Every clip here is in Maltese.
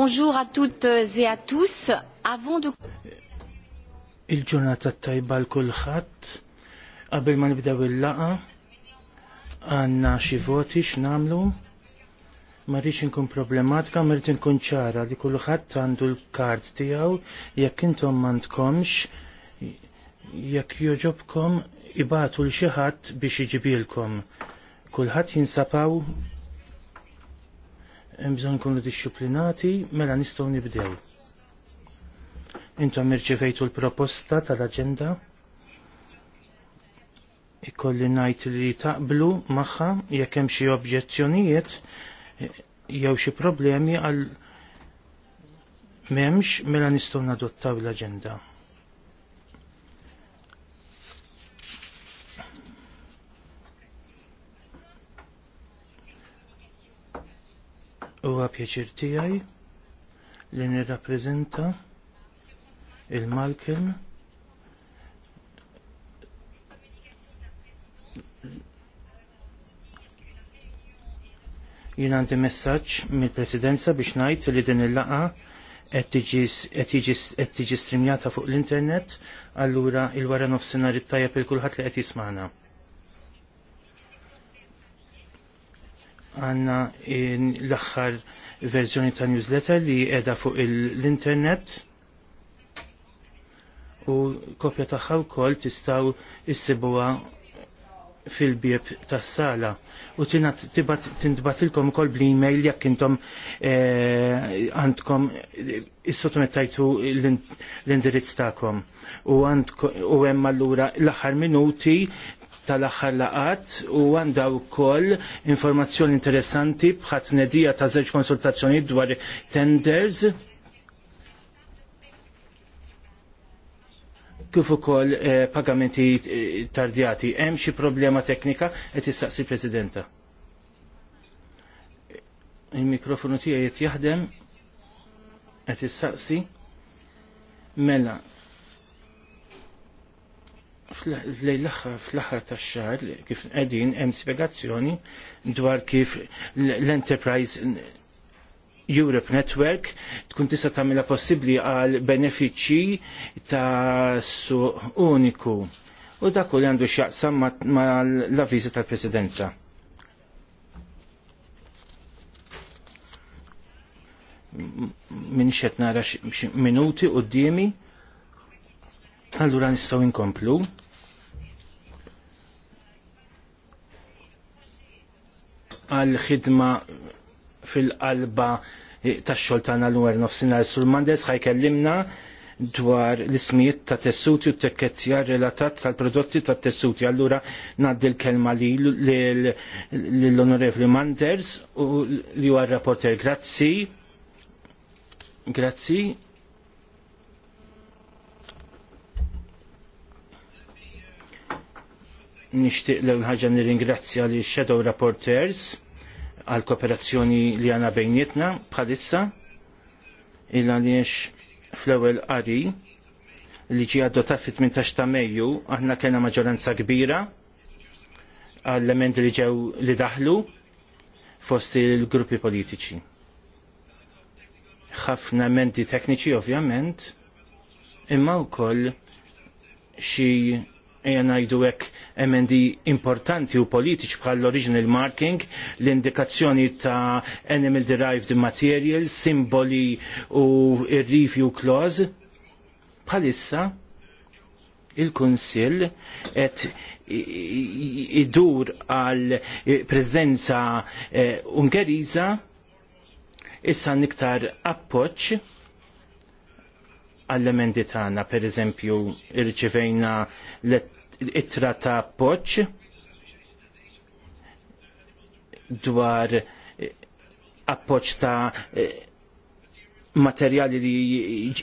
Bonjour à toutes euh, et à tous. Avant de... Il-ġurnata tajba l kulħadd qabel ma nibdew il-laqa, għandna xi voti x'namlu, ma rridx inkun problematika, ma rrid inkun ċara li kulħadd għandu l-kart tiegħu jekk intom m'għandkomx jekk jogħġobkom ibatu l xi ħadd biex iġibilkom. Kulħadd jinsapaw bżon kunu disċiplinati, mela nistgħu nibdew. Intom irċevejtu l-proposta tal-aġenda. Ikolli ngħid li taqblu magħha jekk hemm xi obġezzjonijiet jew xi problemi għal m'hemmx mela nistgħu nadottaw l-aġenda. Huwa pjaċir tiegħi li nirrappreżenta il malkin jien għandi messaġġ mill-Presidenza biex ngħid li din il-laqa qed tiġi strimjata fuq l-internet, allura il-wara nofsinhar it-tajjeb il kulħadd li qed jismana. għanna l-axħar verżjoni ta' newsletter li edha fuq l-internet u kopja tagħha wkoll tistgħu issibuha fil-bieb tas-sala u tintbatilkom ukoll bl-email jekk intom eh, għandkom is-sottomettajtu l-indirizz tagħkom u hemm allura l-aħħar minuti tal-axħar laqat u għanda wkoll informazzjoni interessanti bħat nedija ta' żewġ konsultazzjoni dwar tenders kif ukoll eh, pagamenti eh, tardjati. Hemm xi problema teknika qed issaqsi Presidenta. Il-mikrofonu tiegħi qed jaħdem qed issaqsi mela fl-aħħar tax-xahar kif qegħdin hemm spjegazzjoni dwar kif l-Enterprise Europe Network tkun tista' tagħmilha possibbli għal benefiċċji ta' suq uniku. U dak li għandu x'jaqsam mal-avviżi tal-Presidenza. Min xed nara minuti qudiemi. Allura nistgħu inkomplu. għal ħidma fil-qalba tax-xogħol tagħna l-wer nofsinhar sur Mandes kellimna dwar l-ismijiet ta' tessuti u t-tekkettja relatat tal-prodotti ta' tessuti. Allura naddi l-kelma li l-onorevli Manders u li għal rapporter. Grazzi. Grazzi nixtieq l ħaġa nirringrazzja li shadow rapporteurs għal kooperazzjoni li għana bejnietna bħalissa il għaliex fl-ewwel qari li ġi adottat fit-18 ta' Mejju aħna kellna maġġoranza kbira għall-emendi li ġew li daħlu fost il-gruppi politiċi. ħafna emendi tekniċi ovvjament, imma wkoll xi eja najdu hekk emendi importanti u politiċi bħal l-original marking, l-indikazzjoni ta' animal derived materials, simboli u review clause. Bħalissa il-Kunsill qed idur għal presidenza eh, Ungeriza issa niktar appoċ għall-emendi tagħna, pereżempju irċivejna let ittra ta' poċ dwar eh, appoċ ta' eh, materjali li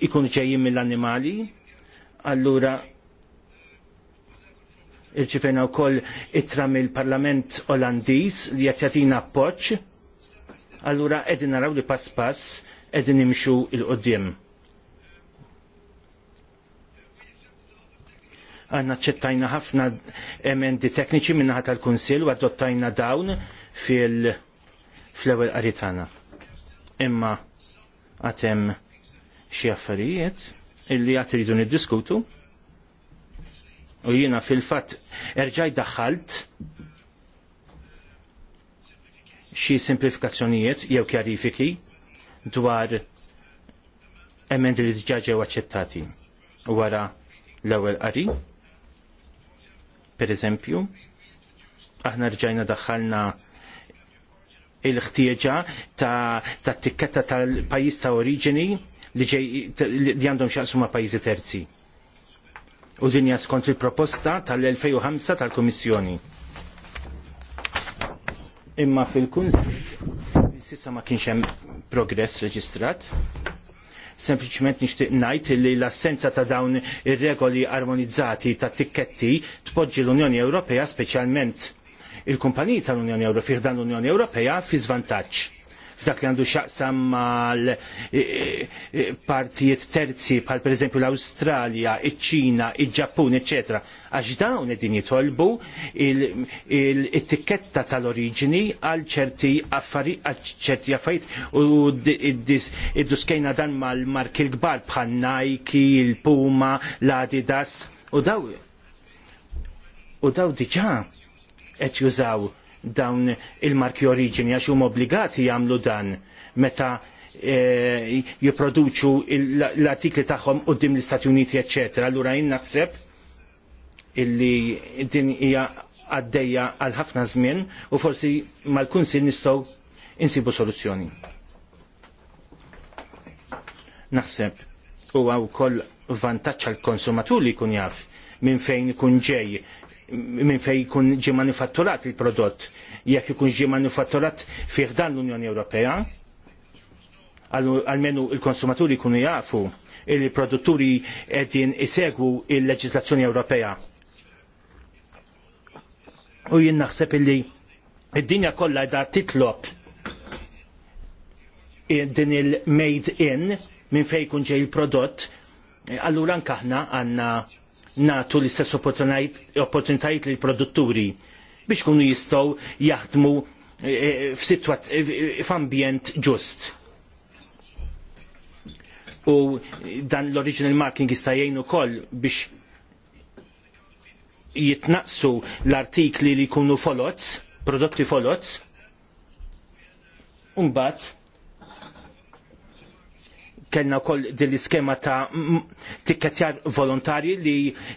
jkunu ġejjin mill-annimali. Allura irċifena wkoll ittra mill-Parlament Olandiż li qed jagħtina Allura qegħdin naraw li pass pass qegħdin nimxu il-qudiem. Għanna ċettajna ħafna emendi tekniċi minnaħa tal-Kunsil u għaddottajna dawn fil flewel qaritana. Imma għatem xie affarijiet illi għat rridu niddiskutu u jina fil-fat erġaj daħħalt xi simplifikazzjonijiet jew kjarifiki dwar emendi li diġa ġew aċċettati wara l-ewwel qari Pereżempju, aħna rġajna daħħalna il-ħtieġa ta', ta tikketta tal-pajis ta' oriġini li ġej li għandhom xaqsu ma' pajjiżi terzi. U din skont il-proposta tal-2005 tal-Komissjoni. Imma fil-Kunsil sissa ma kienx hemm progress reġistrat Sempliċement nixtieq ngħid li l-assenza ta' dawn ir-regoli armonizzati ta' tikketti tpoġġi l-Unjoni Ewropea speċjalment il-kumpaniji tal-Unjoni Ewropea dan l-Unjoni Ewropea fi żvantaġġ Dak li għandu xaqsam mal e, e, e, partijiet terzi bħal per eżempju l australia iċ-Ċina, il ġappun ecc. Għax dawn edin jitolbu il-tiketta tal-oriġini għal ċerti affarijiet u id-duskejna dan mal mark il gbar bħal Nike, il-Puma, l-Adidas u daw u daw diġa qed jużaw dawn il-marki oriġini għax huma obbligati jagħmlu dan meta e, jipproduċu l-artikli tagħhom qudiem l-Istati Uniti, eċċetera. Allura jien naħseb illi din hija għaddejja għal ħafna żmien u forsi mal-kunsil nistgħu insibu soluzzjoni. Naħseb huwa wkoll vantaġġ għall konsumatur li jkun jaf minn fejn ikun ġej minn fej jkun ġi manifatturat il-prodott. Jekk ikun ġi manifatturat fih dan l-Unjoni Ewropea, għalmenu il-konsumaturi jkunu jafu il-produtturi edin isegwu il-leġislazzjoni Ewropea. U jien naħseb illi id-dinja kollha da titlob din il-made in minn fejn jkun ġej il-prodott, allura nkaħna aħna għandna natu l-istess opportunitajiet lill produtturi biex kunu jistgħu jaħdmu eh, eh, eh, f'ambjent ġust. U dan l-original marking jista' jgħin ukoll biex jitnaqsu l-artikli li jkunu folots, prodotti folots, Umbat, kellna wkoll din l-iskema ta' tikketjar volontarji li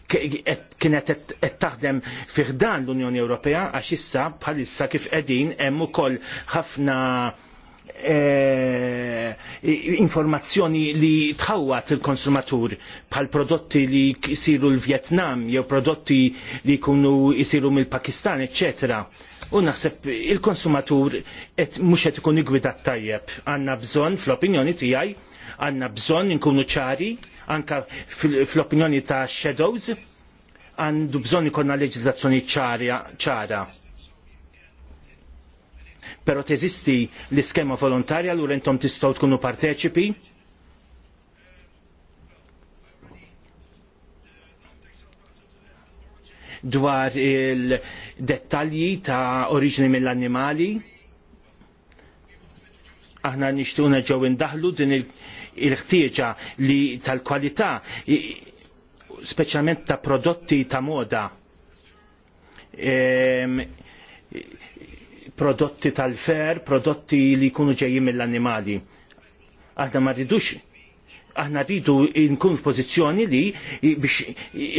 kienet qed taħdem fih dan l-Unjoni Ewropea għax issa bħalissa kif qegħdin hemm ukoll ħafna e, informazzjoni li tħawat il-konsumatur bħal prodotti li jisiru l-Vietnam jew prodotti li jkunu jisiru mill-Pakistan, etc. U naħseb il-konsumatur mhux qed ikun igwidat tajjeb. Għanna bżonn fl-opinjoni tiegħi Għanna bżon nkunu ċari, anka fl-opinjoni ta' shadows, għandu bżon ikonna leġizlazzjoni ċara. Pero teżisti l-iskema volontarja l rentom tistaw tkunu parteċipi? dwar il-dettalji ta' oriġini mill-annimali. Aħna nixtuna ġew indaħlu din il- il-ħtieġa li tal-kwalità speċjalment ta' prodotti ta' moda ehm, prodotti tal-fer, prodotti li jkunu ġejjin mill-annimali. Aħna ma rridux aħna rridu nkun f'pożizzjoni li biex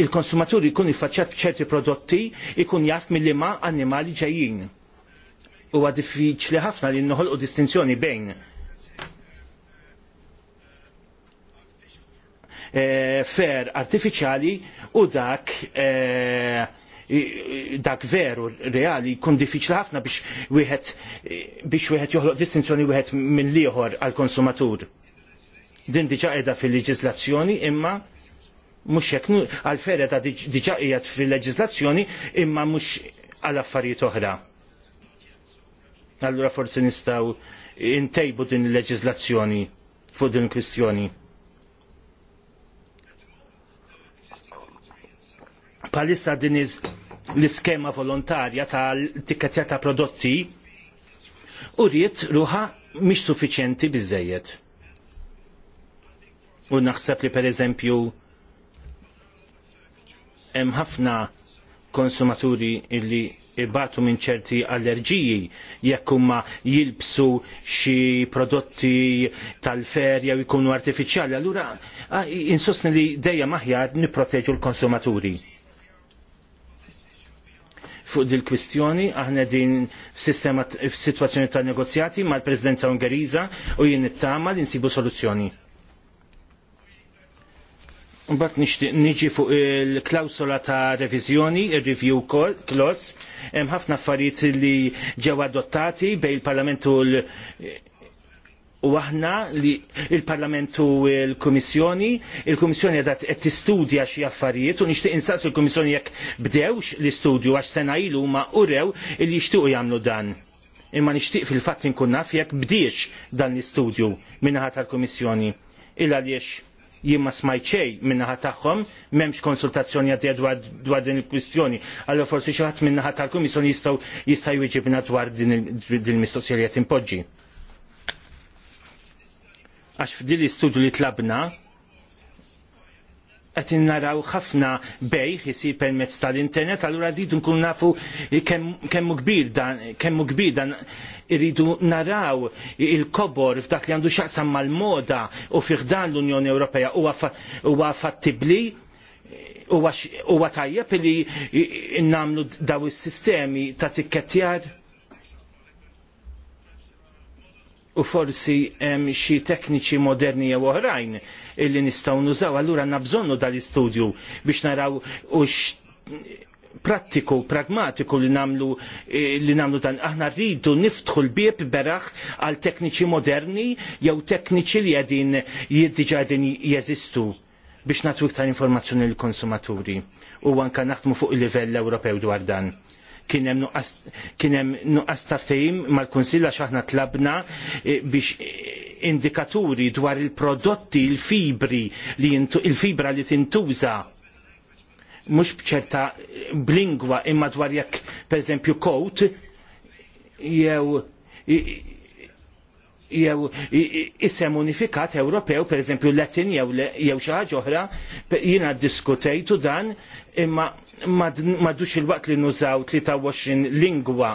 il-konsumatur jkun iffaċċat b'ċerti prodotti jkun jaf mill ma annimali ġejjin. Huwa diffiċli ħafna li noħolqu distinzjoni bejn Eh, fer artifiċjali u dak eh, dak veru reali jkun diffiċli ħafna biex wieħed biex wieħed joħloq distinzjoni wieħed minn ieħor għall konsumatur. Din diġà qiegħda fil-leġiżlazzjoni imma mhux hekk għal fer qiegħda diġà qiegħed fil-leġiżlazzjoni imma mhux għal affarijiet oħra. Allura forsi nistgħu ntejbu din il-leġiżlazzjoni fuq din il-kwistjoni. Palissa din l-iskema volontarja tal tikketja ta' prodotti u rrit ruħa mhix suffiċjenti biżejjed. U naħseb li pereżempju hemm ħafna konsumaturi illi ibatu minn ċerti allerġiji jekk huma jilbsu xi prodotti tal-ferja u jkunu artifiċjali, allura insostni li dejjem maħjar nipproteġu l-konsumaturi fuq dil kwistjoni aħna din f-situazzjoni ta' negozjati mal-Presidenza Ungeriża u jien nittama li nsibu soluzzjoni. Mbatt nixtieq niġi fuq il klausola ta' revizjoni il review clause, hemm ħafna affarijiet li ġew adottati bejn il parlamentu u l u aħna li il-Parlamentu u l-Komissjoni, il-Komissjoni għedat qed tistudja xi affarijiet u nixtieq insaqsu il komissjoni jekk bdewx l-istudju għax sena ilu ma urew li jixtiequ jagħmlu dan. Imma nixtieq fil-fatt inkun naf jekk bdiex dan l-istudju minnaħat tal-Komissjoni. Illa għaliex jien jimma smajċej xejn minnaħa tagħhom m'hemmx konsultazzjoni għadja dwar din il-kwistjoni. Allora forsi xi ħadd minnaħa tal-Komissjoni jistgħu jista' jwieġibna dwar din il-mistoqsija li qed impoġġi għax f'dil l-istudju li tlabna qed naraw ħafna bejħ isir permezz tal-internet, allura rridu nkun nafu kemm kbir dan kemm kbir dan rridu naraw il-kobor f'dak li għandu xaqsam mal-moda u fiħdan l-Unjoni Ewropea huwa għafattibli, u tajjeb li nagħmlu daw is-sistemi ta' tikketjar u forsi hemm xi tekniċi moderni jew oħrajn illi nistgħu nużaw, allura nabżonnu dal-istudju biex naraw u prattiku, pragmatiku li namlu eh, li namlu dan. Aħna rridu niftħu l-bieb beraħ għal tekniċi moderni jew tekniċi li għedin jiddiġadin għedin jeżistu biex natwik iktar informazzjoni l-konsumaturi u anka naħdmu fuq il-livell Ewropew dwar dan kien hemm nuqqas taftejim mal-Kunsill għax aħna tlabna eh, biex eh, indikaturi dwar il-prodotti il-fibri li il-fibra li tintuża mhux bċerta eh, blingwa imma dwar jekk pereżempju coat jew jew isem unifikat Ewropew, per eżempju Latin jew jew xi ħaġa oħra, jiena ddiskutejtu dan imma m'għadux il-waqt li nużaw 23 lingwa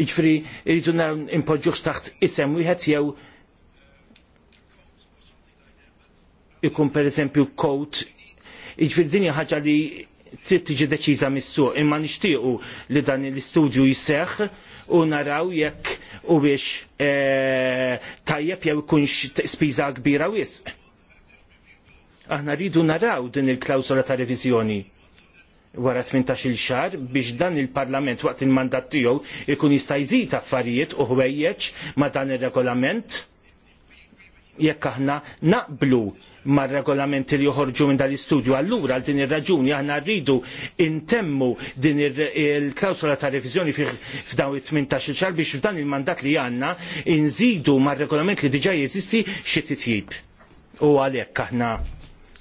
Iġfri, irridu impoġġuħ taħt isem wieħed jew ikun per eżempju kot Iġfir dinja ħaġa li trid tiġi deċiża mis-suq, imma nixtiequ li dan l-istudju jseħħ u naraw jekk u biex e, tajjeb jew ikunx spiża kbira wisq. Aħna rridu naraw din il-klawsola ta' reviżjoni wara 18-il xar biex dan il-Parlament waqt il-mandat tiegħu ikun jista' jżid affarijiet u ħwejjeġ ma' dan ir-regolament jekk aħna naqblu mar regolamenti li joħorġu minn dal-istudju, allura għal din ir-raġuni aħna rridu intemmu din il klawsula ta' revizjoni f'daw it-18 xar biex f'dan il-mandat li għandna inżidu mar regolament li diġa' jeżisti xi titjib. U għalhekk aħna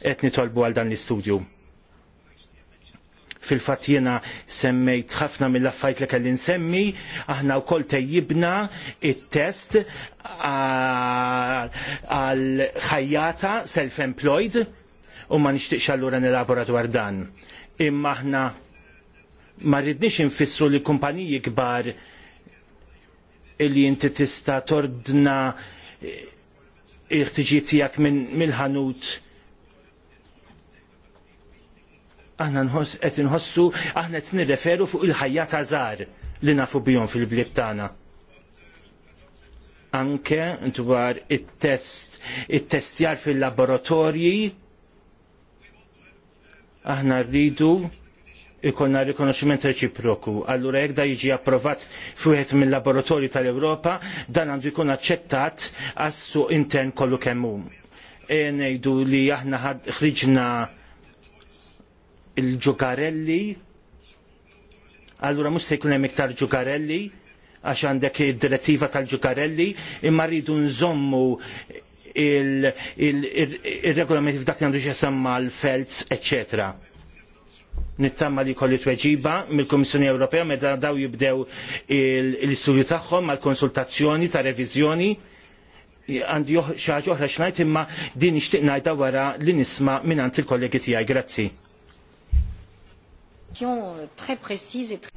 qed nitolbu għal dan l-istudju. Fil-fatt jiena semmejt ħafna mill-affajt li kelli nsemmi, aħna wkoll tejjibna il test għal ħajjata self-employed u ma nixtieqx allura nilabora dwar dan. Imma aħna ma rridniex infissru li kumpaniji kbar illi inti tista' tordna il-ħtiġiet tiegħek mill-ħanut aħna qed inħossu aħna qed nirreferu fuq il-ħajja ta' żgħar li nafu bihom fil-bliet tagħna. Anke dwar it-test it-testjar fil-laboratorji aħna rridu ikonna rikonoxximent reċiproku. Allura jekk da jiġi approvat fuħet mill-laboratorji tal-Ewropa, dan għandu jkun aċċettat għas-suq intern kollu kemm hu. E ngħidu li aħna ħad ħriġna il-ġukarelli, allura mhux se jkun hemm iktar ġukarelli, għax għandek id-direttiva tal-ġukarelli, imma rridu nżommu il-regolamenti f'dak li għandu xesamma l-felz, ecc. Nittamma li kolli tweġiba mill-Komissjoni Ewropea meta daw jibdew l-istudju tagħhom mal-konsultazzjoni ta' reviżjoni għandi xaġa oħra xnajt imma din nixtieq ngħidha wara li nisma' minn il-kollegi tiegħi. Grazzi. Euh, très précise et très...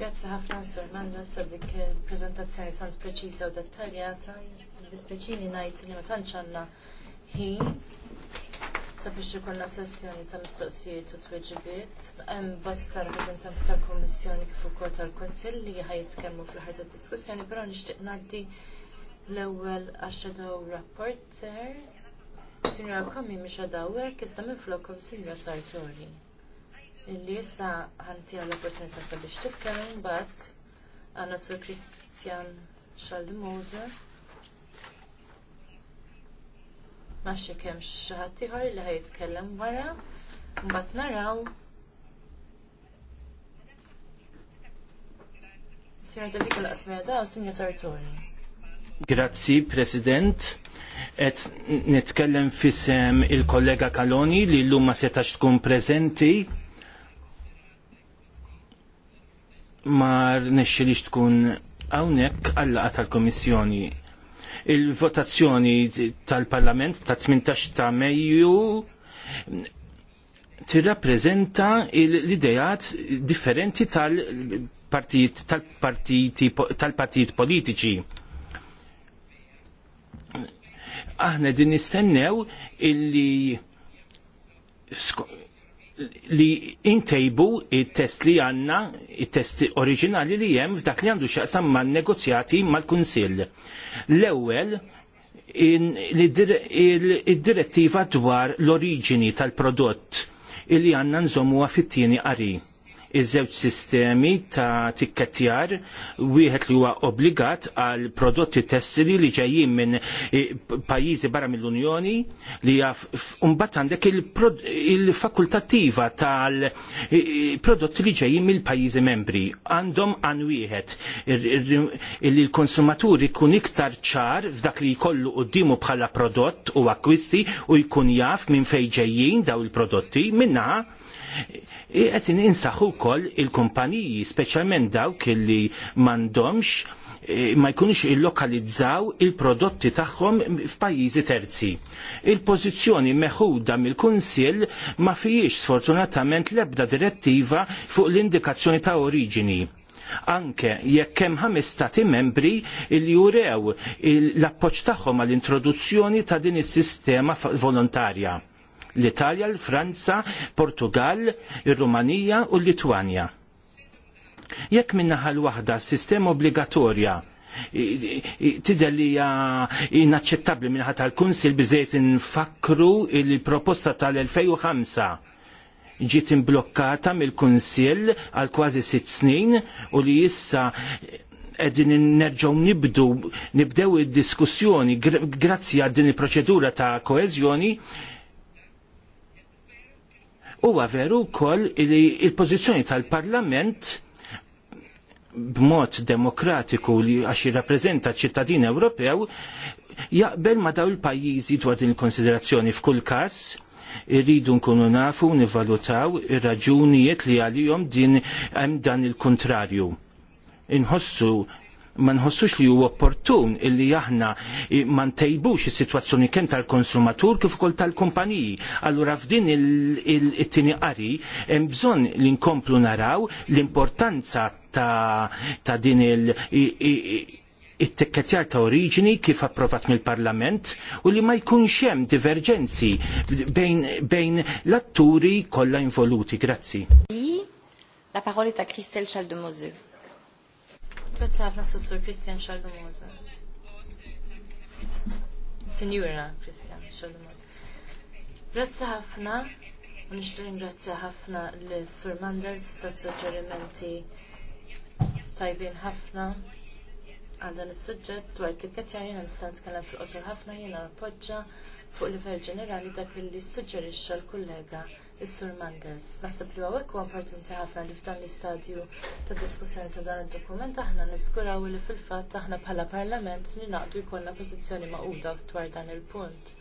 Grazie ħafna Sir Manda sa sabiex ikollna sessjoni ta' mistoqsijiet u tweġibiet. Hemm bosta rappreżentanti tal-Kummissjoni kif ukoll tal-Kunsill li ħajtkellmu fl-aħħar tad-diskussjoni, però nixtieq ngħaddi l-ewwel għaxedaw rapporter. Signora Komi mhix għadawek, iżda minn Sartori illi issa ħanti l-opportunità sabiex titkellem, bat għanna sur Kristjan Schaldemose. Maċċi kemm xi ħadd ieħor li ħajtkellem wara, mbagħad naraw Sjona Davika l-Asmeda, sinja Sartori. Grazzi, President. Et nitkellem fissem il-kollega Kaloni li l-lumma setax tkun prezenti ma li tkun hawnhekk għallaqa tal-Komissjoni. Il-votazzjoni tal-Parlament ta' 18 ta' Mejju tirrappreżenta l-idejat differenti tal-partijiet politiċi. Aħna din nistennew illi li intejbu il-test li għanna, il-test oriġinali li jem f'dak li għandu xaqsam ma' negozjati mal-Kunsill. L-ewel, il-direttiva dwar l-oriġini tal-prodott il-li għanna nżomu għafittini għari iż-żewġ sistemi ta' tikkettjar wieħed li huwa obbligat għal prodotti tessili li ġejjin minn eh, pajjiżi barra mill-Unjoni li mbagħad għandek il-fakultattiva tal-prodotti eh, eh, li ġejjin mill-pajjiżi membri. Għandhom għan wieħed li l-konsumatur ikun iktar ċar f'dak li jkollu quddiemu bħala prodott u akkwisti u jkun jaf minn fejn ġejjin daw il-prodotti minnaħa qed insaħu kol il-kumpaniji, speċjalment dawk li m'għandhomx e, ma jkunux il-lokalizzaw il-prodotti tagħhom f'pajjiżi terzi. Il-pożizzjoni meħuda mill-Kunsill ma fijiex sfortunatament l-ebda direttiva fuq l-indikazzjoni ta' oriġini anke jekk hemm ħames stati membri li jurew l-appoġġ tagħhom għall-introduzzjoni ta' din is-sistema volontarja l-Italja, l-Franza, Portugal, ir-Rumanija u l-Litwanja. Jekk minnaħal waħda sistema obbligatorja tidher li hija inaċċettabbli minħat tal-Kunsil biżejt infakru il-proposta tal-2005 ġiet imblokkata mill-Kunsill għal kważi sitt snin u li issa edin nerġaw nibdu, nibdew id-diskussjoni grazzi għal din il-proċedura ta' koezjoni Huwa veru wkoll li il-pożizzjoni tal-Parlament b'mod demokratiku li għax jirrappreżenta ċittadin Ewropew jaqbel ma daw il-pajjiżi dwar din il-konsiderazzjoni f'kull każ irridu nkunu nafu nivalutaw ir-raġunijiet li għalihom din hemm dan il-kontrarju. Inħossu ma nħossux li huwa opportun illi aħna ma ntejbux is-sitwazzjoni kemm tal-konsumatur kif ukoll tal-kumpaniji. Allura f'din it-tieni qari hemm bżonn li nkomplu naraw l-importanza ta', ta din il- it-tekketjar ta' oriġini kif approvat mill-Parlament u li ma jkunx hemm diverġenzi bejn, bejn l-atturi kollha involuti. Grazzi. La parola a Christelle Chaldemoseux. Grazie ħafna Sassur Christian Xaldamuza. Signora Christian Xaldamuza. Grazie ħafna. Nishtu ringrazzja ħafna l-Sur Mandels ta' suġġerimenti tajbin ħafna għal dan is-suġġett dwar tikketjar jiena nista' nitkellem fil-qosor ħafna jiena appoġġa fuq livell ġenerali dak li suġġerixxa l-kollega Is-Sur Mandez. Naħseb li għawek u importanti ħafna li f'dan l-istadju ta' diskussjoni ta' dan id-dokument aħna niskuraw li fil-fatt aħna bħala parlament li naqdu jkollna pożizzjoni maquda dwar dan il-punt.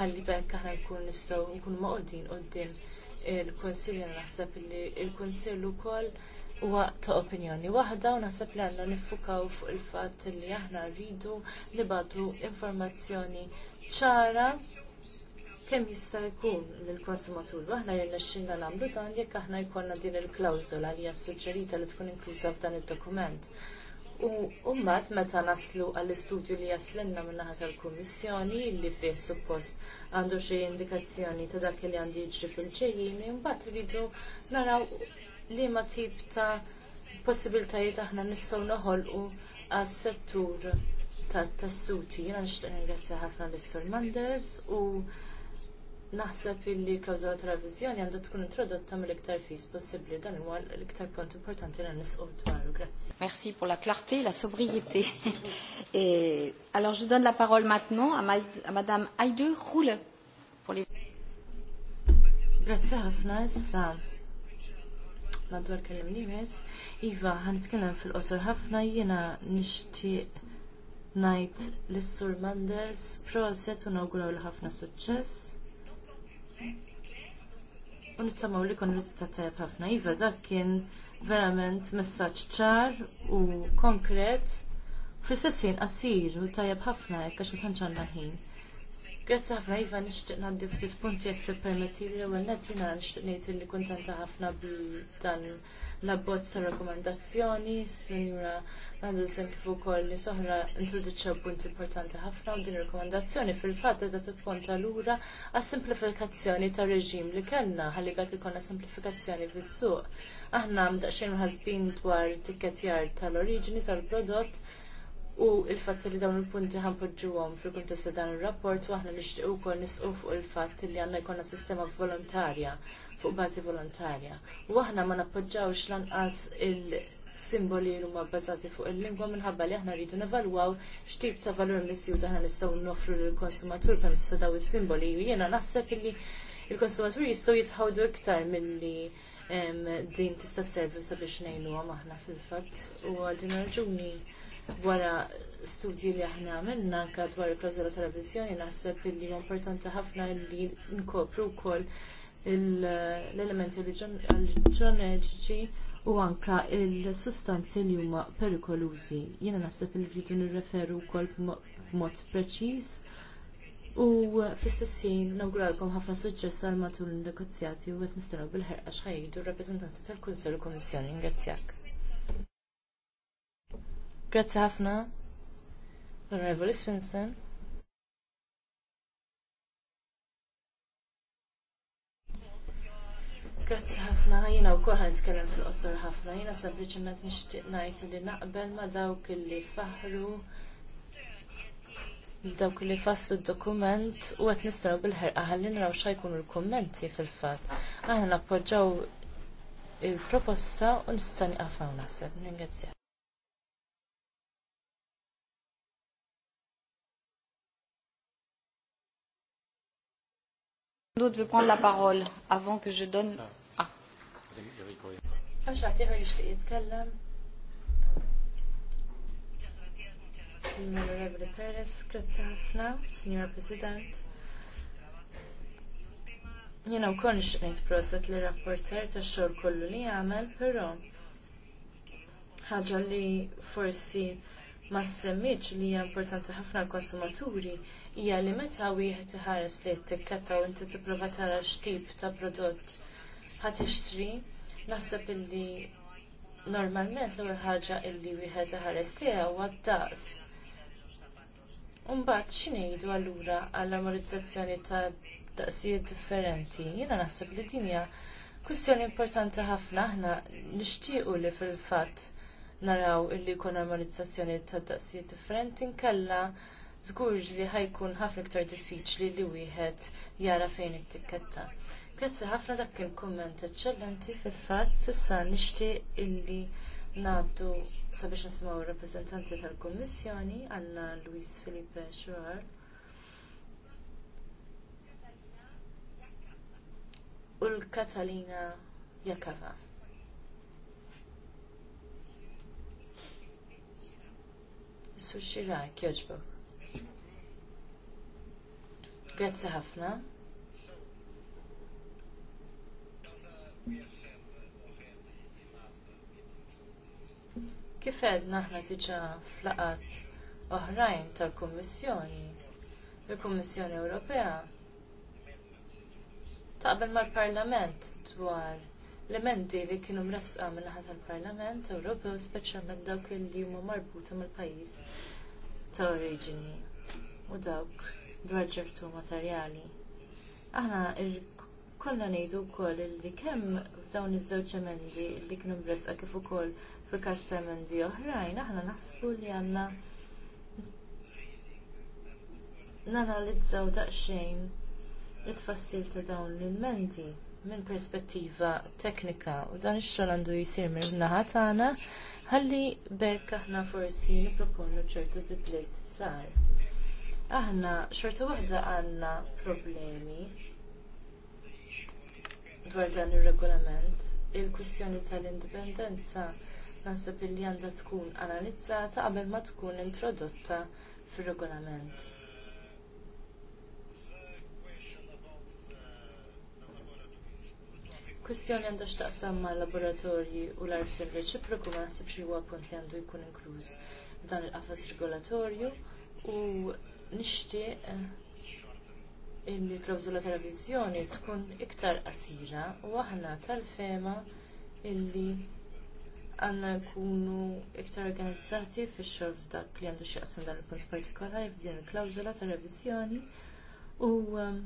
Ħalli bekk aħna nkun nistgħu nkun maqudin quddiem il kunsilli naħseb li l-Kunsill ukoll huwa ta' opinjoni waħda u naħseb li għandna niffukaw fuq il-fatt li aħna rridu li informazzjoni ċara kemm jista' jkun lill-konsumatur. Aħna jirna xinna nagħmlu dan jekk aħna jkollna din il-klawżola li hija suġġerita li tkun inkluża f'dan id-dokument. U mbagħad meta naslu għall-istudju li jaslenna min naħa tal-Kummissjoni li fih suppost għandu xi indikazzjoni ta' dak li għandu jiġri fil-ġejjin, mbagħad rridu naraw liema tip ta' possibiltajiet aħna nistgħu noħolqu għas-settur tat-tassuti. Jiena nixtieq ringrazzja ħafna lis-Sur Manders u naħseb illi klawżola ta' revizjoni għandha tkun introdotta mill-iktar fis possibbli dan huwa l-iktar punt importanti li nisqu dwaru. Grazzi. Merci pour la clarté, la sobriété. Et alors je donne la parole maintenant à, ma, à madame Aide Roule pour les Grazzi ħafna issa madwar kellimni mes. Iva, ħanitkellem fil-qosor ħafna jiena nixtieq najt l sur Mandels proset u nawguraw l-ħafna suċċess. U nittamaw li kon riżultat tajjeb ħafna. jiva, dak kien verament messaċ ċar u konkret fl-istessin qasir u tajjeb ħafna jek għax ma ħin. Grazzi ħafna jiva nishtiq ngħaddi ftit punti jek jekk permetti li l-ewwel nett jiena nixtieq ngħid li kuntenta ħafna b'dan l-abbozz ta' rakkomandazzjoni, sinjura Għazil sen kif ukoll li soħra introduċa punt importanti ħafna u din rekomendazzjoni fil-fatt da tipponta lura għas simplifikazzjoni tar reġim li kellna ħalli għat ikonna simplifikazzjoni fis-suq. Aħna mdaqsxejn ħasbin dwar tikketjar tal-oriġini tal-prodott u il fat li dawn il-punti ħanpoġġuhom fil-kuntest dan ir-rapport u aħna nixtieq ukoll nisqu fuq il-fatt li għandna jkollna sistema volontarja fuq bażi volontarja. U aħna ma nappoġġawx lanqas il-simboli li huma bbażati fuq il-lingwa minħabba li aħna rridu nevalwaw x'tip ta' valur missju taħna nistgħu noffru lill-konsumatur permezz ta' daw is-simboli. Jiena naħseb illi il-konsumaturi jistgħu jitħawdu iktar milli din tista' servi sabiex ngħidu aħna fil-fatt. U għal din raġuni wara studji li aħna għamilna anke dwar il-klawżola tal-reviżjoni naħseb li importanti ħafna li nkopru wkoll l-elementi ġoneġiċi u anke il-sustanzi li huma perikolużi. Jiena naħseb li rridu nirreferu wkoll b'mod preċiż u fis-sessin nawguralkom ħafna suċċess għal matul il-negozjati u qed nistennew bil-ħerqa x'ħajdu r-rappreżentanti tal-Kunsell u Komissjoni. Ingrazzjak. Grazzi ħafna. L-Onorevoli Grazzi ħafna, jina u t nitkellem fil-qosor ħafna, jina sempliciment nixtieq ngħid li naqbel ma dawk li faħlu dawk li faslu d-dokument u qed nistaw bil-ħerqa ħalli raw x'ajkunu l-kummenti fil-fatt. Aħna nappoġġaw il-proposta u nistani għafaw naħseb. Ningazzja. D'autres veut prendre la parol avant que je donne. Ah. Onorevole Perez, grazie ħafna, Signor President. Jena u kon xnejt proset li rapporter ta' xor kollu li għamel, pero ħagġa li forsi ma' semmiċ li hija importanti ħafna l-konsumaturi hija li meta wieħed iħares li t-tikletta u inti tipprova tara x'tip ta' prodott ħa tixtri, naħseb illi normalment l-ewwel ħaġa illi wieħed iħares liha huwa d-daqs. Mbagħad x'ngħidu allura għall-armonizzazzjoni ta' daqsijiet differenti. Jiena naħseb li din hija kwistjoni importanti ħafna aħna nixtiequ li fil-fatt naraw illi jkun armonizzazzjoni ta' daqsijiet differenti nkella żgur li ħajkun ħafna iktar diffiċli li wieħed jara fejn it-tikketta. Grazzi ħafna dak il-komment eċċellenti fil-fatt issa nixtieq illi ngħaddu sabiex nisimgħu r-rappreżentanti tal-Kummissjoni għandna Luis Filipe Xuar. u l-Katalina Jakava. Su joġbok. Grazzi ħafna. Kif għed aħna diġà flaqat oħrajn tal-Kummissjoni, il-Kummissjoni Ewropea taqbel mal-Parlament dwar l-emendi li kienu mrasqa min-naħa tal-Parlament Ewropew speċjalment dawk li huma marbuta mal-pajjiż ta' oriġini u dawk dwar ċertu materjali. Aħna kollha ngħidu wkoll li kemm f'dawn iż-żewġ emendi li kienu mresqa kif ukoll fil-każ ta' emendi oħrajn, aħna naħsbu li għandna nanalizzaw daqsxejn it-tfassil ta' dawn l-emendi minn perspettiva teknika u dan ix-xogħol għandu jsir minn naħa tagħna ħalli bekk aħna forsi nipproponu ċertu bidliet sar. Aħna xorta waħda għandna problemi dwar dan ir-regolament. Il-kwistjoni tal-indipendenza naħseb li għandha tkun analizzata qabel ma tkun introdotta fir-regolament. kwistjoni għandha x'taqsam mal-laboratorji u l-arfin reċiproku ma naħsibx huwa punt li għandu jkun inkluż f'dan il-qafas regolatorju u nixtieq eh, il-klawżola ta' reviżjoni tkun iktar qasira u aħna tal-fema illi għandna nkunu iktar organizzati fix xorf dak li għandu x'jaqsam dan il-punt partikolari f'din il-klawżola ta' reviżjoni u um,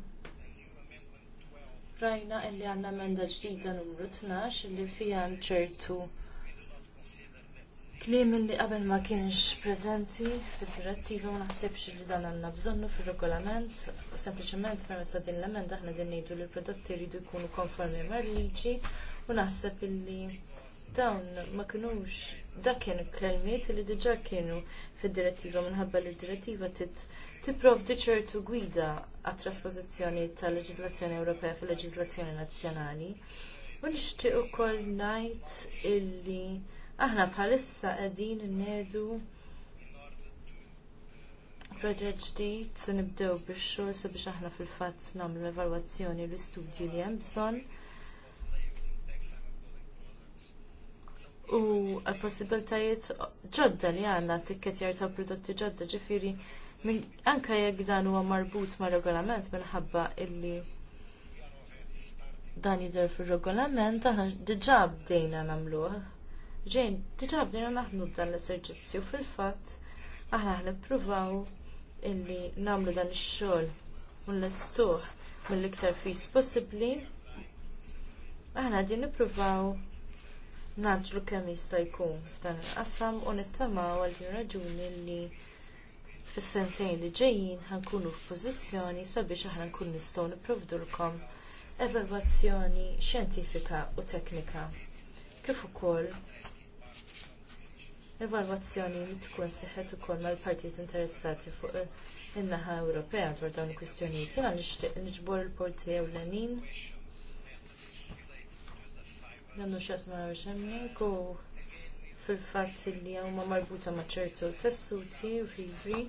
Rajna illi għandna emenda ġdida numru 12 li fija ċertu klim li qabel ma kienx prezenti fid-direttiva ma naħsibx li dan għandna bżonnu fir-regolament, sempliċement permess ta' din l-emenda aħna din ngħidu li prodotti jridu jkunu konformi mar liġi u naħseb illi dawn ma kinux dak kienu kelmiet li diġà kienu fid-direttiva minħabba li d-direttiva tit tipprovdi ċertu gwida għat trasposizzjoni tal leġiżlazzjoni Ewropea fil leġiżlazzjoni nazzjonali. U nixtieq ukoll ngħid illi aħna bħalissa qegħdin nnedu proġett ġdid se nibdew bix-xogħol sabiex aħna fil-fatt nagħmlu evalwazzjoni l-istudju li hemm bżonn. U l possibiltajiet ġodda li għandna tikketjar ta' prodotti ġodda ġifieri Anka jekk dan huwa marbut mar regolament minħabba illi dan jidher fir-regolament aħna diġà bdejna nagħmluh. Ġejn, diġà bdejna naħdmu b'dan l-eserċizzju fil-fatt aħna ħnippruvaw illi nagħmlu dan ix-xogħol u nlestuh mill-iktar fis possibbli. Aħna din nippruvaw naġlu kemm jista' jkun f'dan il-qasam u nittamaw għal din raġuni li fis-sentejn li ġejjin ħankunu f'pożizzjoni sabiex aħna nkun nistgħu nipprovdulkom evalwazzjoni xjentifika u teknika. Kif ukoll evalwazzjoni li tkun seħħet ukoll mal-partijiet interessati fuq in-naħa Ewropea dwar dawn il-kwistjonijiet. Jiena nixtieq niġbor il-porti ewlenin biex hemmhekk fil-fatt li huma marbuta ma' ċertu tessuti u fibri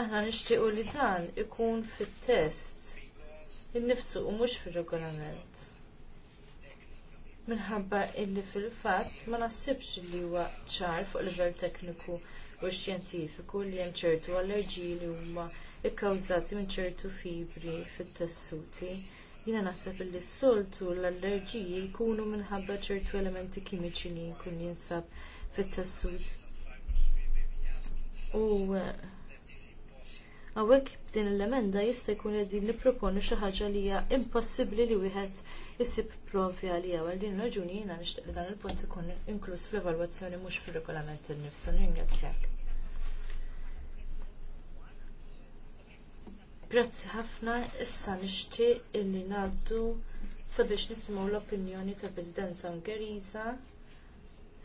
Aħna nixtiequ li dan ikun fit-test innifsu u mhux fir-regolament. Minħabba illi fil-fatt ma naħsibx li huwa ċar fuq livell tekniku u xjentifiku li hemm ċertu allerġiji li huma ikkawżati minn ċertu fibri fit-tessuti jina naħseb li s-soltu l-allerġiji jkunu minħabba ċertu elementi kimiċi li jkun jinsab fit-tessut. U Hawnhekk din l-emenda jista' jkun din nipproponu xi ħaġa li hija impossibbli li wieħed isib provi għalija għal din raġuni jiena nixtieq li dan il-punt ikun inkluż fl-evalwazzjoni mhux fir-regolament innifsu. Ringrazzjak. Grazzi ħafna, issa nixtieq illi ngħaddu sabiex nisimgħu l-opinjoni tal-Presidenza Ungheriża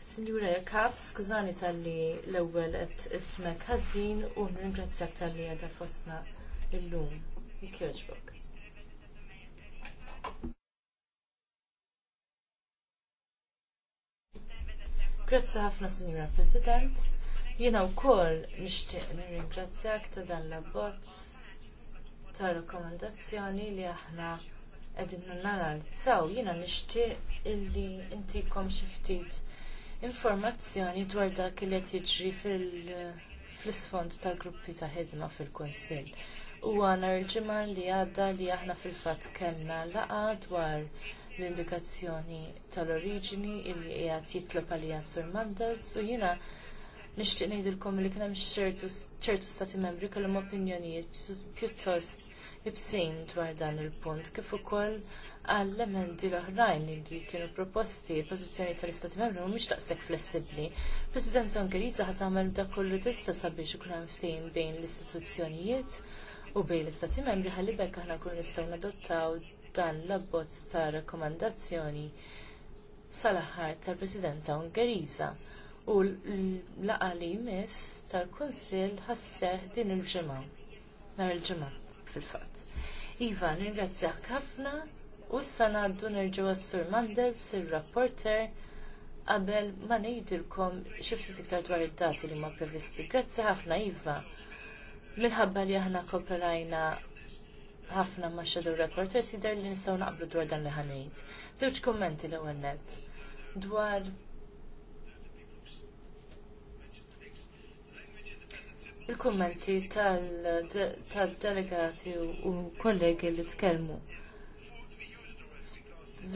Signora Jakab, skużani tal-li l-ewel għet ismek ħazin u nringrazzjak tal-li għedha fosna l-lum. Grazzi ħafna, Signora President. Jena u koll nishtiq nirringrazzjak ta' dan l abbot ta' rekomendazzjoni li aħna għedin Saw, Jena nishtiq illi kom xiftit informazzjoni dwar dak li qed jiġri fl-isfond tal-gruppi ta' ħidma fil-Kunsill. U għana ġimgħa li għadda li aħna fil-fatt kellna laqgħa dwar l-indikazzjoni tal-oriġini illi qiegħed jitlob għalija Sur Mandas u jiena nixtieq ngħidilkom li kien hemm ċertu stati membri kellhom opinjonijiet pjuttost ibsin dwar dan il-punt kif ukoll għall-elementi l-oħrajn li kienu proposti pożizzjoni tal-Istati Membri mhumiex taqsek flessibbli. Presidenza Ungheriża ħat tagħmel dak kollu tista' sabiex ikun hemm ftehim bejn l-istituzzjonijiet u bejn l-Istati Membri ħalli bekk aħna nkun nistgħu nadottaw dan l-abbozz ta' rakkomandazzjoni sal-aħħar tal-Presidenza Ungheriża u l-laqa li jmiss tal-Kunsill ħasseħ din il-ġimgħa nhar il-ġimgħa fil-fatt. Iva, nirringrazzjak ħafna U issa ngħaddu nerġgħu għas-Sur Mandez, ir-rapporter, qabel ma ngħidilkom xi ftit iktar dwar id-dati li ma previsti. Grazzi ħafna Iva. Minħabba li aħna kooperajna ħafna ma' Shadow Reporter sider li nistgħu naqblu dwar dan li ħanejt. Żewġ kummenti l-ewwel nett dwar il-kummenti tal-delegati u kollegi li tkellmu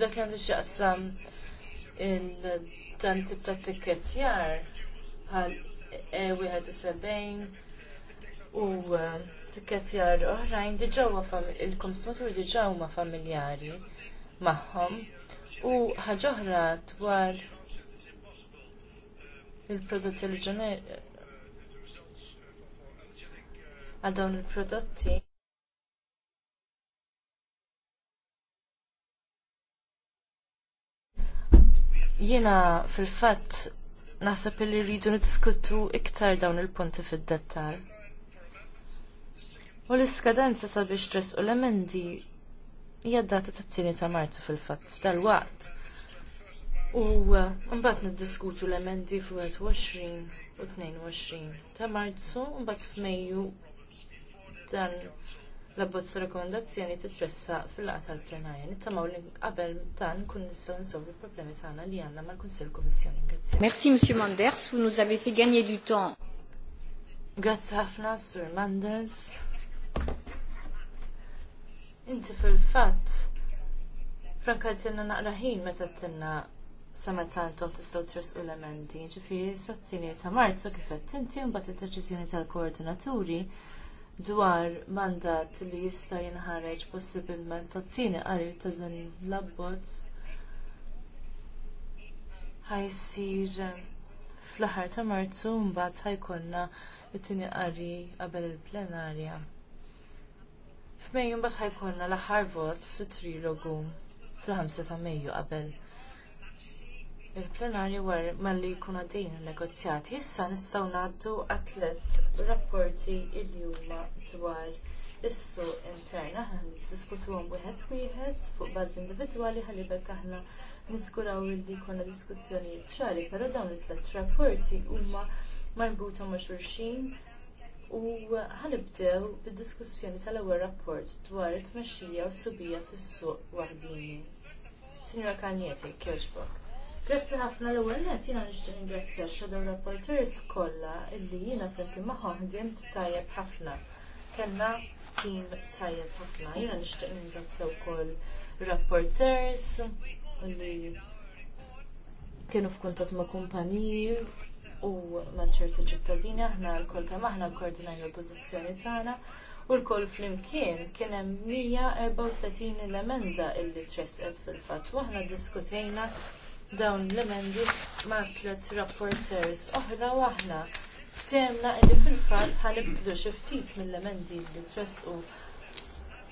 dak għandu xaqsam il-dan tip ta' tiket jar għal E71 u t-tiket uh, jar oħrajn diġawa il-konsumatur diġawa familjari maħħom u ħagħoħra dwar il-prodotti l-ġener għal dawn il-prodotti Jiena fil-fatt naħseb li rridu niddiskutu iktar dawn il-punti fid-dettal. U l-iskadenza sabiex tress u l-emendi hija data tat-tieni ta' Marzu fil-fatt tal waqt U uh, mbagħad niddiskutu l-emendi fl 20 u 22 ta' Marzu, mbagħad f'Mejju dan l-abbozz rekomendazzjoni titressaq fil laqgħa tal-plenarja. Nittamaw li qabel dan kun nistgħu nsolvu l-problemi tagħna li għandna mal-Kunsill Kummissjoni. Grazie. Merci Monsieur Manders, vous nous avez fait gagner du temps. Grazzi ħafna Sur Manders. Inti fil-fatt franka tinna naqra ħin meta tinna sa meta intom tistgħu u l-emendi. Ġifiri, sa tieni ta' Marzu kif qed un bat id-deċiżjoni tal-koordinaturi dwar mandat li jista' jinħareġ possibilment tat-tieni qari ta' dan l-abbozz ħajsir fl-aħħar ta' Marzu mbagħad ħajkollna t-tieni qari qabel il-plenarja. F'Mejju mbagħad ħajkollna l-aħħar vot fit-trilogu fl-5 ta' Mejju qabel il-plenarju malli jkunu għaddejn il-negozjati. Issa nistgħu ngħaddu għatlet rapporti il-juma dwar is-suq intern. Aħna niddiskutuhom wieħed wieħed fuq bażi individwali ħalibek aħna niskuraw li jkollna diskussjoni ċari, però dawn it-tlet rapporti huma marbuta ma' xulxin U ħanibdew bid-diskussjoni tal-ewwel rapport dwar it-tmexxija u s-subija fis-suq waħdini. Sinjora Kanjeti, Kirchbock. Grazzi ħafna l-ewwel net jiena nixtieq ringrazzja x-shadow rapporteurs kollha illi jiena flimkien magħhom ħdimt tajjeb ħafna. Kellna tim tajjeb ħafna. Jiena nixtieq ringrazzja wkoll rapporteurs illi kienu f'kuntat ma' kumpaniji u ma' ċertu ċittadini aħna l kemm aħna nkoordinaj l oppożizzjoni tagħna u l flimkien kien hemm 134 l-emenda illi tresqet fil-fatt u aħna diskutejna dawn l-emendi ma' tliet rapporters oħra u aħna. Temna li fil-fatt ħanibdu xi ftit mill-emendi li tresqu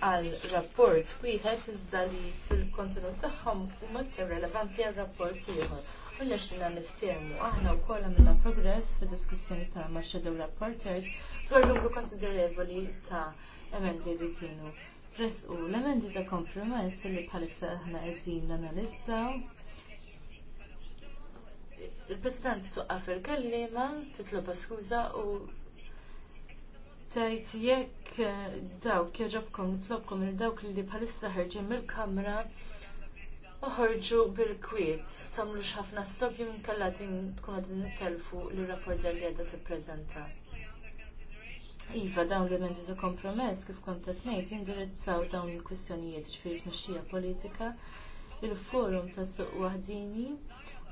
għal rapport wieħed iżda li fil-kontenut tagħhom huma aktar relevanti għal rapport ieħor. U nexxina niftehmu aħna wkoll għamilna progress fid-diskussjoni ta' ma' shadow rapporters dwar numru konsiderevoli ta' emendi li kienu tresqu l-emendi ta' kompromess li bħalissa aħna qegħdin nanalizzaw il-President tuqqaf il-kellima, titloba skuża u tajt jekk eh, dawk jaġobkom nitlobkom il dawk li bħalissa ħarġin mill-kamra uħorġu bil-kwiet, tamlu ħafna stopju minn kalla din tkun għadin nittelfu l-rapporter li għadda t-prezenta. Iva, dawn li emendi ta' kompromess kif kont qed ngħid jindirizzaw dawn il-kwistjonijiet ġifieri mixxija politika, il-forum ta' suq waħdini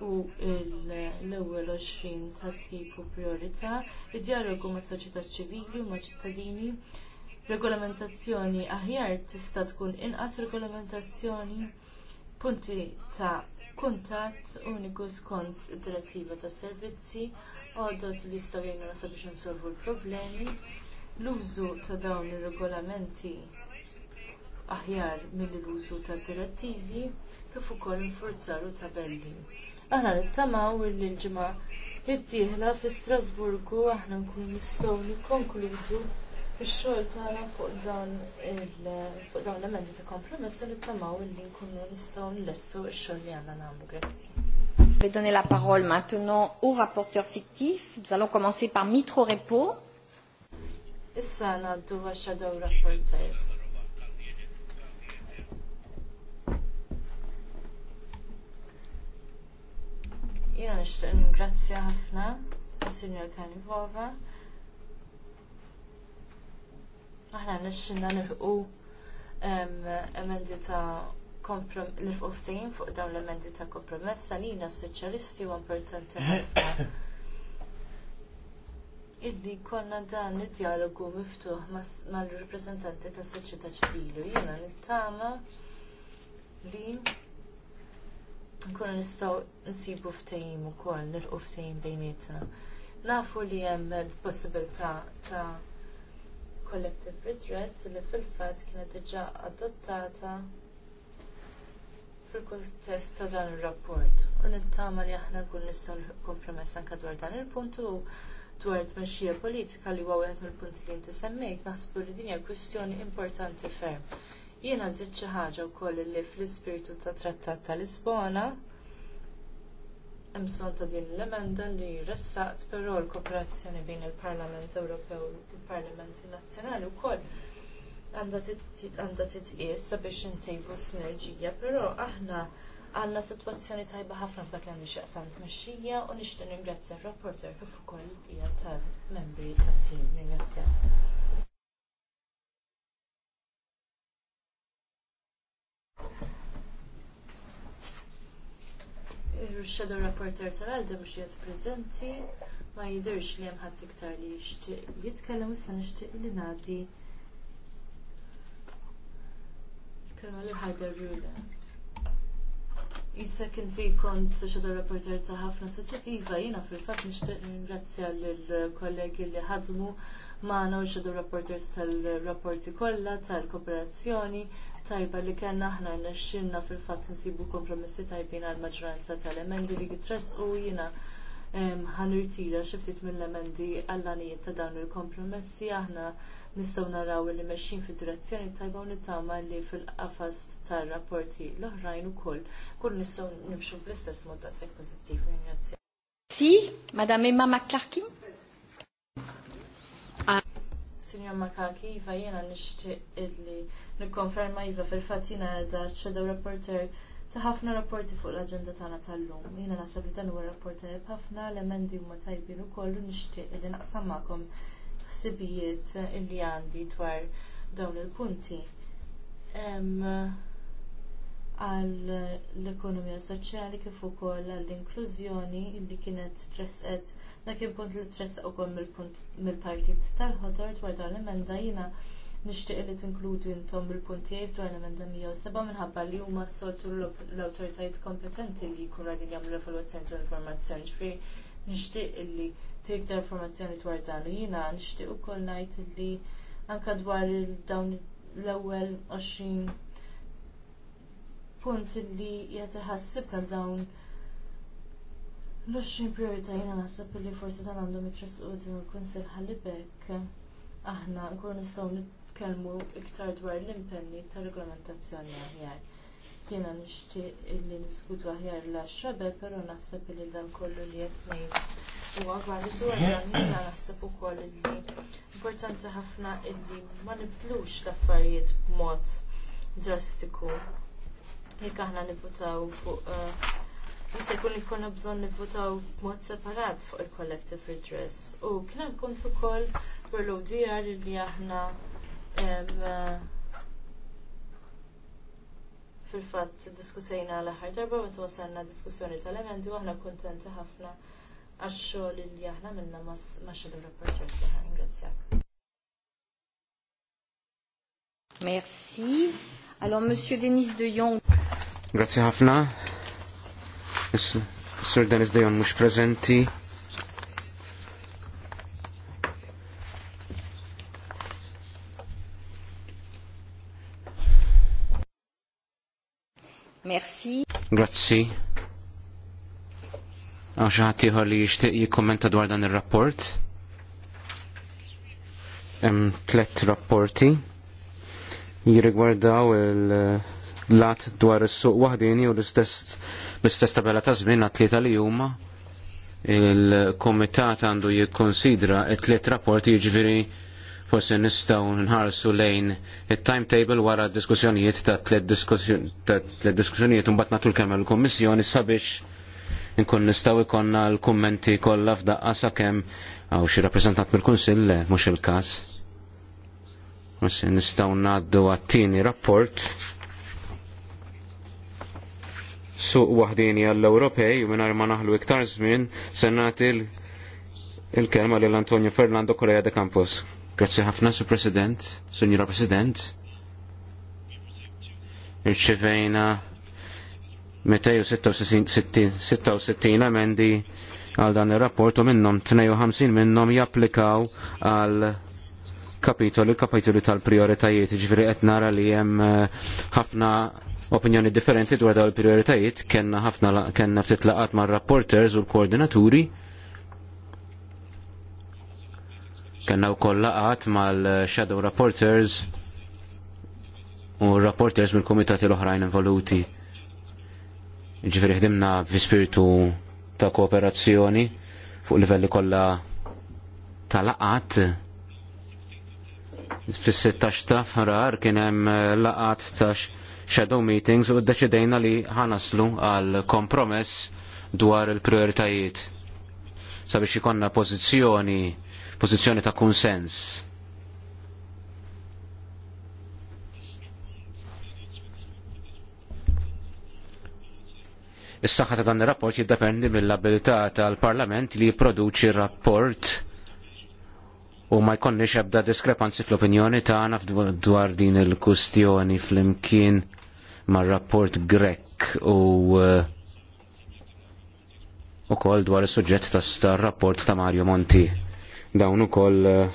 u l-ewwel 20 ħassibu priorità, id-dialogu mas soċjetà ċivili u ma' ċittadini, regolamentazzjoni aħjar tista' tkun inqas regolamentazzjoni, punti ta' kuntatt uniku skont id-direttiva tas servizzi, għodot li jistgħu jgħinu nasa biex nsolvu l-problemi, l-użu ta' dawn ir-regolamenti aħjar milli l-użu tad direttivi kif ukoll inforzar u tabelli. Aħna nittamaw illi l-ġimgħa id-dieħla fi Strasburgu aħna nkunu nistgħu nikkonkludu ix-xogħol tagħna fuq dawn fuq dawn l-emendi ta' kompromess u nittamaw illi nkunu nistgħu nlestu x-xogħol li għandna nagħmlu. Grazzi. Je vais donner la parole maintenant au rapporteur fictif. Nous allons commencer par Mitro Repo. Issa għandu għaxa daw rapporters. Jena nishtiq ningrazzja ħafna Sinjor Kanivova. Aħna nixxinna nilħu emendi ta' l fuq dawn l-emendi ta' kompromessa li jina soċjalisti u importanti ħafna. Illi konna dan id-dialogu miftuħ mal-reprezentanti tas soċjetà ċivili. Jiena nittama li nkunu nistgħu nsibu ftehim ukoll nilqu ftehim bejnietna. Nafu li hemm possibilità ta' collective redress li fil-fatt kienet diġà adottata fil-kontest ta' dan ir rapport U nittama li aħna nkun nistgħu kompromess anke dwar dan il-punt u dwar tmexxija politika li huwa wieħed mill-punti li inti semmejt naħsbu li din hija kwistjoni importanti ferm. Jiena żidt xi ħaġa wkoll li fl-ispirtu ta' Trattat ta' Lisbona hemm bżonn ta' din l-emenda li ressaqt però l-kooperazzjoni bejn il-Parlament Ewropew u l-Parlamenti Nazzjonali wkoll għandha titqies sabiex intejbu sinerġija, però aħna għandna sitwazzjoni tajba ħafna f'dak li għandu xaqsan tmexxija u nixtieq ringrazzja r-rapporter kif ukoll hija tal-membri tat-tim. Ringrazzja. Shadow Rapporter tal-għalda mux jgħat prezenti, ma jidirx li jemħat iktar li jishtiq jitkellem u san jishtiq li nadi. Issa kinti kont xedur rapporter ta' ħafna soċjetiva, jiena fil fatt nixtieq ringrazzja lill-kollegi li ħadmu ma'na u xedur rapporters tal-rapporti kollha, tal-kooperazzjoni, tajba li kellna aħna nexxinna fil fatt insibu kompromissi tajbin għall maġranza tal-emendi li u jiena ħanirtira xi ftit mill-emendi għall-għanijiet ta' dawn il-kompromessi aħna nistgħu naraw li mexxin fil direzzjoni tajba u nittama li fil-qafas tar-rapporti l-oħrajn ukoll kun nistgħu nimxu bl-istess mod daqshekk pożittiv. Ringrazzja. Si, Madame Emma McClarkin. Signor Makaki, Iva jena nishtiq illi nikkonferma Iva fil-fatina da ċedaw rapporter ta' ħafna rapporti fuq l-agenda tagħna tal-lum. Jiena naħseb li dan huwa rapport tajjeb ħafna l-emendi huma tajbin ukoll u nixtieq li naqsam magħkom ħsibijiet li għandi dwar dawn il-punti għall ekonomija soċjali kif ukoll għall-inklużjoni li kienet tresqet dak il-punt li tressaq ukoll mill-partit tal-ħodor dwar dawn l-emenda jiena nixtieq li tinkludu intom il-punt tiegħi dwar l-emenda 107 minħabba li huma s-soltu l-awtoritajiet kompetenti li jkunu qegħdin jagħmlu evalwazzjoni tal-informazzjoni ġifieri nixtieq li tiktar informazzjoni dwar dan u jiena nixtieq ukoll ngħid li anke dwar dawn l-ewwel 20 punt li jgħet iħassib għal dawn l-20 priorita jena nasib li forsi dan għandhom jitrisqu din il-kunsil ħallibek aħna nkunu nistgħu nitkellmu iktar dwar l-impenni ta' regolamentazzjoni aħjar. Jiena nixtieq li niskutu aħjar l xabe però naħseb li dan kollu li qed ngħid huwa validu għal jiena naħseb ukoll illi. importanti ħafna illi ma nibdlux l-affarijiet b'mod drastiku jekk aħna nibbutaw fuq eh, jista' jkun li konna bżonn nivvutaw b'mod separat fuq il-collective redress. U kien hemm punt ukoll per l-ODR li aħna eh, fil-fatt diskutejna l-aħħar darba meta wasalna diskussjoni tal-emendi u aħna kuntenti ħafna għax-xogħol li aħna minna ma' xogħol rapporters tagħna. Ingrazzjak. Merci. Alors, Monsieur Denis de Jong. Grazie Hafna. Sir Denis de Jong mux prezenti. Merci. Grazzi. Għaw xaħat li jishtiq jikkommenta dwar dan il-rapport. Hemm tlet rapporti jirigwardaw il-lat eh, dwar is-suq waħdini u l-istess bl-istess ta' żmien għat-tlieta li huma il-komitat għandu jikkonsidra it-tliet rapport jiġifieri forsi nistgħu nħarsu lejn it-timetable wara d-diskussjonijiet ta' tliet diskussjonijiet u mbagħad nagħtu l-kemm il-Kummissjoni sabiex nkun nistaw ikonna l-kummenti kollha f'daqqa sakemm għaw xi rappreżentant mill-Kunsill mhux il-każ. Mux nistaw naddu għattini rapport suq wahdini għall-Ewropej u minar ma naħlu iktar żmien se nagħti il-kelma lil Antonio Fernando Correa de Campos. Grazzi ħafna, Sur President, Sunjura President. Irċivejna 266 amendi għal dan ir rapport u minnhom 52 minnhom japplikaw għal kapitoli, kapitoli tal-prioritajiet, ġifiri qed nara li hemm eh, ħafna opinjoni differenti dwar dawn il-prioritajiet, kenna ħafna kenna ftit laqat mar-rapporters u l-koordinaturi. Kenna wkoll laqat mal-shadow rapporters u rapporters mill-kumitati l-oħrajn involuti. Ġifiri ħdimna fi spiritu ta' kooperazzjoni fuq livelli kollha tal-laqat fis-16 ta' frar kien hemm eh, laqat ta' shadow meetings u ddeċidejna li ħanaslu għal kompromess dwar il-prioritajiet sabiex ikonna pożizzjoni pożizzjoni ta' kunsens. Is-saħħa ta' dan ir-rapport jiddependi mill-abilità tal-Parlament li jipproduċi rapport u ma jkonniex ebda diskrepanzi fl-opinjoni tagħna dwar din il-kustjoni fl-imkien mar-rapport Grek u uh, kol dwar is-suġġett tas-rapport ta' Mario Monti. Dawn ukoll uh,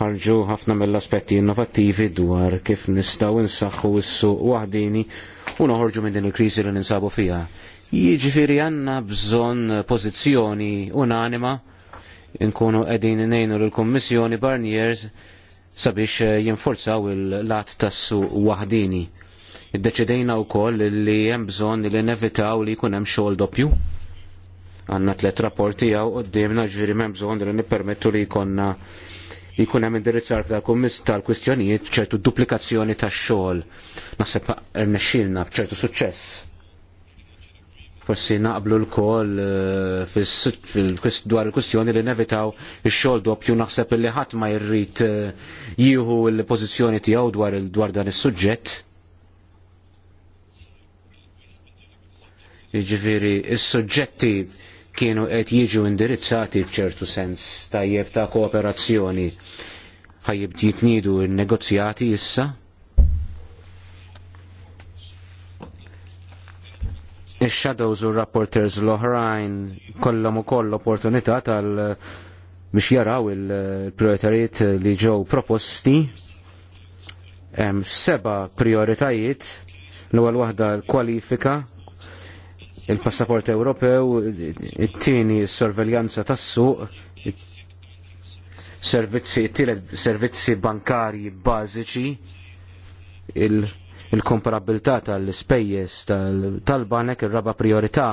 ħarġu ħafna mill-aspetti innovattivi dwar kif nistgħu nsaħħu s-suq waħdini u noħorġu minn din il-kriżi li ninsabu fiha. Jiġifieri għandna bżonn pożizzjoni unanima Inkunu qegħdin ngħinu lill-Kummissjoni Barniers sabiex eh, jinforzaw il-lat tas-suq waħdini. Iddeċidejna wkoll li hemm bżonn li nevitaw li jkun hemm xogħol doppju. Għanna tlet rapporti għaw qoddimna ġifieri m'hemm bżonn li nippermettu li jkollna jkun hemm indirizzar tal-kwistjonijiet ċertu duplikazzjoni tax-xogħol. Naħseb rnexxielna b'ċertu suċċess forsi naqblu l-kol eh, dwar il-kustjoni li nevitaw il-xol doppju naħseb li ħadd ma jirrit eh, jieħu l-pożizzjoni tiegħu dwar dwar dan is-suġġett. Jiġifieri il suġġetti kienu qed jiġu indirizzati b'ċertu sens tajjeb ta' kooperazzjoni ħajib jitnidu n-negozjati issa shadows u rapporters l-oħrajn kollhom ukoll opportunità tal biex jaraw il-prioritarijiet li ġew proposti hemm seba' prioritajiet l-ewwel waħda l-kwalifika il-passaport Ewropew, it-tieni s-sorveljanza tas-suq, servizzi, servizzi bankarji bażiċi, il- il-komparabilità tal ispejjeż tal-banek ir-raba priorità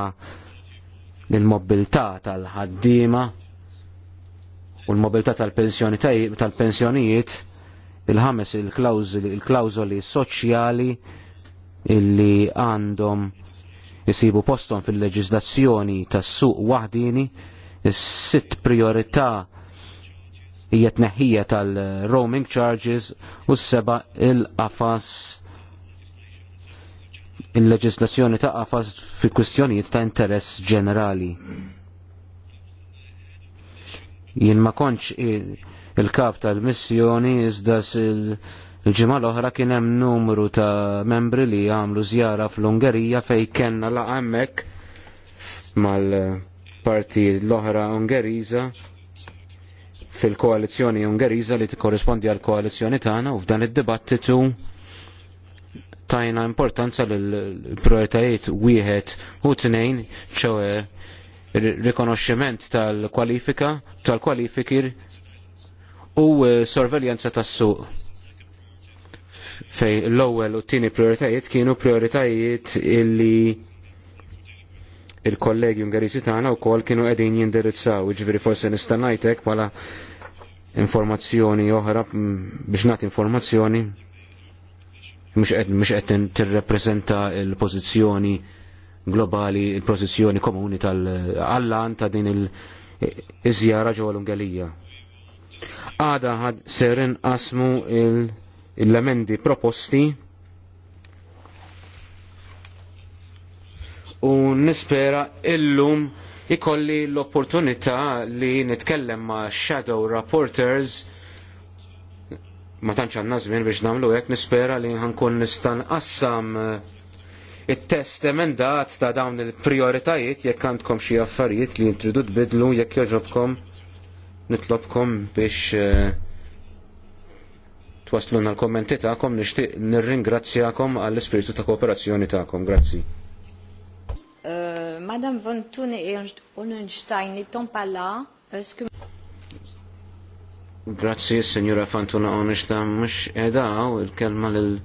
il-mobilità tal-ħaddiema u l-mobilità tal-pensjonijiet il-ħames il-klawżoli soċjali illi għandhom jisibu postom fil-leġizlazzjoni tas-suq waħdini is-sitt priorità hija tneħħija tal-roaming charges u s-seba il-qafas il-leġislazzjoni ta' qafas fi kwistjonijiet ta' interess ġenerali. Jien ma konċ il-kap tal-missjoni iżda il-ġimgħa l-oħra kien hemm numru ta' membri li għamlu żjara fl-Ungerija fejn kellna la' għammek mal-parti l-oħra Ungeriża fil-koalizjoni Ungeriża li tikkorrispondi għall koalizjoni tagħna u f'dan id-dibattitu tajna importanza l-prioritajiet wieħed u tnejn ċewe rikonoxximent tal-kwalifika, tal-kwalifikir u eh, sorveljanza tas-suq. Fej l-ewwel u t-tieni prioritajiet kienu prioritajiet illi il-kollegi Ungarisi tagħna wkoll kienu qegħdin jindirizzaw, jiġifieri forsi nista' ngħidlek bħala informazzjoni oħra biex nagħti informazzjoni mhux qed tirrepreżenta l-pożizzjoni globali, il-pożizzjoni komuni tal-allan ta' din il-iżjara ġewwa l-Ungerija. Għada ħad ser inqasmu l-lamendi proposti u nispera illum ikolli l-opportunità li nitkellem ma' shadow rapporters ma tantx għandna żmien biex nagħmlu hekk nispera li ħankun nista' nqassam eh, it-test emendat ta' dawn il-prioritajiet jekk għandkom xi affarijiet li jintridu tbidlu jekk joġobkom nitlobkom biex eh, twasluna l-kommenti ta'kom nishtiq nirringrazzjakom għall-ispiritu ta' kooperazzjoni ta'kom. Grazzi. Euh, Madame Vontuni Thun et Unenstein n'étant pas Grazzi, Signora Fantuna Onishta, mux edha edaw il-kelma lil.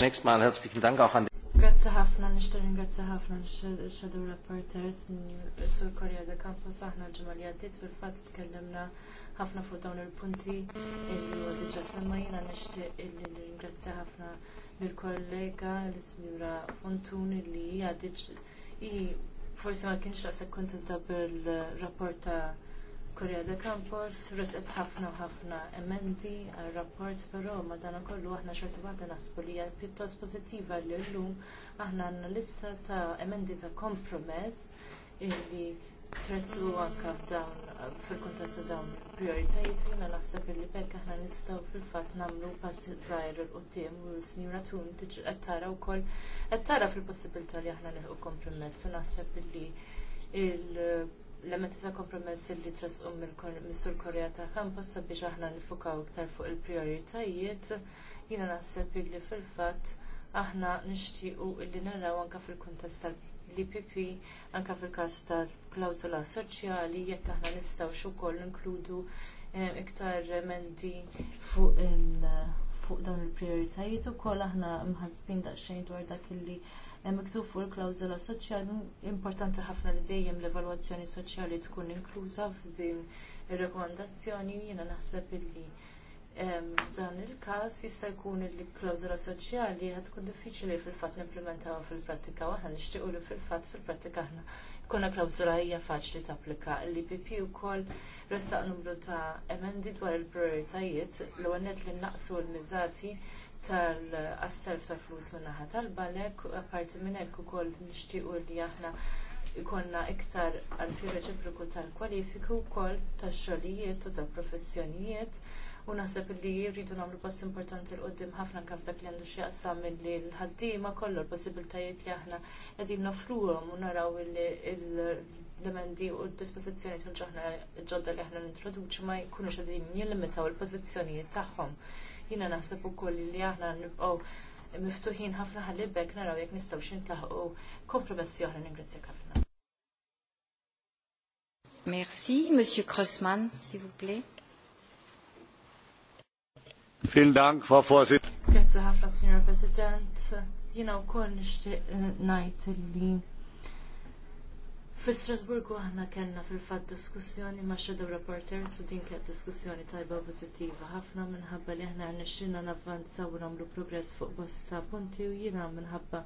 Next man, dikin danka auch di... Grazzi ħafna, nishtar ringrazzi ħafna Shadow Reporters, Sur Korea da Campus, saħna ġemal li għaddit fil-fat t tkellimna ħafna fu dawn il-punti illi huwa diġà semma nishti nixtieq illi ringrazzja ħafna l kollega l-Sinjura Fontun illi hija i forsi ma kienx taqseb kontenta bil rapporta Korea de Campos resqet ħafna u ħafna emendi għal rapport però kollu aħna xortu waħda naħsbu li hija pittos pożittiva li lum aħna għanna lista ta' emendi ta' kompromess illi tressu għanka f'dawn fil kontest ta' dawn prioritajiet jiena naħseb li bekk aħna nistgħu fil-fatt nagħmlu pass zaħir l qudiem u l njura Tun tiġi qed tara wkoll qed tara fil-possibilità li aħna nilħu kompromess u naħseb illi l lemma tisa ta' kompromess li trasqum mis-Sur Korea ta' Kampus sabiex aħna nifukaw iktar fuq il-prioritajiet, jiena naħseb li fil-fatt aħna nixtiequ illi naraw anke fil-kuntest tal ppp anke fil-każ tal klausula soċjali, jekk aħna nistgħu ukoll inkludu eh, iktar remendi fuq il- fuq dawn il-prioritajiet ukoll aħna mħazbin daqsxejn dwar dak illi hemm miktub fuq il-klawżola soċjali importanti ħafna li dejjem l-evalwazzjoni soċjali tkun inkluża f'din ir-rekomandazzjoni jiena naħseb illi ehm, dan il-każ jista' jkun li klawżola soċjali qed tkun diffiċli fil-fatt nimplementawha fil-prattika u aħna nixtiequ li fil-fatt fil-prattika aħna jkollna klawżola hija faċli tapplika. L-IPP wkoll ressaq numru ta' emendi dwar il-prioritajiet l-ewwel li naqsu l-miżati tal-asself ta' flus min-naħa tal-balek, apparti minn hekk ukoll nixtiequ li aħna ikonna iktar għalfi reċiproku tal-kwalifiku wkoll tax-xogħlijiet u tal-professjonijiet u naħseb li jridu nagħmlu pass importanti l qoddim ħafna kif dak li għandu xi jaqsam milli l-ħaddiema kollu l-possibiltajiet li aħna qegħdin nofruhom u naraw li l-emendi u d-dispożizzjoni tal-ġodda li aħna nintroduċu ma jkunux qegħdin jillimitaw il-pożizzjonijiet tagħhom jina naħseb u koll li aħna nibqaw miftuħin ħafna ħallibek naraw jek jekk nistgħu xintlaħqu kompromessi oħra ningrazzjak ħafna. Merci, Monsieur Crossman, s'il vous plaît. Vielen Dank, Frau Vorsitzende. Grazie Herr ħafna, Signor President. Jiena wkoll nixtieq eh, ngħid li Fi Strasburgu aħna kellna fil-fatt diskussjoni ma' Shadow Reporters u din kienet diskussjoni tajba pożittiva ħafna minħabba li aħna rnexxinna navvanzaw u nagħmlu progress fuq bosta punti u jiena minħabba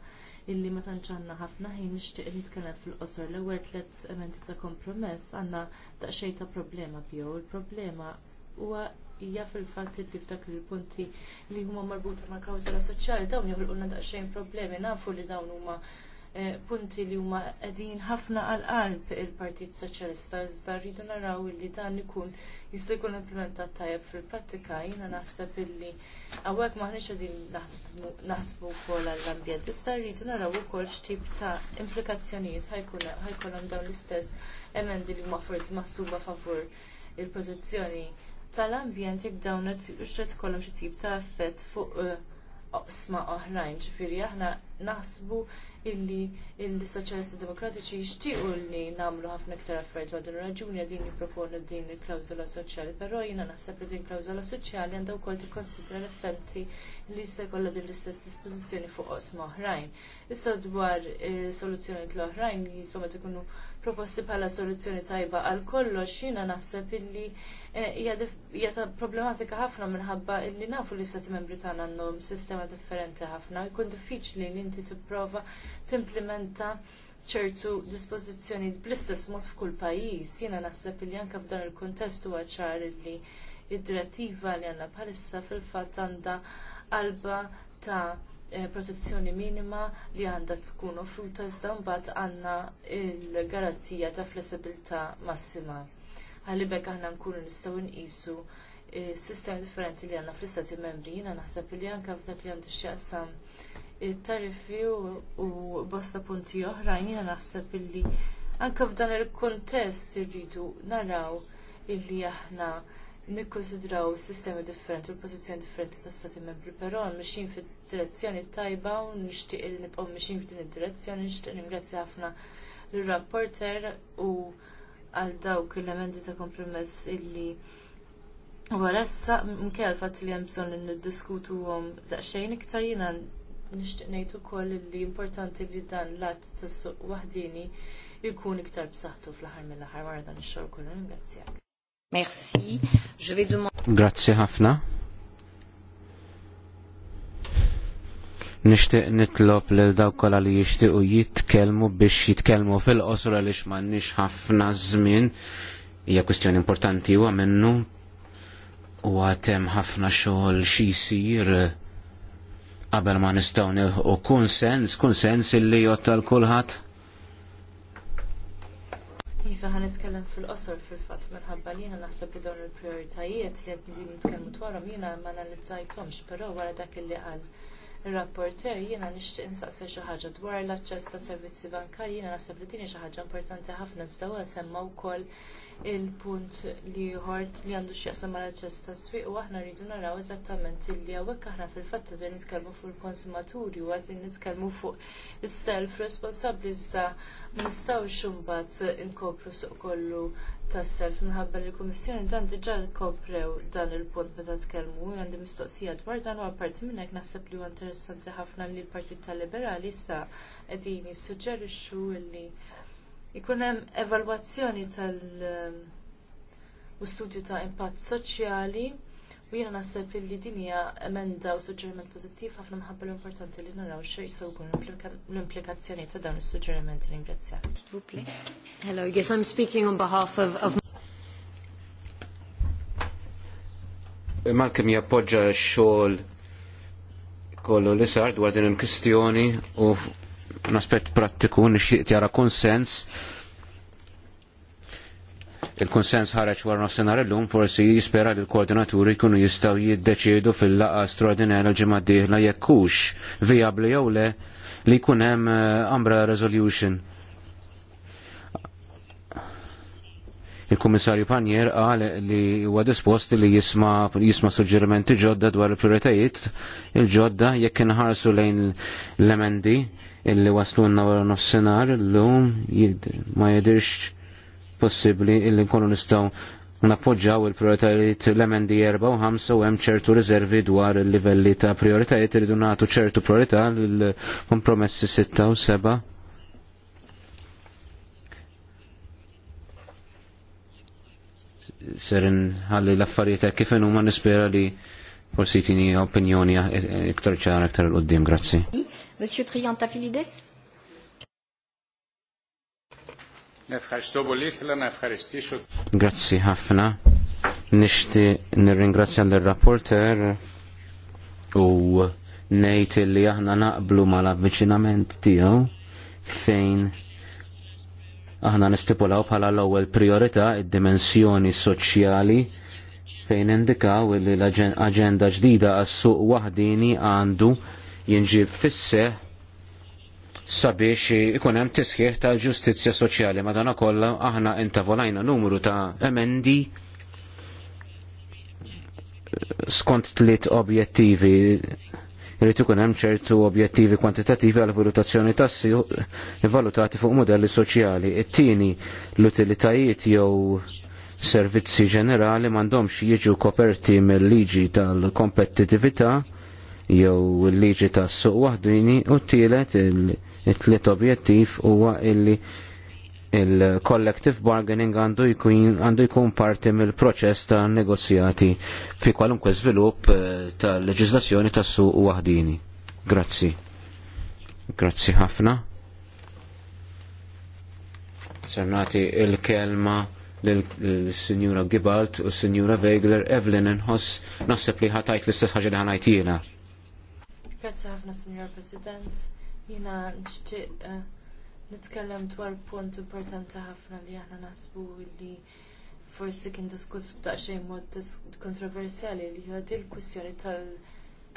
illi ma tantx għandna ħafna ħin nixtieq nitkellem fil-qosor l-ewwel tliet emendi ta' kompromess għandna daqsxejn ta' problema tiegħu. Il-problema huwa hija fil-fatt li f'dak il-punti li huma marbuta ma' klawżola soċjali dawn joħolqulna daqsxejn problemi nafu li dawn huma Eh, punti li huma qegħdin ħafna għal qalb il-Partit Soċjalista iżda rridu naraw li dan ikun jista' jkun implementat tajjeb fil-prattika jiena naħseb illi hawnhekk maħniex qegħdin naħsbu wkoll għall-ambjent iżda rridu naraw ukoll x'tip ta' implikazzjonijiet ħajkollhom dawn l-istess emendi li huma forsi maħsuba favur il pożizzjoni tal-ambjent jekk dawn qed kollhom xi tip ta' effett fuq eh, oqsma oħrajn, ġifieri aħna naħsbu illi il-Soċjalisti Demokratiċi jixtiequ li nagħmlu ħafna iktar affarijiet għal din raġuni din jipproponu din il-klawżola soċjali, però jiena naħseb li din klawżola soċjali għandha wkoll tikkonsidra l-effetti li jista' jkollha din l-istess dispożizzjoni fuq osma oħrajn. Issa dwar eh, soluzzjonijiet l-oħrajn li jiswa ikunu proposti bħala soluzzjoni tajba għal kollox jiena naħseb illi hija ta' problematika ħafna minħabba illi nafu li stati membri tagħna għandhom sistema differenti ħafna. Jkun diffiċli li inti tipprova timplementa ċertu dispożizzjoni bl-istess mod f'kull pajjiż. Jiena naħseb li anke f'dan il-kuntest huwa ċar li id-direttiva li għandna bħalissa fil-fatt għandha qalba ta' eh, protezzjoni minima li għandha tkun offruta iżda mbagħad għandna l garanzija ta' flessibilità massima għalibek aħna nkunu nistgħu nqisu e, sistemi differenti li għandna fl-istati membri jiena naħseb li anke f'dak li għandu x'jaqsam it-tariffi e, u bosta punti oħra jiena naħseb illi anke f'dan il-kuntest irridu naraw illi aħna nikkonsidraw sistemi differenti u pożizzjoni differenti ta' stati membri, però mixin fid direzzjoni tajba u nixtieq li nibqgħu mixin f'din id-direzzjoni, nixtieq ningrazzja ħafna lir rapporter u għal dawk l-emendi ta' kompromess illi wara issa Mkell fatt li hemm bżonn li niddiskutuhom daqsxejn iktar jiena nixtieq ngħid ukoll li importanti li dan l-att tas-suq waħdini jkun iktar b'saħħtu fl-aħħar mill-aħħar wara dan ix-xogħol kollu ringrazzjak. Merci. Je vais demander Grazzi ħafna. Nixtieq nitlob lil dawk kollha li jixtiequ jitkellmu biex jitkellmu fil-qosra li m'għandniex ħafna żmien hija kwistjoni importanti huwa minnu u għatem ħafna xogħol xi jsir qabel ma nistgħu nilħu kunsens, kunsens illi jotta l-kulħadd. Iva ħan nitkellem fil-qosor fil-fatt minħabba li jiena naħseb li dawn il-prioritajiet li qed nitkellmu dwarhom jiena ma analizzajthomx, però wara dak illi qal Il-rapporter jiena nixtieq insaqsa xi ħaġa dwar l-aċċess ta' servizzi bankarji jiena naħseb li dini xi ħaġa importanti ħafna żdawa semma wkoll il-punt li ħort li għandu x'jaqsam mal-aċċess ta' swieq u aħna rridu naraw eżattament li hawnhekk aħna fil-fatt qegħdin nitkellmu fuq il-konsumaturi u qegħdin nitkellmu fuq is-self responsabbli iżda ma nistgħux imbagħad inkopru suq kollu tas-self minħabba li l-Kummissjoni dan diġà koprew dan il-punt meta tkellmu għandi mistoqsija dwar dan u apparti minn hekk naħseb li huwa interessanti ħafna li l-Partit tal-Liberali issa qegħdin jissuġġerixxu li jkun hemm evalwazzjoni tal- u studju ta' impatt soċjali U jiena naħseb illi din hija emenda u suġġeriment pozittiv ħafna mħabba l-importanti li naraw xejn jsewgu l-implikazzjoni ta' dawn il suġġerimenti li ngrazzjak. Hello, yes, I'm speaking on behalf of, of... Malkem jappoġġa xogħol kollu li sar dwar din il-kwistjoni u l-aspett prattiku nixtieq jara konsens il-konsens ħareġ wara nofsinhar illum forsi jispera li l-koordinaturi jkunu jistgħu jiddeċiedu fil-laqgħa straordinarja l-ġimgħa d-dieħla jekk hux vijabbli jew le li jkun hemm ambra eh, resolution. Il-Kummissarju Panjer qal li huwa dispost li jisma, jisma suġġerimenti ġodda dwar il-prioritajiet il-ġodda jekk inħarsu lejn l-emendi illi waslunna nofsenar l illum ma jedirx possibbli illi nkunu nistgħu nappoġġaw il-prioritajiet l-emendi 4 u 5 u hemm ċertu riservi dwar il-livelli ta' prioritajiet irridu nagħtu ċertu priorità l-kompromessi 6 u 7. ser nħalli l-affarijiet kif huma nispera li forsi tini opinjoni iktar ċara iktar l-qoddim, grazzi. Monsieur Triant Triantafilides? Grazzi ħafna. Nishti nirringrazzja l-rapporter u nejt li aħna naqblu mal-avviċinament tiegħu fejn aħna nistipulaw bħala l-ewwel priorità id-dimensjoni soċjali fejn indikaw li l-aġenda ġdida għas-suq waħdini għandu jinġib fisseħ sabiex ikun hemm tisħiħ tal-ġustizzja soċjali madanakollha aħna intavolajna numru ta' emendi skont tliet objettivi Irid ikun hemm ċertu objettivi kwantitattivi għal valutazzjoni tassi valutati fuq modelli soċjali. It-tieni l-utilitajiet jew servizzi ġenerali m'għandhomx jiġu koperti mill-liġi tal-kompetittività jew il-liġi tas-suq waħdini u t-tielet il- it-tliet objettiv huwa illi il-collective bargaining għandu jkun għandu jkun parti mill-proċess ta' negozjati fi kwalunkwe żvilupp eh, ta' leġiżlazzjoni tas suq waħdini. Grazzi. Grazzi ħafna. Sernati il-kelma l-Sinjura Gibalt u s-Sinjura Vegler Evelyn nħoss nasib li ħatajt l-istess ħaġa li ħanajtina. Grazzi ħafna, Sinjura President Jina nixtieq eh, nitkellem dwar punt importanti ħafna li aħna nasbu li forsi kien diskuss xejn mod kontroversjali li huwa il kwistjoni tal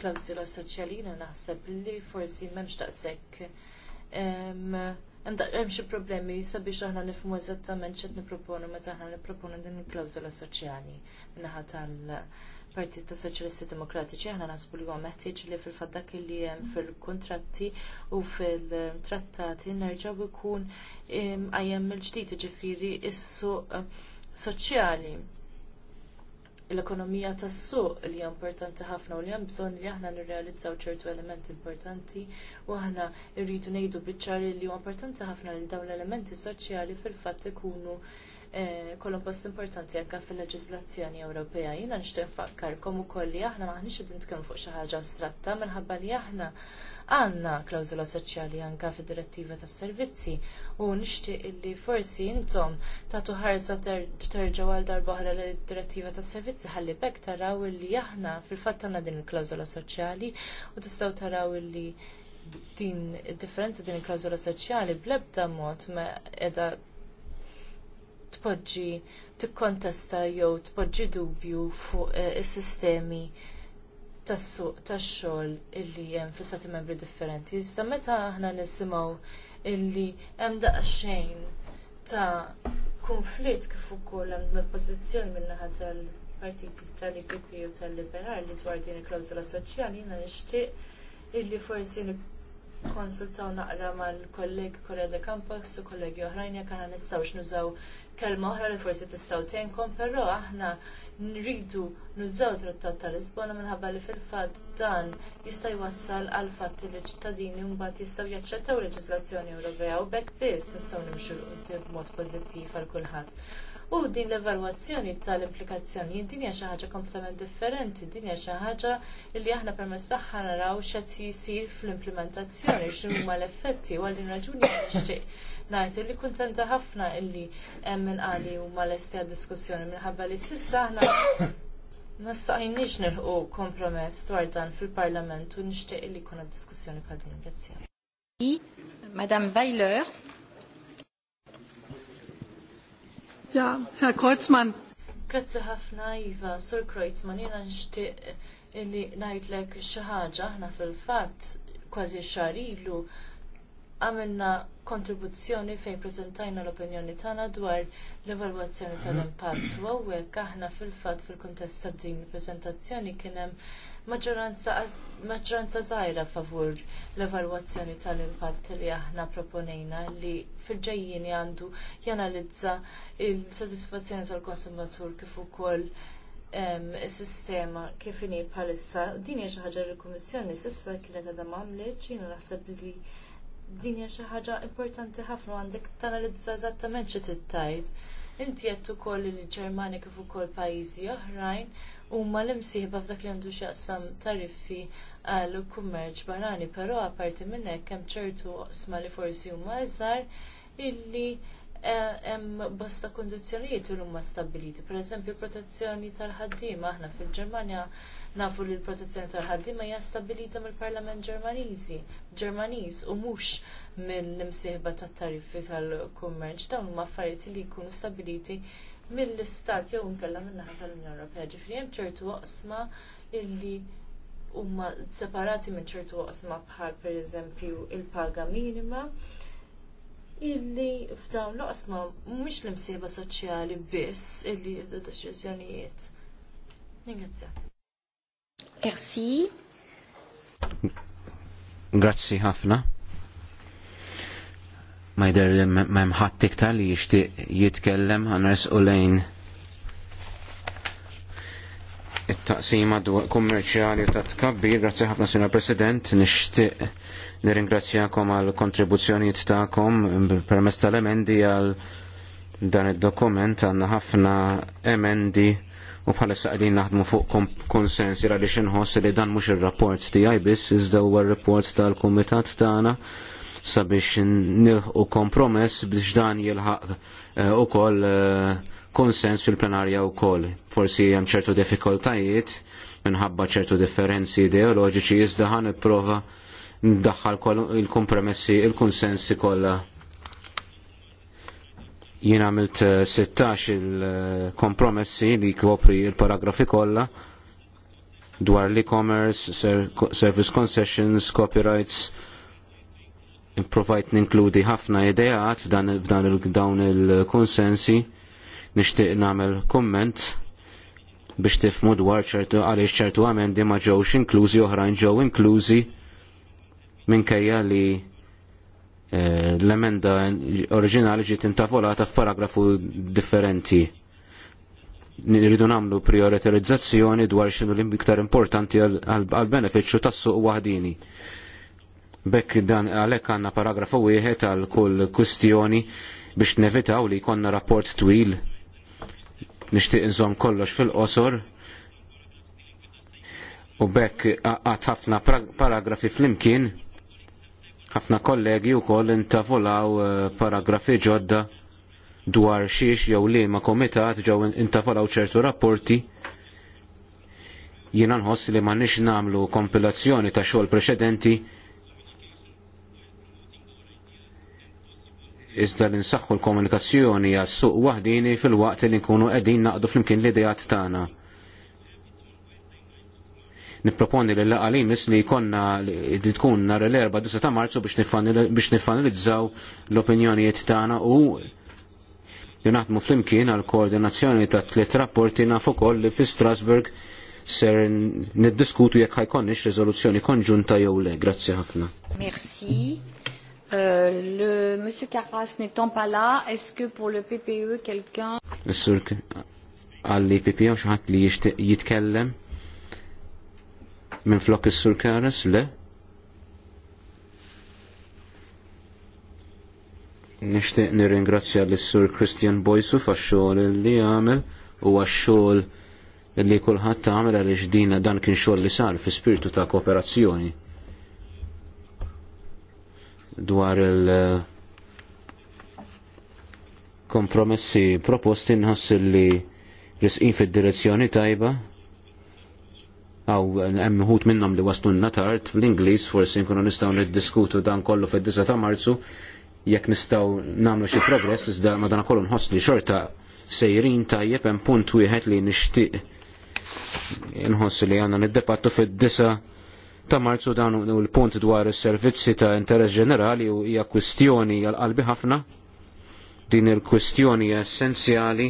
klausula soċjalina naħseb li forsi m'hemmx daqshekk hemm xi problemi sabiex aħna nifhmu eżattament x'qed niproponu meta aħna nipproponu din il-klawsula soċjali min-naħa tal- Partit ta' Soċjalisti Demokratiċi aħna naħsbu li huwa meħtieġ li fil-fatt dak li hemm fil-kuntratti u fil-trattati nerġgħu jkun qajjem mill-ġdid ġifieri is-suq eh, soċjali l-ekonomija tas-suq li hija importanti ħafna u li hemm bżonn li aħna nirrealizzaw ċertu elementi importanti u aħna rridu ngħidu biċ-ċar li huwa importanti ħafna li dawn l-elementi soċjali fil-fatt ikunu Eh, Kollu post importanti anke fil leġizlazzjoni Ewropea. Jina nixtieq nfakkarkom ukoll li aħna maħniex qed nitkellmu fuq xi ħaġa astratta minħabba li aħna għandna klausula soċjali anke fid-direttiva tas-servizzi u nixtieq illi forsi intom ta' tuħarza terġa' għal darba oħra l-direttiva tas-servizzi ħalli bekk taraw illi aħna fil-fatt għandna din il soċjali u tistgħu taraw illi din id differenza din il soċjali bl mod ma qiegħda tpoġġi tikkontesta jew tpoġġi dubju fuq eh, is-sistemi tas-suq tax-xogħol illi hemm fi stati membri differenti. Iżda meta aħna nisimgħu illi hemm daqsxejn ta' kunflitt kif ukoll hemm pożizzjoni min-naħa tal-partiti tal-IPP u tal-Liberali dwar din il-klawżola soċjali jiena nixtieq illi forsi konsultaw naqra mal-kollegi kollega Campax u kollegi oħrajn jekk aħna nistgħux nużaw kelma oħra li forsi tistgħu tgħinkom, però aħna nridu nużaw trattat ta' Lisbona minħabba li fil-fatt dan jista' jwassal għal fatt li ċittadini mbagħad jistgħu jaċċettaw leġiżlazzjoni Ewropea u bekk biss nistgħu nimxu l-qudiem b'mod pożittiv għal kulħadd. U din l-evalwazzjoni tal-implikazzjoni din hija xi ħaġa kompletament differenti, din hija xi ħaġa li aħna permezz tagħha naraw x'qed jisir fl-implementazzjoni x'inhuma l-effetti u għal din raġuni nixtieq najt li kuntenta ħafna illi hemm qali u malesti għad-diskussjoni minħabba li s'issa aħna ma staqajniex nilħu kompromess dwar dan fil-Parlament u nixtieq li kuna diskussjoni bħal din grazzja. Madame Weiler. Ja, Herr Kreuzmann. Grazzi ħafna, Iva, Sur Kreuzmann, jena nixtieq illi ngħidlek xi ħaġa aħna fil fatt kważi xahar ilu għamilna kontribuzzjoni fejn preżentajna l-opinjoni tagħna dwar l-evalwazzjoni tal-impatt. U hawnhekk aħna fil-fatt fil-kuntest ta' din il-preżentazzjoni kien hemm maġġoranza żgħira favur l-evalwazzjoni tal-impatt li aħna proponejna li fil-ġejjini għandu janalizza s sodisfazzjoni tal-konsumatur kif ukoll il-sistema kif inhi bħalissa. Din hija xi ħaġa li l-Kummissjoni s'issa kienet għadha m'għamlitx, jiena naħseb li din hija xi ħaġa importanti ħafna għandek tanalizza eżattament xi tittajt. Inti qed ukoll il ġermani kif ukoll pajjiżi oħrajn huma l-imsieħba f'dak li għandu x'jaqsam tariffi għal kummerċ barani, però apparti minn hekk hemm ċertu oqsma li forsi huma iżgħar illi eh, hemm bosta kundizzjonijiet li huma stabbiliti. Pereżempju protezzjoni tal-ħaddiema aħna fil-Ġermanja Nafu li l-protezzjoni tal-ħaddiema hija stabilita mill-Parlament Ġermaniżi, Ġermaniż u mhux mill-imsieħba tat-tariffi tal-kummerċ dawn huma affarijiet li jkunu stabiliti mill-istat jew inkella min-naħa tal-Unjoni Ewropea. Ġifieri hemm ċertu oqsma illi huma separati minn ċertu oqsma bħal pereżempju il-paga minima illi f'dawn l oqsma mhumiex l-imsieba soċjali biss illi d deċiżjonijiet. Ningrazzjak. Merci. Grazzi ħafna. Ma jder li m'hemm ħadd iktar li jixtieq jitkellem ħanes u lejn it-taqsima kummerċjali ta' tkabbir, grazzi ħafna Sina President, nixtieq nirringrazzjakom għal kontribuzzjonijiet tagħkom permezz tal-emendi għal dan id-dokument għandna ħafna emendi u bħalissa qegħdin naħdmu fuq konsens jira li xinħoss li dan mhux ir-rapport tiegħi biss iżda huwa r-rapport tal-kumitat tagħna sabiex nilħu kompromess biex dan jilħaq eh, ukoll eh, konsens fil-plenarja wkoll. Forsi hemm ċertu difficultajiet minħabba ċertu differenzi ideoloġiċi iżda ħan nipprova ndaħħal il-kompromessi il-konsensi kollha jien għamilt 16 eh, il-kompromessi li kopri il-paragrafi kollha dwar l-e-commerce, service concessions, copyrights, improvajt ninkludi ħafna ideat f'dan il-dawn il-konsensi, nixtieq nagħmel komment biex tifmu dwar ċertu għaliex ċertu għamendi ma ġewx inklużi oħrajn ġew inklużi minkejja li Eh, l-emenda oriġinali ġiet intavolata f'paragrafu differenti. Nirridu nagħmlu prioritarizzazzjoni dwar x'inhu l-iktar importanti għall benefiċċju tas-suq waħdini. Bekk dan għalhekk għandna paragrafu wieħed għal kull kwistjoni biex nevitaw li jkollna rapport twil nixtieq inżomm kollox fil-qosor u bekk għat ħafna paragrafi flimkien ħafna kollegi wkoll intavolaw eh, paragrafi ġodda dwar xiex jew liema komitat ġew intavolaw ċertu rapporti jiena nħoss li m'għandniex nagħmlu kompilazzjoni ta' xogħol preċedenti iżda li nsaħħu l-komunikazzjoni għas suq waħdini fil-waqt li nkunu qegħdin naqdu flimkien l-idejat tagħna nipproponi li laqa li mis li konna li tkun nar l-erba disa ta' marzu biex nifanalizzaw l-opinjonijiet tagħna u li naħdmu flimkien għal koordinazzjoni ta' tliet rapporti nafu koll li fi Strasburg ser niddiskutu jekk ħajkonniex riżoluzzjoni konġunta jew le. Grazzi ħafna. Merci. Euh, le Monsieur Carras n'étant pas là, est-ce que pour le PPE quelqu'un? Għalli PPE xaħat li jitkellem? minn flok is-sur Karas le. Nixtieq nirringrazzja lis-sur Christian Boysu għax-xogħol li għamel u għax-xogħol li kulħadd għamel għaliex dina dan kien xogħol li sar fi spiritu ta' kooperazzjoni dwar il- eh, kompromessi proposti nħoss li risqin fid-direzzjoni tajba għaw hemm ħut minnhom li n tard fl ingliż forsi nkunu nistgħu niddiskutu dan kollu fid-9 ta' Marzu jekk nistgħu nagħmlu xi progress iżda madankollu nħoss li xorta sejrin tajjeb hemm punt wieħed li nixtieq inħoss li għandna niddebattu fid-9 ta' Marzu dan u l-punt dwar is-servizzi ta' interess ġenerali u hija kwistjoni għal qalbi ħafna din il-kwistjoni essenzjali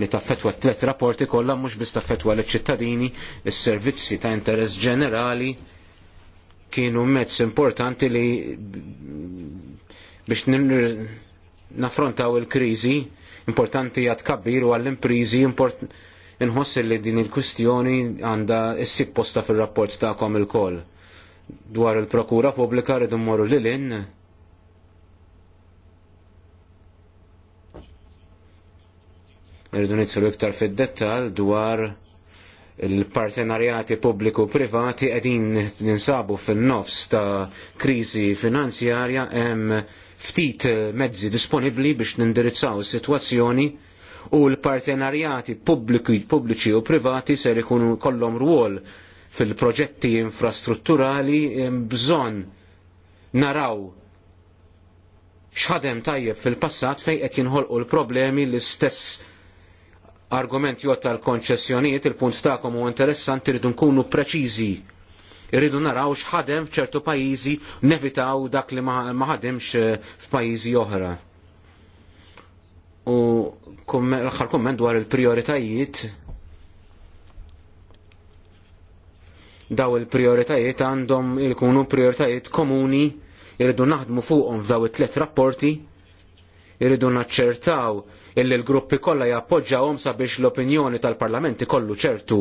li taffetwa t-tlet rapporti kollha mhux biss taffetwa l-ċittadini, is-servizzi ta' interess ġenerali kienu mezz importanti li biex naffrontaw il-kriżi importanti għad kabbir u għall-imprizi inħoss li din il-kwistjoni għanda s posta fil-rapport kom il-koll dwar il-prokura pubblika rridu mmorru lil-in Irridu nitlu iktar fid-dettal dwar il-partenarjati pubbliku privati qegħdin ninsabu fin-nofs ta' kriżi finanzjarja hemm ftit mezzi disponibbli biex nindirizzaw is-sitwazzjoni u l-partenarjati pubbliċi u privati ser ikunu kollom rwol fil-proġetti infrastrutturali bżonn naraw xħadem tajjeb fil-passat fejn qed jinħolqu l-problemi l-istess argument jgħod tal-konċessjonijiet il-punt tagħkom u interessanti rridu nkunu preċiżi. Irridu naraw x'ħadem f'ċertu pajjiżi nevitaw dak li ma ħademx eh, f'pajjiżi oħra. U l-aħħar komment dwar il-prioritajiet daw il-prioritajiet għandhom il-kunu prioritajiet komuni irridu naħdmu fuqhom f'daw it-tlet rapporti irridu naċċertaw illi l-gruppi kollha jappoġġawhom sabiex l-opinjoni tal-Parlament ikollu ċertu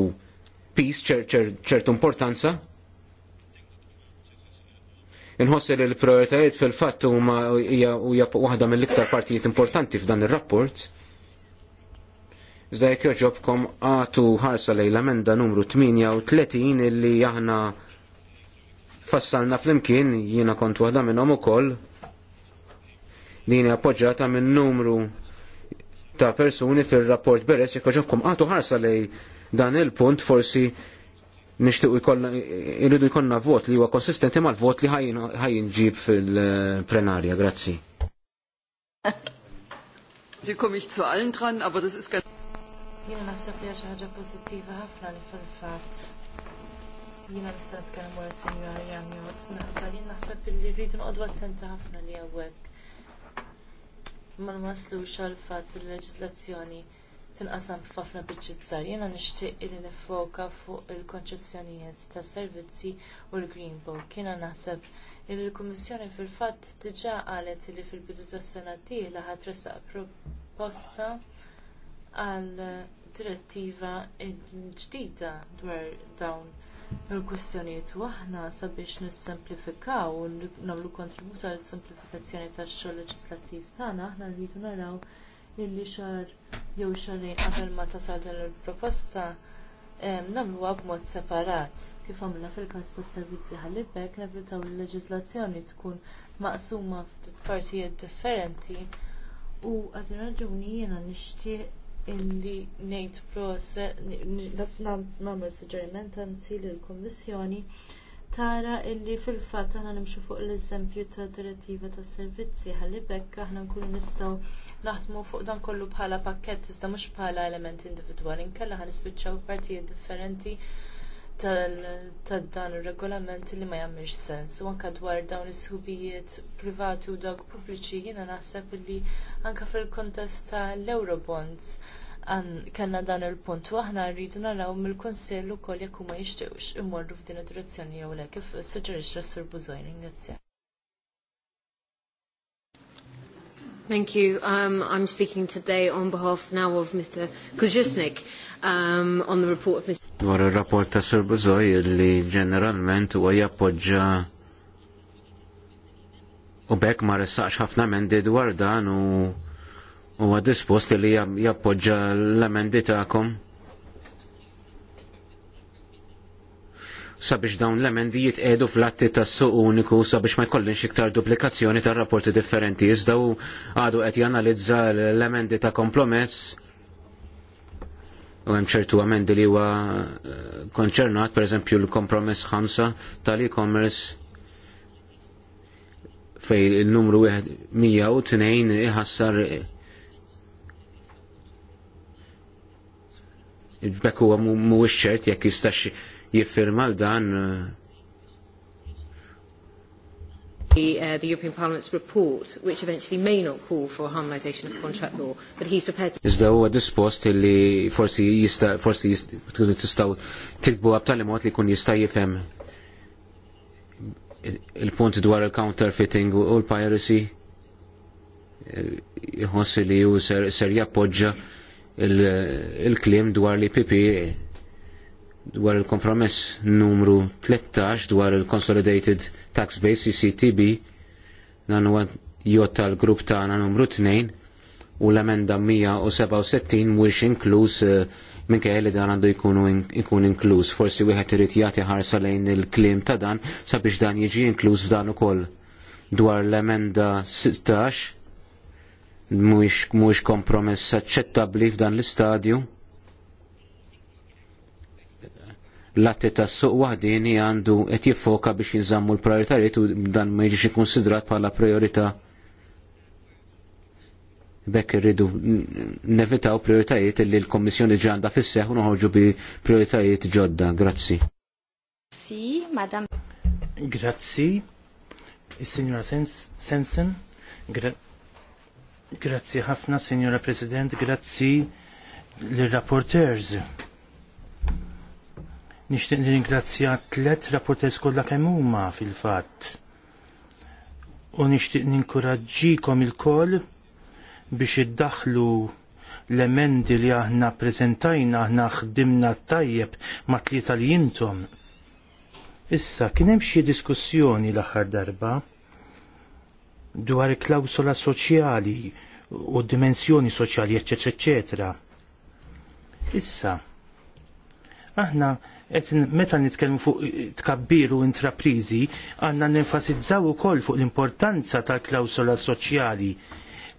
pis, ċertu importanza. Inħossi li l-prioritajiet fil-fatt huma hija waħda mill-iktar partijiet importanti f'dan ir-rapport. Iżda jekk joġobkom għatu ħarsa lejn l-amenda numru 38 illi aħna fassalna flimkien jiena kont waħda minnhom ukoll din appoġġjata minn numru ta' persuni fil-rapport beres jekk ġobkom għatu ħarsa li dan il-punt forsi nishtiqu jridu jkollna vot li huwa konsistenti mal-vot li ħajin ġib fil-plenarja. Grazzi. Sie komme ich zu allen dran, aber das ist ganz. Jena naħseb li ħaġa pozittiva ħafna li fil-fatt. Jena nista' nitkellem wara Sinjora Jan Jot, minħabba li naħseb li rridu noqogħdu attenti ħafna li hawnhekk ma nwaslux għal fatt il leġiżlazzjoni tinqasam f'ħafna biċċiet żgħar. Jiena nixtieq li nifoka fuq il-konċessjonijiet tas servizzi u l-Green Book. Jiena naħseb li l-Kummissjoni fil-fatt diġà qalet li fil-bidu tas-sena tieħla ħadd proposta għal direttiva ġdida dwar dawn il-kwistjonijiet aħna sabiex nissemplifikaw u nagħmlu kontribut għal semplifikazzjoni tax-xogħol leġislattiv tagħna aħna rridu naraw illi xar jew xarejn qabel ma tasal din il-proposta nagħmluha b'mod separat kif għamilna fil-każ tas-servizzi ħallibek nevitaw il-leġiżlazzjoni tkun maqsuma f'partijiet differenti u għadin raġuni jiena nixtieq illi ngħid pros nagħmel suġġeriment anzi lill-Kummissjoni tara illi fil-fatt aħna nimxu fuq l-eżempju ta' direttiva tas servizzi ħalli bekk aħna nkunu nistgħu naħdmu fuq dan kollu bħala pakkett iżda mhux bħala elementi individwali inkella ħanispiċċaw partijiet differenti ta' dan ir regolament li ma jagħmilx sens. U anke dwar dawn is subijiet privati u dawk pubbliċi jiena naħseb li anke fil-kontest tal eurobonds kellna dan il-punt u aħna rridu naraw mill-Kunsell ukoll jekk huma jixtiequx imorru f'din id-direzzjoni jew le kif suġġerixxa s-Sur Bużojn ingrazzja. Thank you. Um, I'm speaking today on behalf now of Mr. Kuzusnik um, on the report of Mr. Dwar il-rapport ta' Sir Buzoj li ġeneralment huwa jappoġġa u bekk ma ressaqx ħafna emendi dwar dan u huwa dispost li jappoġġa l-emendi tagħkom. sabiex dawn l-emendi jitqedu fl-atti tas-suq uniku sabiex ma jkollinx iktar duplikazzjoni tar rapporti differenti. Iżda għadu qed janalizza l-emendi ta' kompromess u hemm ċertu amendi li huwa eh, konċernat, pereżempju l-kompromess ħamsa tal-e-commerce fej il-numru 102 iħassar il-bekku eh, mhuwiex ċert jekk jistax jiffirma l dan eh, the, uh, the European Parliament's report, which eventually may not call for harmonisation of contract law, but he's prepared to... Is Iżda huwa dispost li forsi yista, forsi tkunu tistaw tiktbu għab tal abta li mot li kun yista yifem il-punt dwar il-counterfeiting u l-piracy jħossi li ju ser jappoġġa il-klim dwar li pipi dwar il-kompromess numru 13 dwar il-Consolidated Tax Base CCTB dan huwa jott tal-grupp tagħna numru 2 u l-emenda 167 mhux inkluż eh, minkejja li dan għandu jkunu jkun inkluż. Forsi wieħed irid jagħti ħarsa lejn il-kliem ta' dan sabiex dan jiġi inkluż f'dan ukoll. Dwar l-emenda 16 mhux kompromess aċċettabbli f'dan l-istadju l-atti tas suq waħdini għandu qed jiffoka biex jinżammu l-prioritariet u dan ma jiġix ikkonsidrat bħala priorità. Bekk irridu nevitaw prioritajiet li l-Kommissjoni ġanda fis-seħ u noħorġu bi prioritajiet ġodda. Grazzi. Si, madam. Grazzi. Is-Sinjora Sensen. grazzi ħafna, Sinjora President. Grazzi l-rapporteurs. Nixtieq ringrazzja tlet rapportes kollha kemm huma fil-fatt. U nixtieq ninkoraġġikom il-koll biex iddaħlu l-emendi li aħna preżentajna aħna ħdimna tajjeb ma tlieta li jintom. Issa, kien hemm xi diskussjoni l-aħħar darba dwar klawsola soċjali u dimensjoni soċjali, eccetera, eccetera. Issa, aħna Et meta nitkellmu fuq tkabbiru intraprizi, għanna nenfasizzaw ukoll fuq l-importanza tal-klawsola soċjali.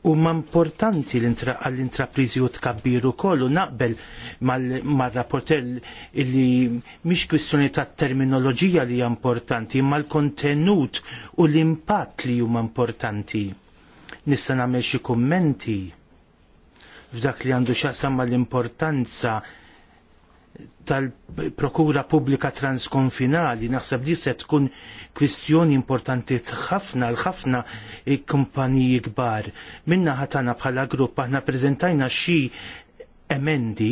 U ma importanti l-intraprizi u tkabbir ukoll kollu naqbel mal rapportell li miex kwistjoni ta' terminoloġija li hija importanti, ma l-kontenut u l-impatt li huma importanti. Nista' nagħmel xi kummenti f'dak li għandu xaqsam mal-importanza tal-prokura pubblika transkonfinali, naħseb li se tkun kwistjoni importanti ħafna l-ħafna kumpaniji kbar. Minna ħatana bħala grupp aħna prezentajna xi emendi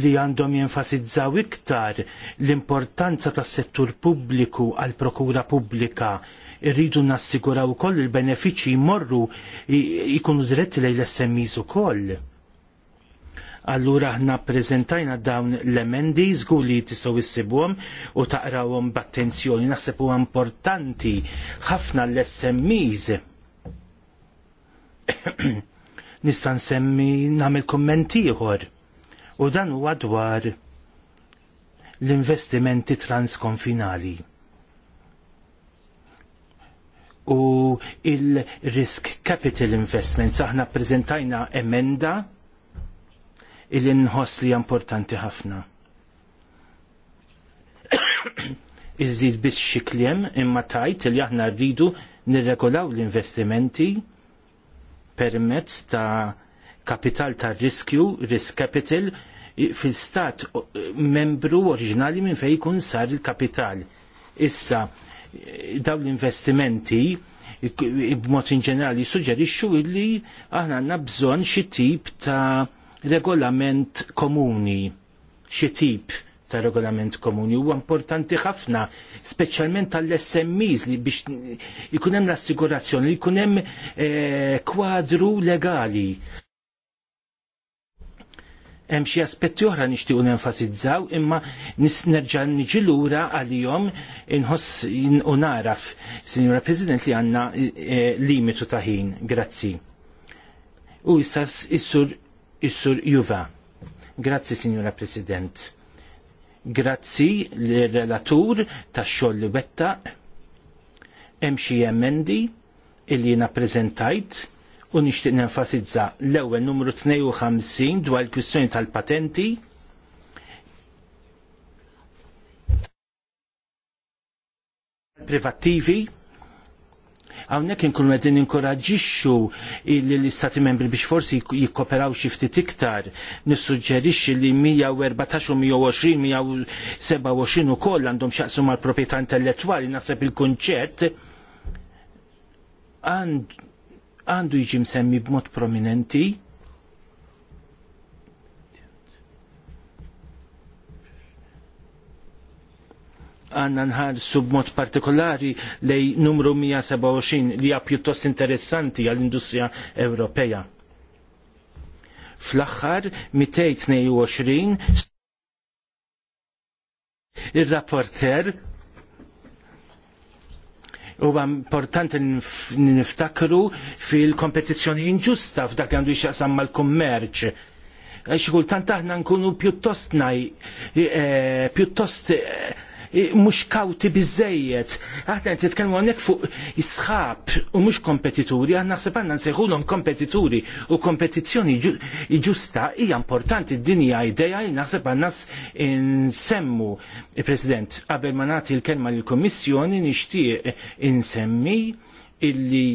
li għandhom jenfasizzaw iktar l-importanza tas settur pubbliku għal prokura pubblika irridu nassiguraw koll il-benefiċi jmorru jkunu diretti lejn l-SMIs ukoll. koll Allura aħna prezentajna dawn l-emendi żgur li tistgħu issibuhom u taqrawhom b'attenzjoni naħseb huwa importanti ħafna l-SMEs. Nista' nsemmi nagħmel kumment ieħor u dan huwa dwar l-investimenti transkonfinali u il-risk capital investments aħna prezentajna emenda illi nħoss li importanti ħafna. Iżid biss xi kliem imma tajt li aħna rridu nirregolaw l-investimenti permezz ta' kapital ta' riskju, risk capital, fil-stat membru oriġinali minn fejn kun sar il-kapital. Issa, dawn l-investimenti b'mod in ġenerali suġġerixxu illi aħna għandna bżonn xi tip ta' regolament komuni, xi tip ta' regolament komuni huwa importanti ħafna, speċjalment għall smis li biex ikun hemm l-assigurazzjoni, li jkun hemm eh, kwadru legali. Hemm xi aspetti oħra nixtiequ nenfasizzaw imma nerġa' niġi lura għalihom inħoss u naraf, Sinjura President, li għandna eh, limitu ta' ħin. Grazzi. U issa s-sur Is-Sur Juva. Grazzi, Signora President. Grazzi l-relatur tax xogħol li wetta. Hemm xi emendi illi jiena prezentajt u nixtieq nenfasizza l-ewwel numru 52 dwar il-kwistjoni tal-patenti privattivi Hawnhekk inkunu qegħdin inkoraġixxu l-istati membri biex forsi jikkoperaw xi ftit iktar. Nissuġġerixxi li 114 u koll 127 ukoll għandhom x'jaqsmu mal-proprjetà intellettwali naħseb il konċert għandu jiġi msemmi b'mod prominenti għanna nħarsu b'mod partikolari lej numru 127 li hija pjuttost interessanti għall-industrija Ewropea. Fl-aħħar 222 il-rapporter huwa importanti niftakru fil-kompetizzjoni inġusta f'dak għandu jxaqsam mal-kummerċ. Xi kultant aħna nkunu pjuttost naj, eh, pjuttost eh, mhux kawti bizzejiet. Aħna qed nitkellmu hawnhekk fuq isħab u mhux kompetituri, aħna naħseb għandna nsejħulhom kompetituri u kompetizzjoni ġusta hija importanti d-dinja idea li naħseb għandna nsemmu. President, qabel ma nagħti l-kelma lill-Kummissjoni nixtieq insemmi illi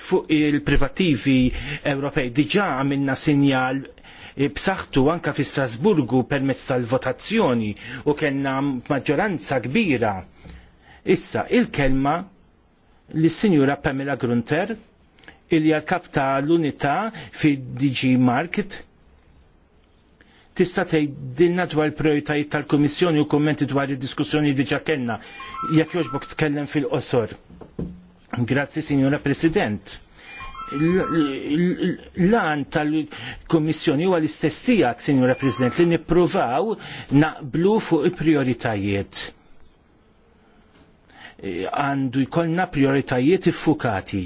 fuq il-privativi Ewropej diġa għamilna sinjal E, b'saħħtu anke fi Strasburgu permezz tal-votazzjoni u kellna maġġoranza kbira. Issa, il-kelma lis-Sinjura Pamela Grunter illi kap ta' l-unità fi DG Market tista' tgħidilna dwar il-prijoritajiet tal-Kummissjoni u kummenti dwar id-diskussjoni diġà kellna jekk jogħġbok tkellem fil-qosor. Grazzi, Signora President l għan tal-Komissjoni huwa l-istess tiegħek, Sinjura President, li nippruvaw naqblu fuq il-prioritajiet. Għandu jkollna prioritajiet iffukati.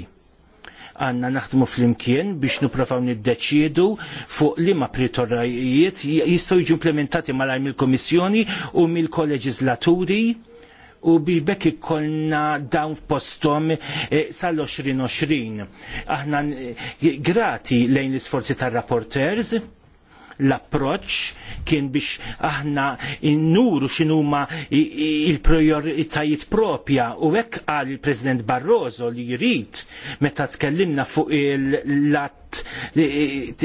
Għanna naħdmu fl-imkien biex niprofaw niddeċiedu fuq li ma prioritajiet jistgħu jiġu implementati mal-għajm il-Komissjoni u mill kolleġislaturi u biex bekk ikollna dawn f'postom eh, sal-2020. Aħna eh, grati lejn l-isforzi tar-rapporters l-approċ kien biex aħna innuru x'inhuma il-prioritajiet propja u hekk qal il-President Barroso li jrid meta tkellimna fuq il lat eh,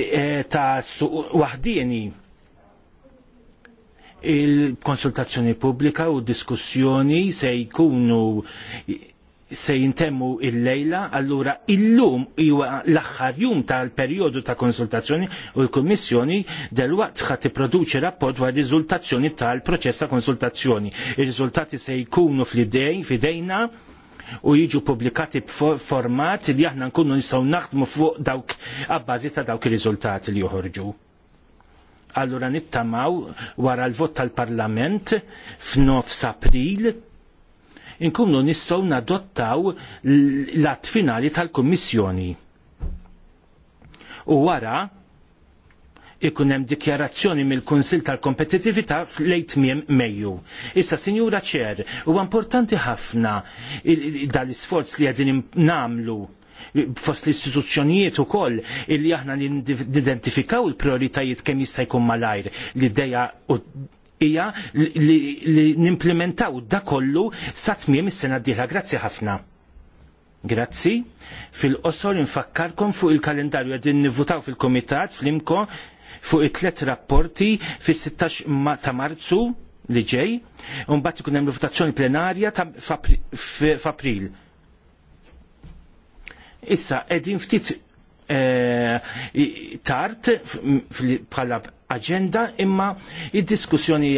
ta' suq waħdieni il-konsultazzjoni pubblika u diskussjoni se jkunu se jintemmu il-lejla, allura il-lum huwa l-aħħar jum tal-perjodu ta' konsultazzjoni u l-Kummissjoni delwaqt ħadd tipproduċi rapport dwar riżultazzjoni tal-proċess ta' konsultazzjoni. Ir-riżultati se jkunu fl-idej, fidejna, u jiġu publikati format li aħna nkunu nistaw naħdmu fuq dawk abbażi ta' dawk ir-riżultati li joħorġu. Allura nittamaw wara l-vot tal-Parlament f'nofs April inkunu nistgħu nadottaw l-att finali tal-Kummissjoni. U wara ikun hemm dikjarazzjoni mill-Kunsill tal-Kompetittività f'lejt miem Mejju. Issa, Sinjura Ċer, huwa importanti ħafna dal-isforz li qegħdin nagħmlu fost l-istituzzjonijiet u koll illi aħna nidentifikaw il-prioritajiet kemm jista' jkun malajr li d-deja hija li, li nimplementaw da kollu sa tmiem is-sena d-dieħla. Grazzi ħafna. Grazzi. Fil-qosor infakkarkom fuq il-kalendarju għadin nivutaw fil-komitat fl-imko fuq it-tlet rapporti fis-16 ta' marzu li ġej, un bat ikun hemm votazzjoni plenarja f'April. Issa, edin ftit eh, tart bħala agenda imma id-diskussjoni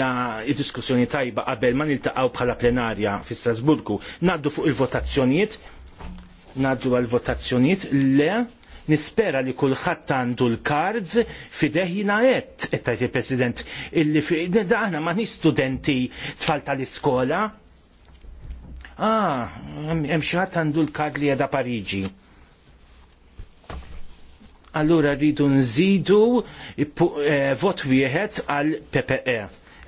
id-diskussjoni tajba qabel ma niltaqgħu bħala plenarja fi Strasburgu ngħaddu fuq il-votazzjonijiet ngħaddu għal-votazzjonijiet le nispera li kulħadd għandu l-kards fideħjina qed qed tajt il-President illi aħna ma ni studenti tfal tal-iskola. Ah, hemm xi ħadd għandu l-kard li għada Pariġi allura rridu nżidu eh, vot wieħed għal PPE.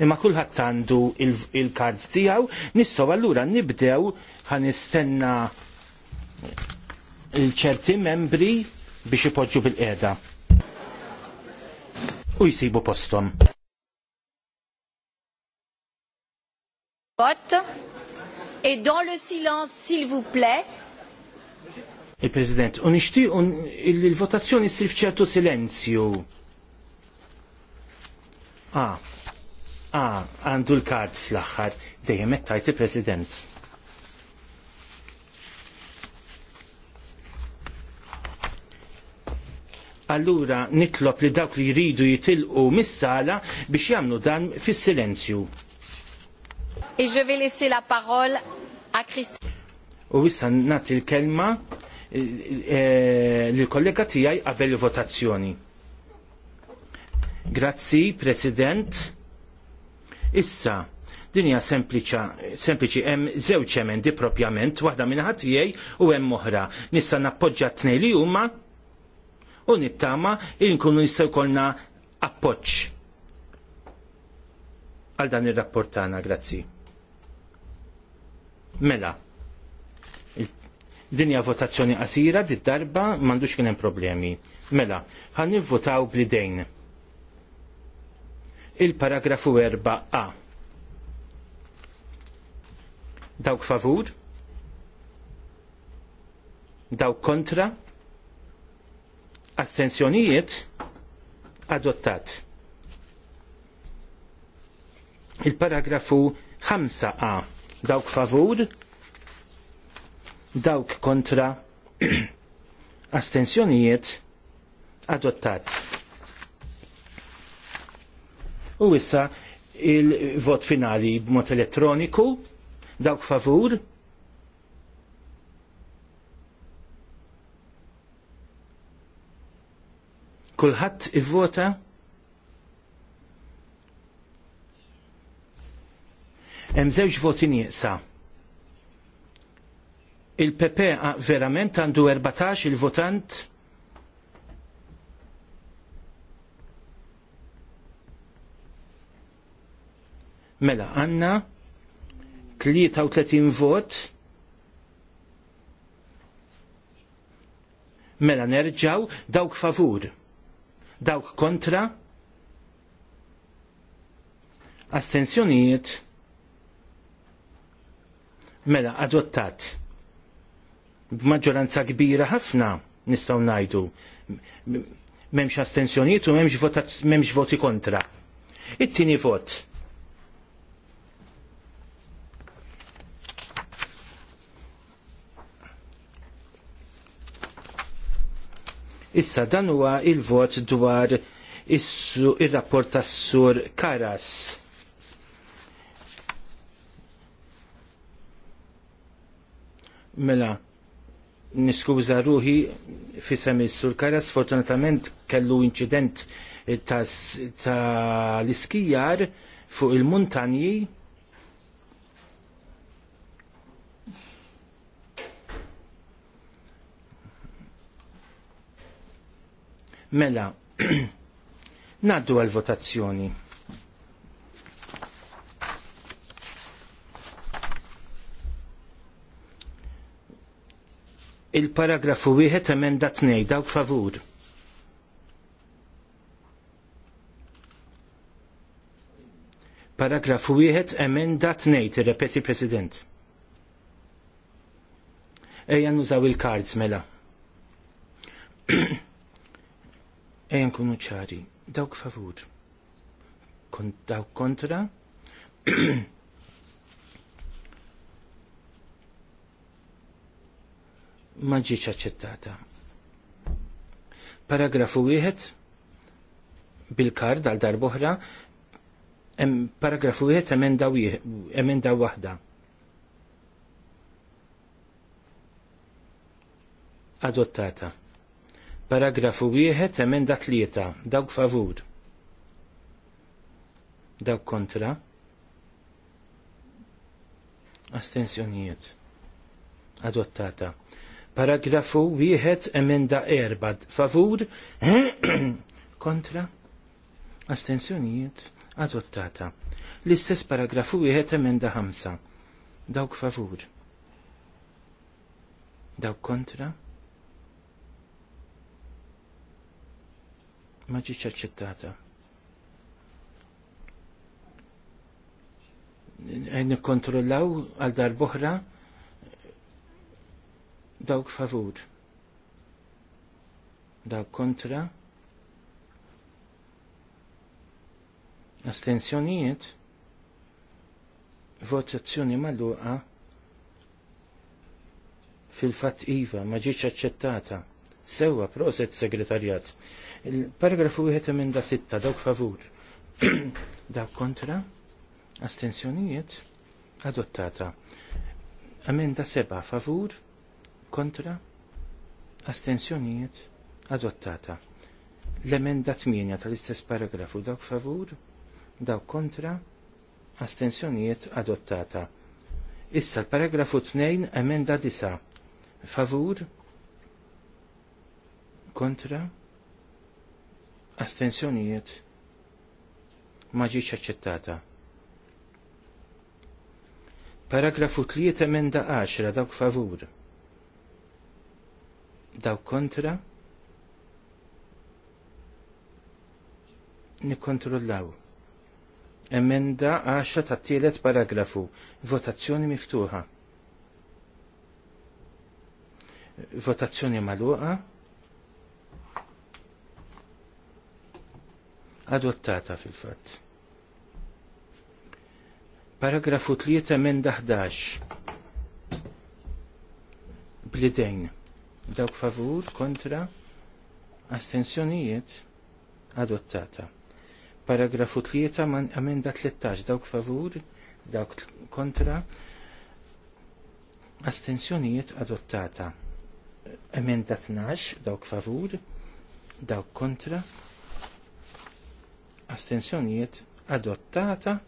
Imma kulħadd għandu il-kard tiegħu, nistgħu allura nibdew ħanistenna il-ċerti membri biex ipoġġu bil-qeda. U jsibu postom. Vot Et dans le silence, s'il vous plaît il-President. U nixtiequ il-votazzjoni s f'ċertu silenzju. Ah, ah, għandu l-kart fl-aħħar dejjem tajt il-President. Allura nitlob li dawk li jridu jitilqu mis-sala biex jagħmlu dan fis-silenzju. Et je vais laisser la parole à Christine. U issa nagħti l-kelma Eh, l-kollega tiegħi qabel votazzjoni. Grazzi, President. Issa, din hija sempliċi hemm żewġ emendi propjament, waħda minn ħadd tiegħi u hemm oħra. Nista' nappoġġa t-tnejn li huma u nittama nkunu nistgħu jkollna appoġġ għal dan ir-rapport tagħna, grazzi. Mela, dinja votazzjoni qasira, di darba mandux kien hemm problemi. Mela, ħan nivvotaw blidejn. Il-paragrafu 4a. Dawk favur? Dawk kontra? Astensjonijiet? Adottat. Il-paragrafu 5a. Dawk favur? dawk kontra astensjonijiet adottat. U issa il-vot finali b'mod elettroniku dawk favur kulħadd ivvota hemm żewġ voti nieqsa il-PP verament għandu 14 il-votant mela għanna 33 vot mela nerġaw dawk favur dawk kontra astensjonijiet mela adottat b'maġġoranza kbira ħafna nistgħu ngħidu. M'hemmx astensjonijiet u m'hemmx voti kontra. It-tieni vot. Issa dan huwa il-vot dwar ir-rapport tas-sur Karas. Mela, niskuża ruħi fi sur Karas, sfortunatament kellu incident ta' l-iskijar fuq il-muntanji Mela, naddu għal-votazzjoni. il-paragrafu wieħed emenda tnej dawk favur. Paragrafu wieħed emenda tnej tirrepeti President. Ejja nużaw il-kards mela. Ejja nkunu ċari, dawk favur. dawk kontra? ma ġiċ aċċettata. Paragrafu wieħed bil-kard għal darboħra paragrafu wieħed emenda emenda waħda. Adottata. Paragrafu wieħed emenda tlieta dawk favur. Dawk kontra. Astensjonijiet. Adottata Paragrafu wieħed emenda erba. Favur kontra astensjonijiet adottata. L-istess paragrafu wieħed emenda ħamsa. Dawk favur. Dawk kontra. Ma ġiċ aċċettata. Eh, nikkontrollaw għal darboħra dawk favur dawk kontra Astenzjonijiet? votazzjoni magħluqa fil-fatt iva ma ġietx aċċettata. Sewwa proset segretarjat. Il-paragrafu wieħed emenda sitta dawk favur. dawk kontra astensjonijiet adottata. Amenda seba favur kontra astensjonijiet adottata. L-emenda 8 tal-istess paragrafu dawk favur, dawk kontra, astensjonijiet adottata. Issa l-paragrafu 2 emenda 9 favur, kontra, astensjonijiet ma accettata. aċċettata. Paragrafu 3 emenda 10 dawk favur, daw kontra nikkontrollaw. Emenda 10 ta' tielet paragrafu. Votazzjoni miftuħa. Votazzjoni maluqa. Adottata fil-fatt. Paragrafu 3 emenda 11. Blidejn dawk favur kontra astensjonijiet adottata. Paragrafu 3 man amenda 13 dawk favur dawk kontra astensjonijiet adottata. Emenda 12 dawk favur dawk kontra astensjonijiet adottata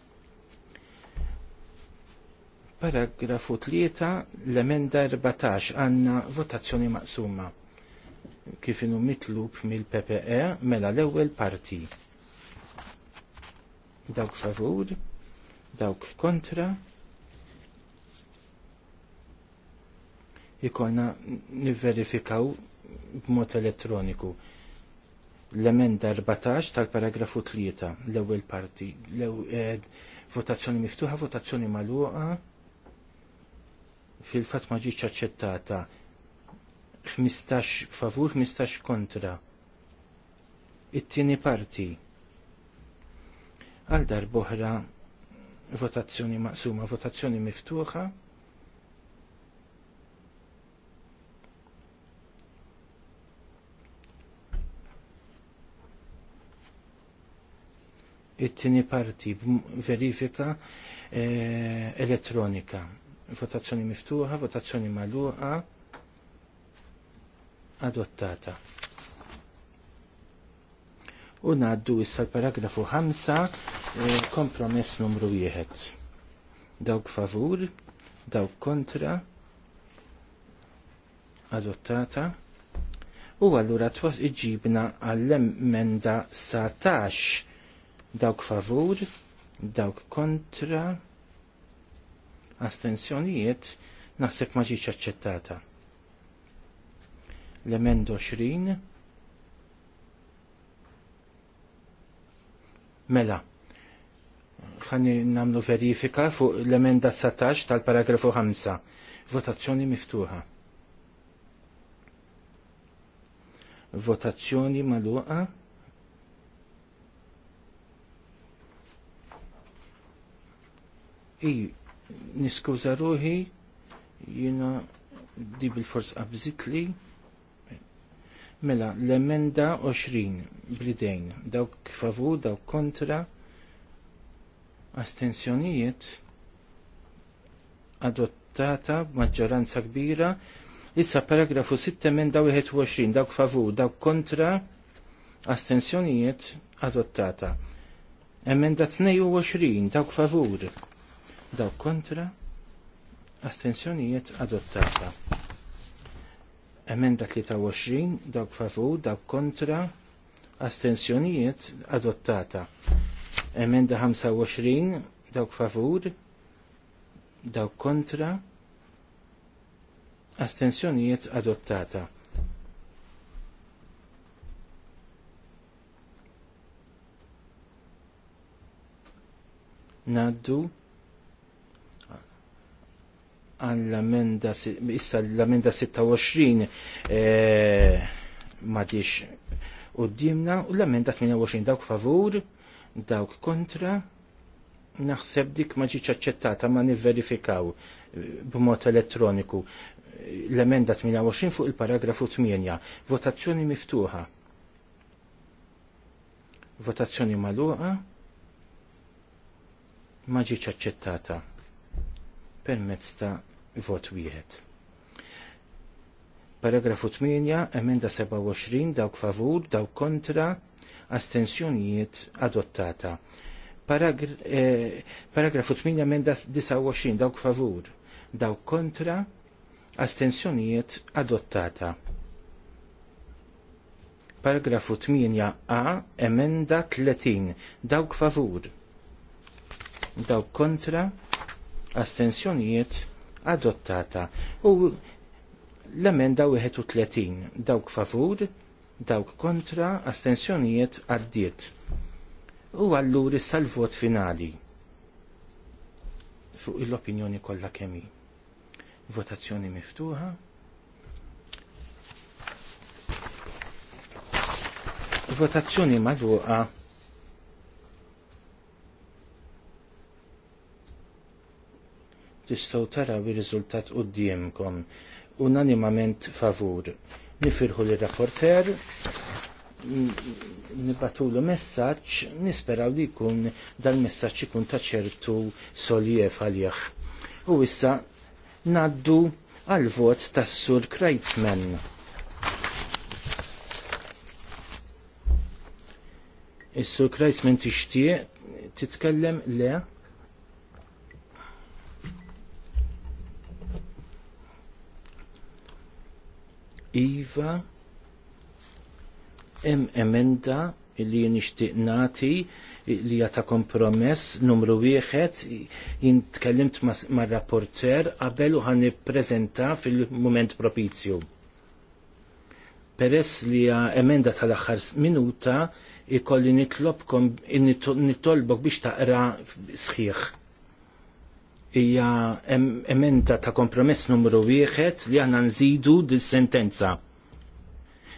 Paragrafu 3, l-emenda 14, għanna votazzjoni maqsuma. Kif inu mitlub mill-PPE mela l-ewwel parti. Dawk favur, dawk kontra, Ikonna niverifikaw b'mod elettroniku. L-emenda 14 tal-paragrafu 3, l-ewwel parti, l-ewwel eh, votazzjoni miftuħa, votazzjoni magħluqa fil-fatt ma ġietx aċċettata 15 favur, 15 kontra. It-tieni parti. Għal boħra votazzjoni maqsuma, votazzjoni miftuħa. It-tieni parti verifika e elettronika votazzjoni miftuħa, votazzjoni magħluqa, adottata. U naddu issa l-paragrafu 5 eh, kompromess numru 1. Dawk favur, dawk kontra, adottata. U allura twas iġibna għall-emenda 17, dawk favur, dawk kontra, astensjonijiet naħseb ma ġiċ aċċettata. L-emendo 20 mela ħani namlu verifika fuq l-emenda 17 tal-paragrafu 5 votazzjoni miftuħa votazzjoni maluqa I niskuża ruħi jina di bil-fors qabżitli mela l-emenda 20 bridejn dawk favur dawk kontra astensjonijiet adottata maġġoranza kbira issa paragrafu 6 emenda 21 dawk favur dawk kontra astensjonijiet adottata emenda 22 dawk favur daw kontra astensjonijiet adottata. Emenda 23 dawk favur, dawk kontra astensjonijiet adottata. Emenda 25 dawk favur, dawk kontra astensjonijiet adottata. Naddu għal amenda issa l-amenda 26 madix u eh, d-dimna u l-amenda 28 dawk favur dawk kontra naħseb dik ma ġiċ aċċettata ma nivverifikaw eh, b'mod elettroniku l-emenda 28 fuq il-paragrafu 8 votazzjoni miftuħa votazzjoni maluqa ma ġiċ aċċettata permezz ta' vot wieħed. Paragrafu 8, emenda 27, dawk favur, dawk kontra, astensjonijiet adottata. Paragr eh, paragrafu 8, emenda 29, dawk favur, dawk kontra, astensjonijiet adottata. Paragrafu 8a, emenda 30, dawk favur, dawk kontra, astensjonijiet adottata u l-emenda 31 dawk favur, dawk kontra, astensjonijiet għaddiet. U għallur issa l-vot finali fuq l-opinjoni kollha kemi. Votazzjoni miftuħa. Votazzjoni madwuqa tistgħu taraw ir-riżultat qudiemkom unanimament favur. Nifirħu lir-rapporter nibatulu messaġġ nisperaw li jkun dal messaġġ ikun ta' ċertu soljef għalih. U issa naddu għal-vot tas sur Kreitzmen. Is-sur Kreitzmen tixtieq titkellem le? Iva, hemm emenda li nixtieq nati li ta' kompromess numru wieħed jintkellimt ma' mar-rapporter qabel u ħan nippreżenta fil-mument propizju. Peress li emenda tal-aħħar minuta ikolli nitlobkom nitolbok biex taqra sħiħ hija emenda ta' kompromess numru wieħed li għanna nżidu dis-sentenza.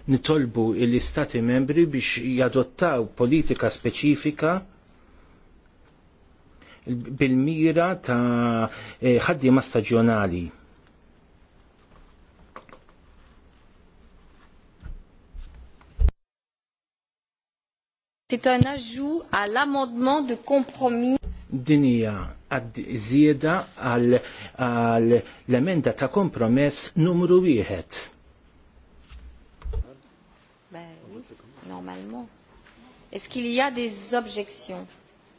Nitolbu l-istati membri biex jadottaw politika speċifika bil-mira ta' eh, ħaddiema staġjonali. C'est un ajout à l'amendement de compromis. Dinija zieda għal l-emenda ta' kompromess numru wieħed. Normalment. Est-ce qu'il y a des objections?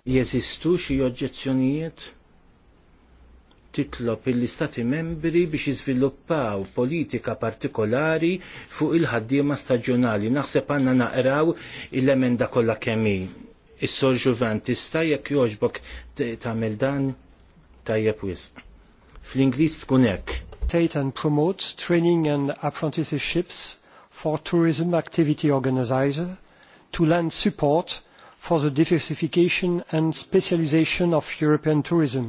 Jeżistu xi oġġezzjonijiet? titlob il-Istati membri biex jiżviluppaw politika partikolari fuq il-ħaddiema staġjonali. Naħseb għandna naqraw il-emenda kollha kemm Is-Sor Ġuvan tista' jekk jogħġbok tagħmel dan tajjeb wisq. Fl-Ingliż tkun hekk. State and promote training and apprenticeships for tourism activity organizers to lend support for the diversification and specialization of European tourism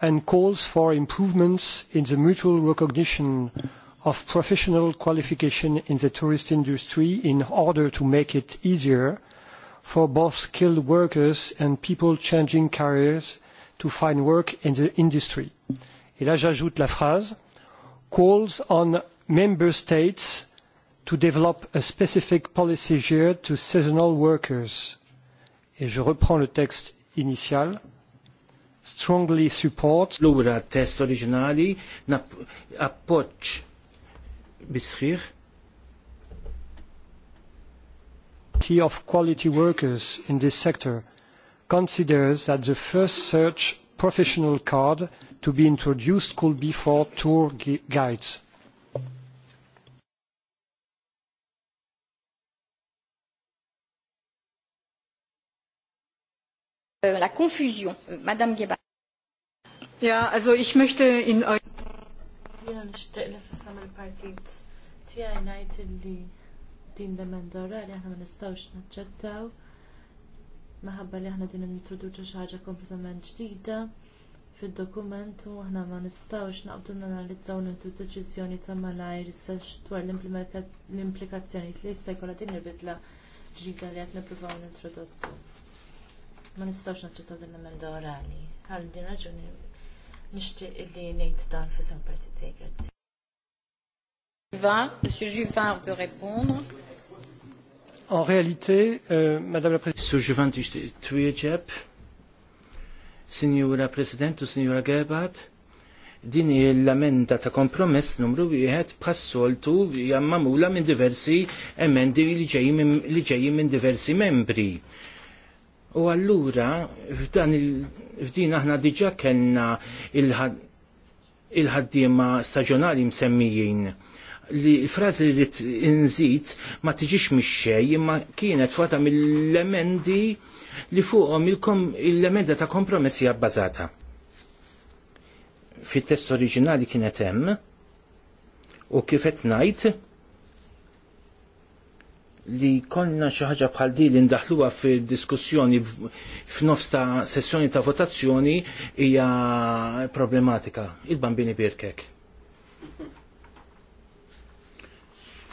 and calls for improvements in the mutual recognition of professional qualification in the tourist industry in order to make it easier for both skilled workers and people changing careers to find work in the industry. Et là, j'ajoute la phrase calls on member states to develop a specific policy geared to seasonal workers. Et je reprends le texte initial strongly support l test oriġinali appoġġ bisħiħ Committee of quality workers in this sector considers that the first search professional card to be introduced could be for tour guides. Euh, la confusion, euh, Madame Gebhardt. Ja, also ich möchte in euch. Ja, din l-emenda orali aħna ma nistgħux naċċettaw maħabba li aħna din introduċu xi ħaġa kompletament ġdida fid-dokument u aħna ma nistgħux naqbdu nanalizzaw nintu deċiżjoni ta' malajr sex dwar l-implikazzjonijiet li jista' jkollha din il-bidla ġdida li qed nippruvaw nintrodottu. Ma nistgħux naċċettaw din l-emenda orali. Għal din raġuni nixtieq li ngħid dan fi sem partit Monsieur Juvin veut répondre. En réalité, euh, Madame la Présidente. Signora President u Signora Gebhardt, din l-amenda ta' kompromess numru wieħed bħas-soltu hija magħmula minn diversi emendi li ġejjin minn diversi membri. U allura f'dan f'din aħna diġà kellna il-ħaddiema staġjonali msemmijin li frazi li t-inżit ma tiġix mix-xej imma kienet fata mill-emendi li fuqhom l-emenda ta' kompromessi abbażata. Fit-test oriġinali kienet hemm u kif qed ngħid li konna xi ħaġa bħal li ndaħluha fi diskussjoni f'nofs ta' sessjoni ta' votazzjoni hija problematika. Il-bambini birkek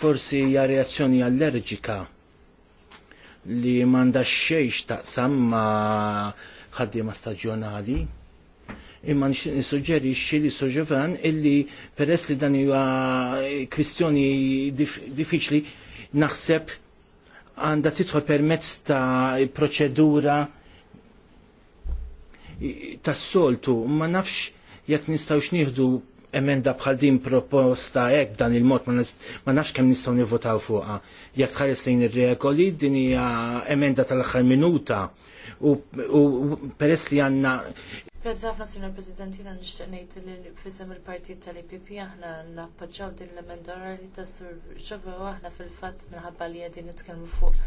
forsi hija reazzjoni allerġika li manda xejx taqsam ma ħaddiema staġjonali imma nissuġġerixxi li soġevan illi peress li dan huwa kwistjoni diffiċli naħseb għandha tidħol permezz ta' proċedura tas-soltu ma nafx jekk nistgħux nieħdu emenda bħal din proposta hekk dan il-mod ma nafx kemm nistgħu nivvotaw fuqha. Jekk tħares lejn ir-regoli din hija emenda tal-aħħar minuta u, peress li għandna Għazafna presidenti prezidentina nishtiq ngħid li fisem il-partit tal-IPP aħna nappoġġaw din l-emenda orali ta' sur xogħol aħna fil-fatt minħabba li qegħdin nitkellmu fuq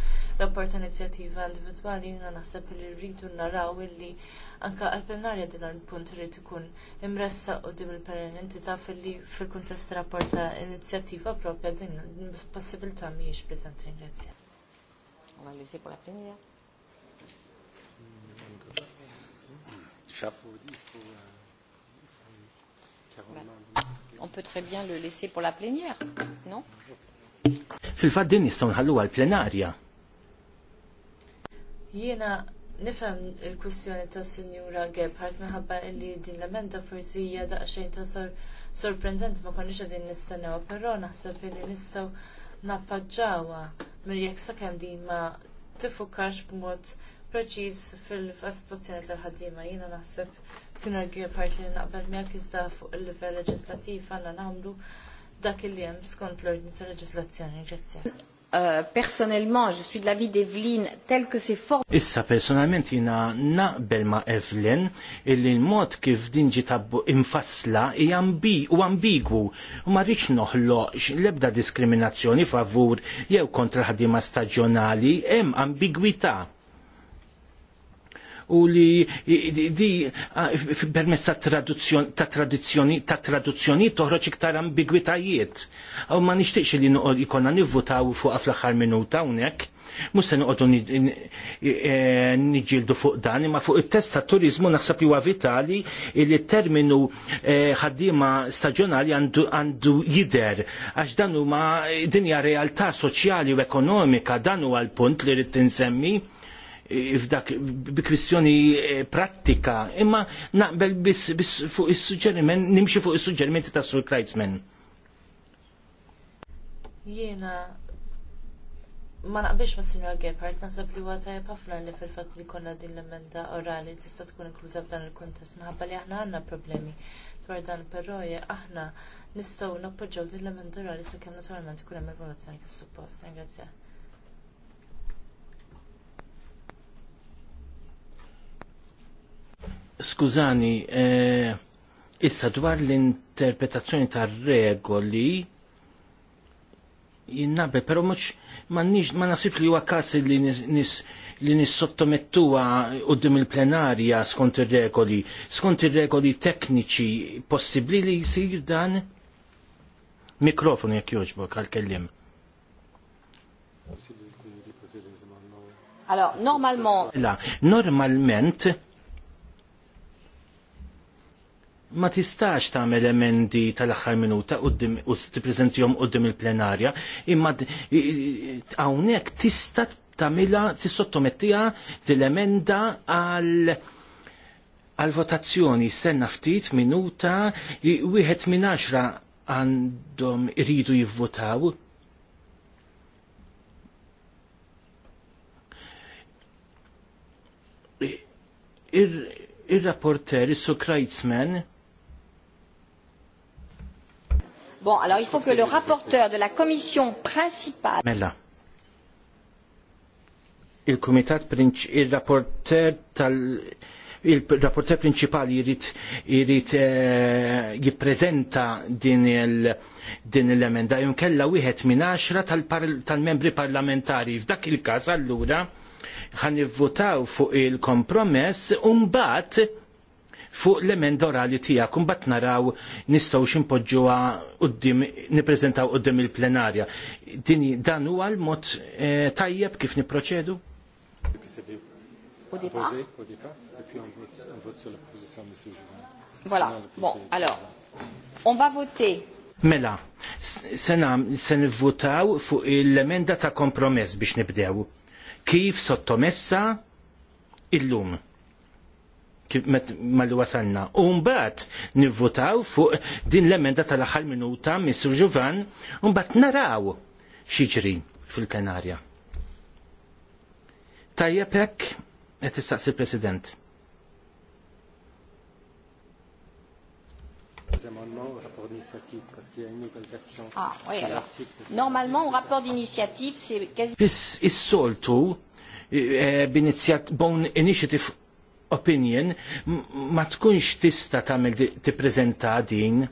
rapport inizjattiva individwali jiena naħseb li rridu naraw illi anka għal-plenarja dinar punt rrit ikun imressa u dim il-permanenti ta' fil-li fil-kuntest rapporta inizjattiva propja din possibilta miex prezenti ringrazzja. Għalli pola On peut très bien le laisser pour la plénière, non Fil-fat din nħallu għal-plenarja. Jiena Nifhem il-kwistjoni ta' Sinjura Gebhardt minħabba li din l-emenda forsi hija daqsxejn ta' sorprendenti ma konniex qegħdin nistennew, però naħseb li nistgħu nappaġġawha minn jekk sakemm din ma tifukax b'mod preċiż fil-aspozjoni tal-ħaddiema. Jiena naħseb Sinjura Gebhardt li naqbel miegħek iżda fuq il-livell leġislattiv għandna nagħmlu dak il-li hemm skont l-ordni tal-leġislazzjoni. Grazzi. Euh, personnellement, je suis de l'avis d'Evelyne, tel que c'est fort. Issa personalment jina naqbel ma' Evelyn illi l-mod kif din ġiet infassla ambi, u ambigu u ma rridx noħloq l-ebda diskriminazzjoni favur jew kontra ħaddiema staġjonali hemm ambigwità u li di permezz ta' traduzzjoni ta' traduzzjoni toħroġ iktar ambigwitajiet. U ma nixtieqx li noqgħod ikonna nivvutaw fuq fl-aħħar minuta hawnhekk. Mhux se noqogħdu e, niġġieldu fuq dan, imma fuq it-test tat turizmu naħseb li huwa vitali li terminu e, ħaddiema staġjonali għandu jidher għax dan huma dinja realtà soċjali u ekonomika dan huwa l-punt li rrid tinsemmi f'dak bi kwistjoni eh, prattika, imma naqbel biss fuq is-suġġeriment, nimxi fuq is-suġġerimenti ta' Sur Kreitzman. Jiena ma naqbilx ma' Sinjora Gephardt, nasab li huwa tajjeb ħafna li fil-fatt li konna din l-emenda orali tista' tkun inkluża f'dan il-kuntest minħabba li aħna għandna problemi dwar dan, però aħna nistgħu nappoġġaw din l-emenda orali sakemm naturalment ikun hemm evoluzzjoni fis suppost. Ringrazzjak. Skużani, eh, issa dwar l-interpretazzjoni tar regoli jinnabbe, pero mux ma nasib li huwa kas li nis li nissottomettuha dim il-plenarja skont ir-regoli, skont ir-regoli tekniċi possibbli li jsir dan mikrofonu jekk jogħġbok għal-kellim. Allora, normalment. La, normalment, ma tistax tagħmel emendi tal-aħħar minuta qudiem u tippreżentihom qudiem il-plenarja, imma għawnek tista' tagħmilha sottomettija t emenda għal għal votazzjoni stenna ftit minuta wieħed minn għaxra għandhom iridu jivvotaw ir-rapporter, il-Sokrajtsman, Bon, alors il faut que le rapporteur de la commission principale. Mella. Il-Kumitat il rapporteur tal il-rapporter principali jrid eh, jippreżenta din il din l-emenda jinkella wieħed minn għaxra tal-membri parlamentari f'dak il-każ allura ħan votaw fuq il-kompromess u bat fuq l-emend orali tiegħek u mbagħad naraw nistgħu ximpoġġuha qudiem nippreżentaw qudiem il-plenarja. Dini dan huwa l-mod eh, tajjeb kif niproċedu? Voilà, bon, alors, on va voter Mela, sena, se votaw fuq l-emenda ta' kompromess biex nibdew. Kif sottomessa illum? mal wasalna. U mbagħad nivvotaw fuq din l-emenda tal axal minuta Mr. Giovan u mbagħad naraw xieġri fil-plenarja. kanarja Tajjeb hekk qed issaqsi President. Ah, oui, alors. Normalement, au rapport d'initiative, c'est quasi... Bis is-soltu, eh, bon initiative opinion ma tkunx tista tagħmel tippreżenta din.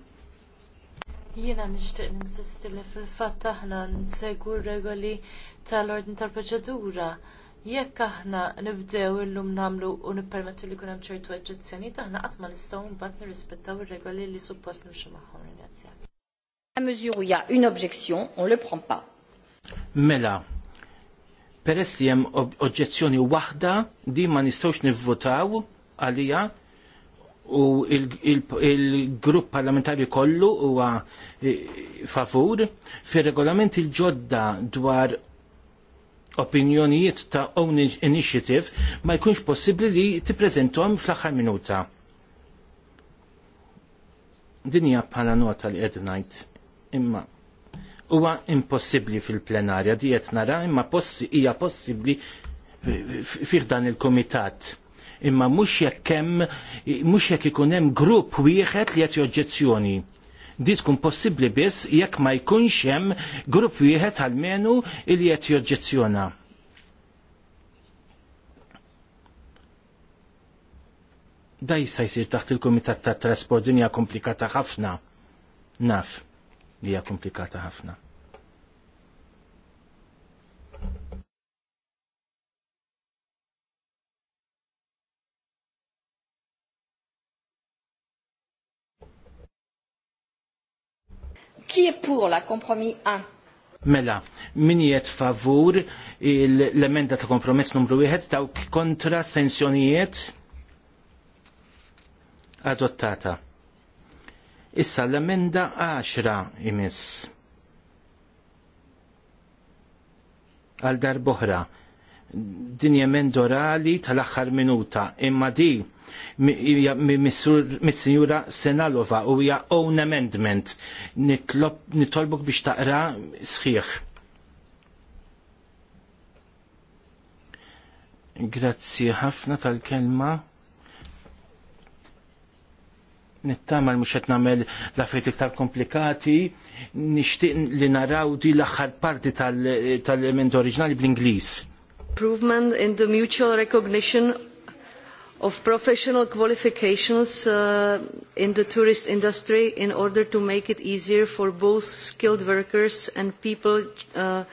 Jiena nixtieq ninsisti li fil-fatt aħna nsegwu regoli tal-ordni tal-proċedura. Jekk aħna nibdew illum nagħmlu u nippermettu li jkun hemm ċertu eġġezzjonijiet aħna qatt ma nistgħu mbagħad nirrispettaw ir-regoli li suppost nimxu magħhom ringrazzjak. mesure où il y a une objection, on le prend pas. Mela, Peress li hemm oġġezzjoni waħda di ma nistgħux nivvotaw għalija u il-grupp parlamentari kollu huwa e, favur fir-regolament il-ġodda dwar opinjonijiet ta' own initiative ma jkunx possibbli li tippreżentom fl-aħħar minuta. Dinja bħala nota li qed ngħid imma huwa impossibbli fil-plenarja di qed nara imma hija possibbli fih dan il kumitat Imma mhux jekk hemm mhux jekk ikun hemm grupp wieħed li qed joġġezzjoni. Di tkun possibbli biss jekk ma jkunx hemm grupp wieħed għalmenu li qed joġġezzjona. Da jista' jsir taħt il-Kumitat tat Trasport dinja komplikata ħafna. Naf li hija komplikata ħafna. Qui est pour la compromis 1 Mela, min jiet favur l-emenda ta' kompromess numru 1 dawk kontra sensjonijiet adottata. Issa l-emenda 10 imiss. Għal darboħra. Din jemend orali tal-axħar minuta. Imma di mis-sinjura Senalova u hija own amendment. Nitolbok biex taqra sħiħ. Grazzi ħafna tal-kelma nittamal mux qed nagħmel l-affarijiet iktar komplikati, nixtieq li naraw di l-aħħar parti tal-element oriġinali bl-Ingliż. Improvement in the mutual recognition of professional qualifications uh, in the tourist industry in order to make it easier for both skilled workers and people uh,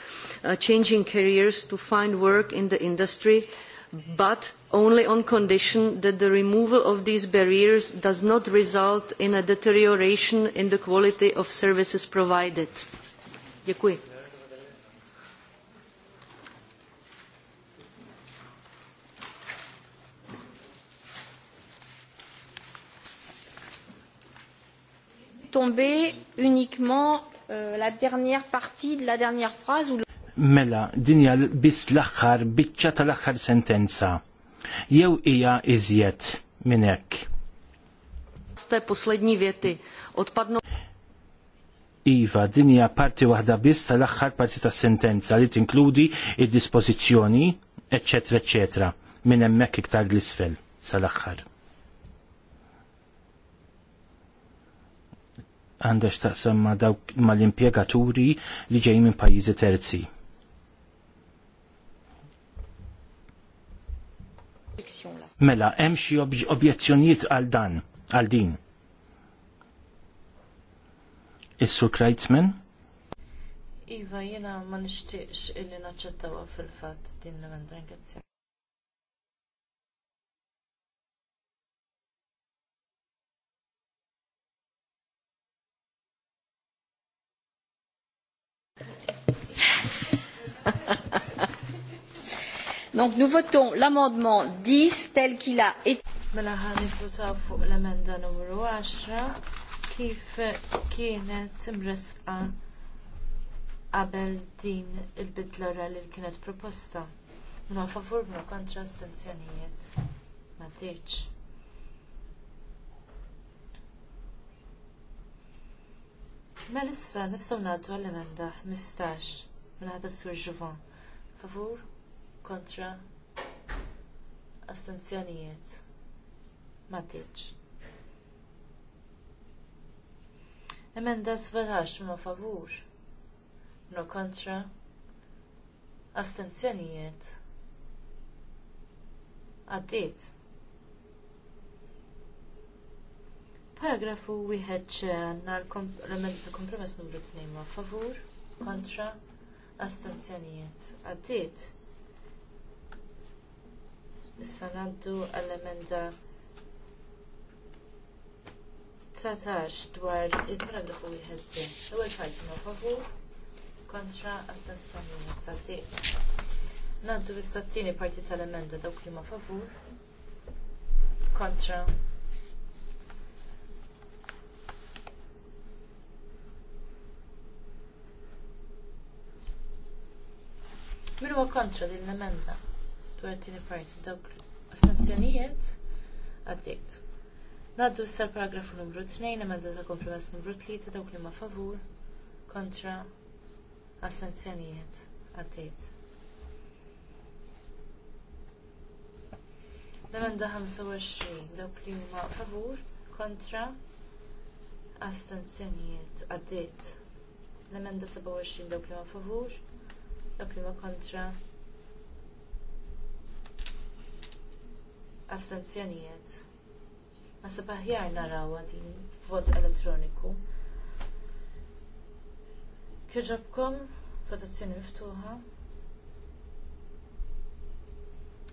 uh, changing careers to find work in the industry, but only on condition that the removal of these barriers does not result in a deterioration in the quality of services provided. Děkuji. tomber uniquement euh, la dernière partie de la dernière phrase ou Mela, dinja bis l-axħar, biċċa tal-axħar sentenza jew hija iżjed minn hekk. Iva, din hija parti waħda biss tal-aħħar parti tas-sentenza li tinkludi id-dispożizzjoni, eċetera, eċetera, minn hemmhekk iktar l-isfel sal-aħħar. Għandek taqsam ma' dawk mal-impjegaturi li ġej minn pajjiżi terzi. Mela, hemm xi objezzjonijiet għal dan, għal din. Is-Sur Kreitzman? Iva, jiena ma nixtiex illi naċċettawha fil-fatt din l ha ha. Donc nous votons l'amendement 10 tel qu'il a été. Mela ħani votaw fuq l-emenda numru 10 kif kienet imresqa qabel din il-bidla orali li kienet proposta. Mela favur mela kontra stanzjonijiet. Ma tiċ. Mela issa nistgħu ngħaddu għall-emenda 15 mela ħadd is-sur Favur? kontra astenzjonijiet ma tiġ. Emenda 17 ma favur no kontra astenzjonijiet għaddiet. Paragrafu wieħed ċenna l-element ta' kompromess numru 2 ma' favur, kontra, astenzjonijiet. Għaddiet. Issa ngħaddu għall-emenda 19 dwar il-paragrafu wieħed d L-ewwel parti ma' favur kontra astenzjoni tal-tiq. Ngħaddu t sattini parti tal-emenda dawk li ma' favur kontra Min huwa kontra din l-emenda? dwar tini parti dawk sanzjonijiet għaddit. Naddu s-sar paragrafu numru 2, emenda ta' kompromess numru 3, dawk li ma' favur kontra assenzjonijiet għaddit. L-emenda 25, dawk li ma' favur kontra astenzjonijiet għaddit. L-emenda 27, dawk li ma' favur, dawk li ma' kontra astenzjonijiet. Nasib aħjar naraw din vot elettroniku. Kieġabkom votazzjoni miftuħa.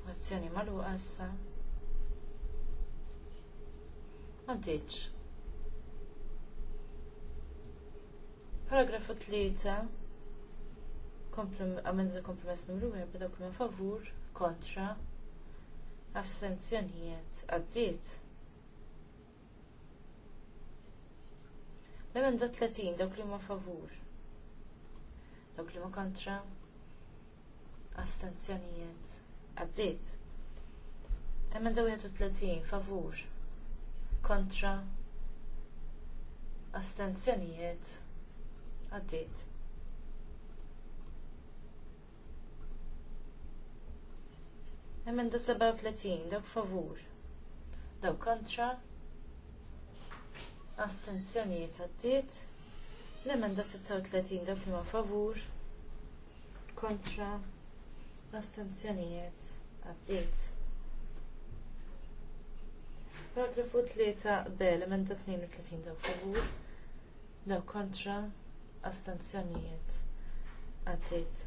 Votazzjoni magħluqa issa. Għaddiċ. Paragrafu 3 Amenda kompromess numru 4 dawk minn favur kontra Astenzjonijiet għaddiet. L-emenda 30 dawk li ma favur. Dawk li ma kontra. Astenzjonijiet għaddiet. Emenda 31 favur. Kontra. Astenzjonijiet għaddiet. Emenda 37, dawk favur. Dawk kontra. Astenzjonijiet għaddiet. L-emenda 36, dawk li ma favur. Kontra. Astenzjoniet għaddiet. Paragrafu 3 b, l-emenda 32, dawk favur. Dawk kontra. Astenzjonijiet għaddiet.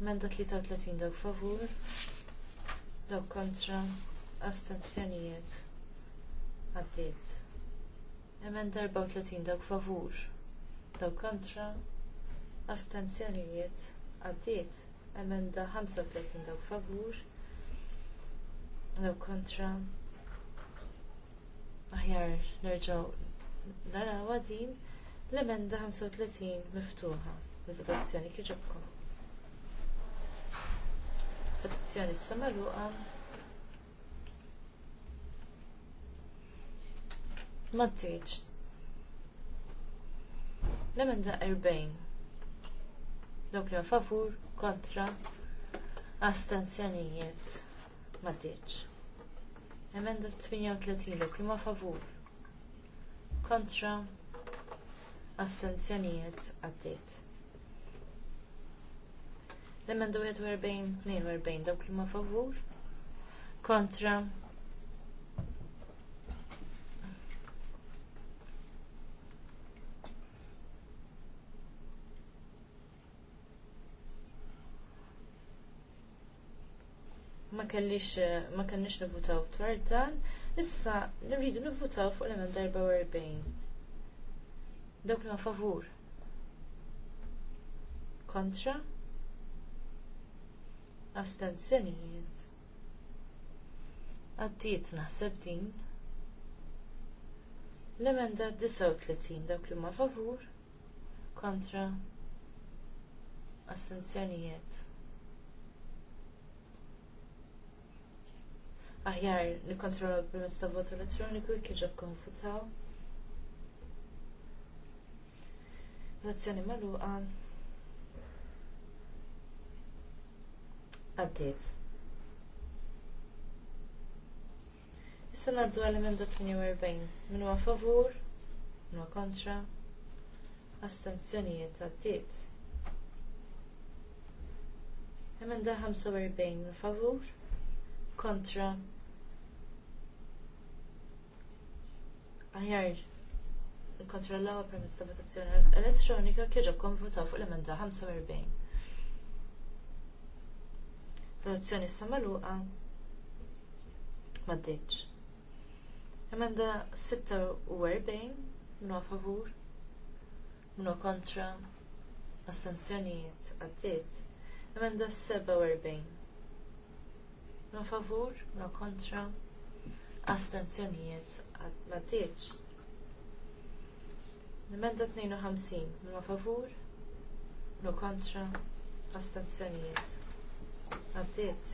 Emenda 33, dawk favur daw kontra astenzjonijiet għaddiet. Emenda 34 daw favur Daw kontra astenzjonijiet għaddiet. Emenda 35 daw favur Daw kontra aħjar nerġaw narawa għadin l-emenda 35 miftuħa l-votazzjoni kieġobkom votazzjoni issa magħluqa. Ma tiġ. L-emenda erbejn Dawk li favur, kontra, astenzjonijiet. Ma tiġ. Emenda 38 dawk li favur, kontra, astenzjonijiet għaddiet. L-emenda 42-42 dawk li ma favur kontra ma kellix eh, ma kellix nivvutaw dwar dan, issa nridu nivvutaw fuq l-emend 44. Dawk li ma favur. Kontra? astenzjonijiet. Għaddiet naħseb din. L-emenda 39 dawk li ma favur kontra astenzjonijiet. Aħjar li kontrolla permezz ta' vot elettroniku jkieġab konfutaw. Votazzjoni magħluqa. Għaddiet. Issa naddu għal-emenda 48. Minu għa favur, minu għa kontra, astenzjonijiet għaddiet. Emenda 45 minu favur, kontra, aħjar nkontrollawa permezz ta' votazzjoni elettronika kieġa konvotaw fuq l-emenda 45. Votazzjoni issa magħluqa. deċ Emenda 46 minu favur, minu kontra, astenzjonijiet għaddiet. Emenda 47 minu favur, minu kontra, astenzjonijiet għaddiċ. Emenda 52 minu favur, minu kontra, astenzjonijiet għaddiet.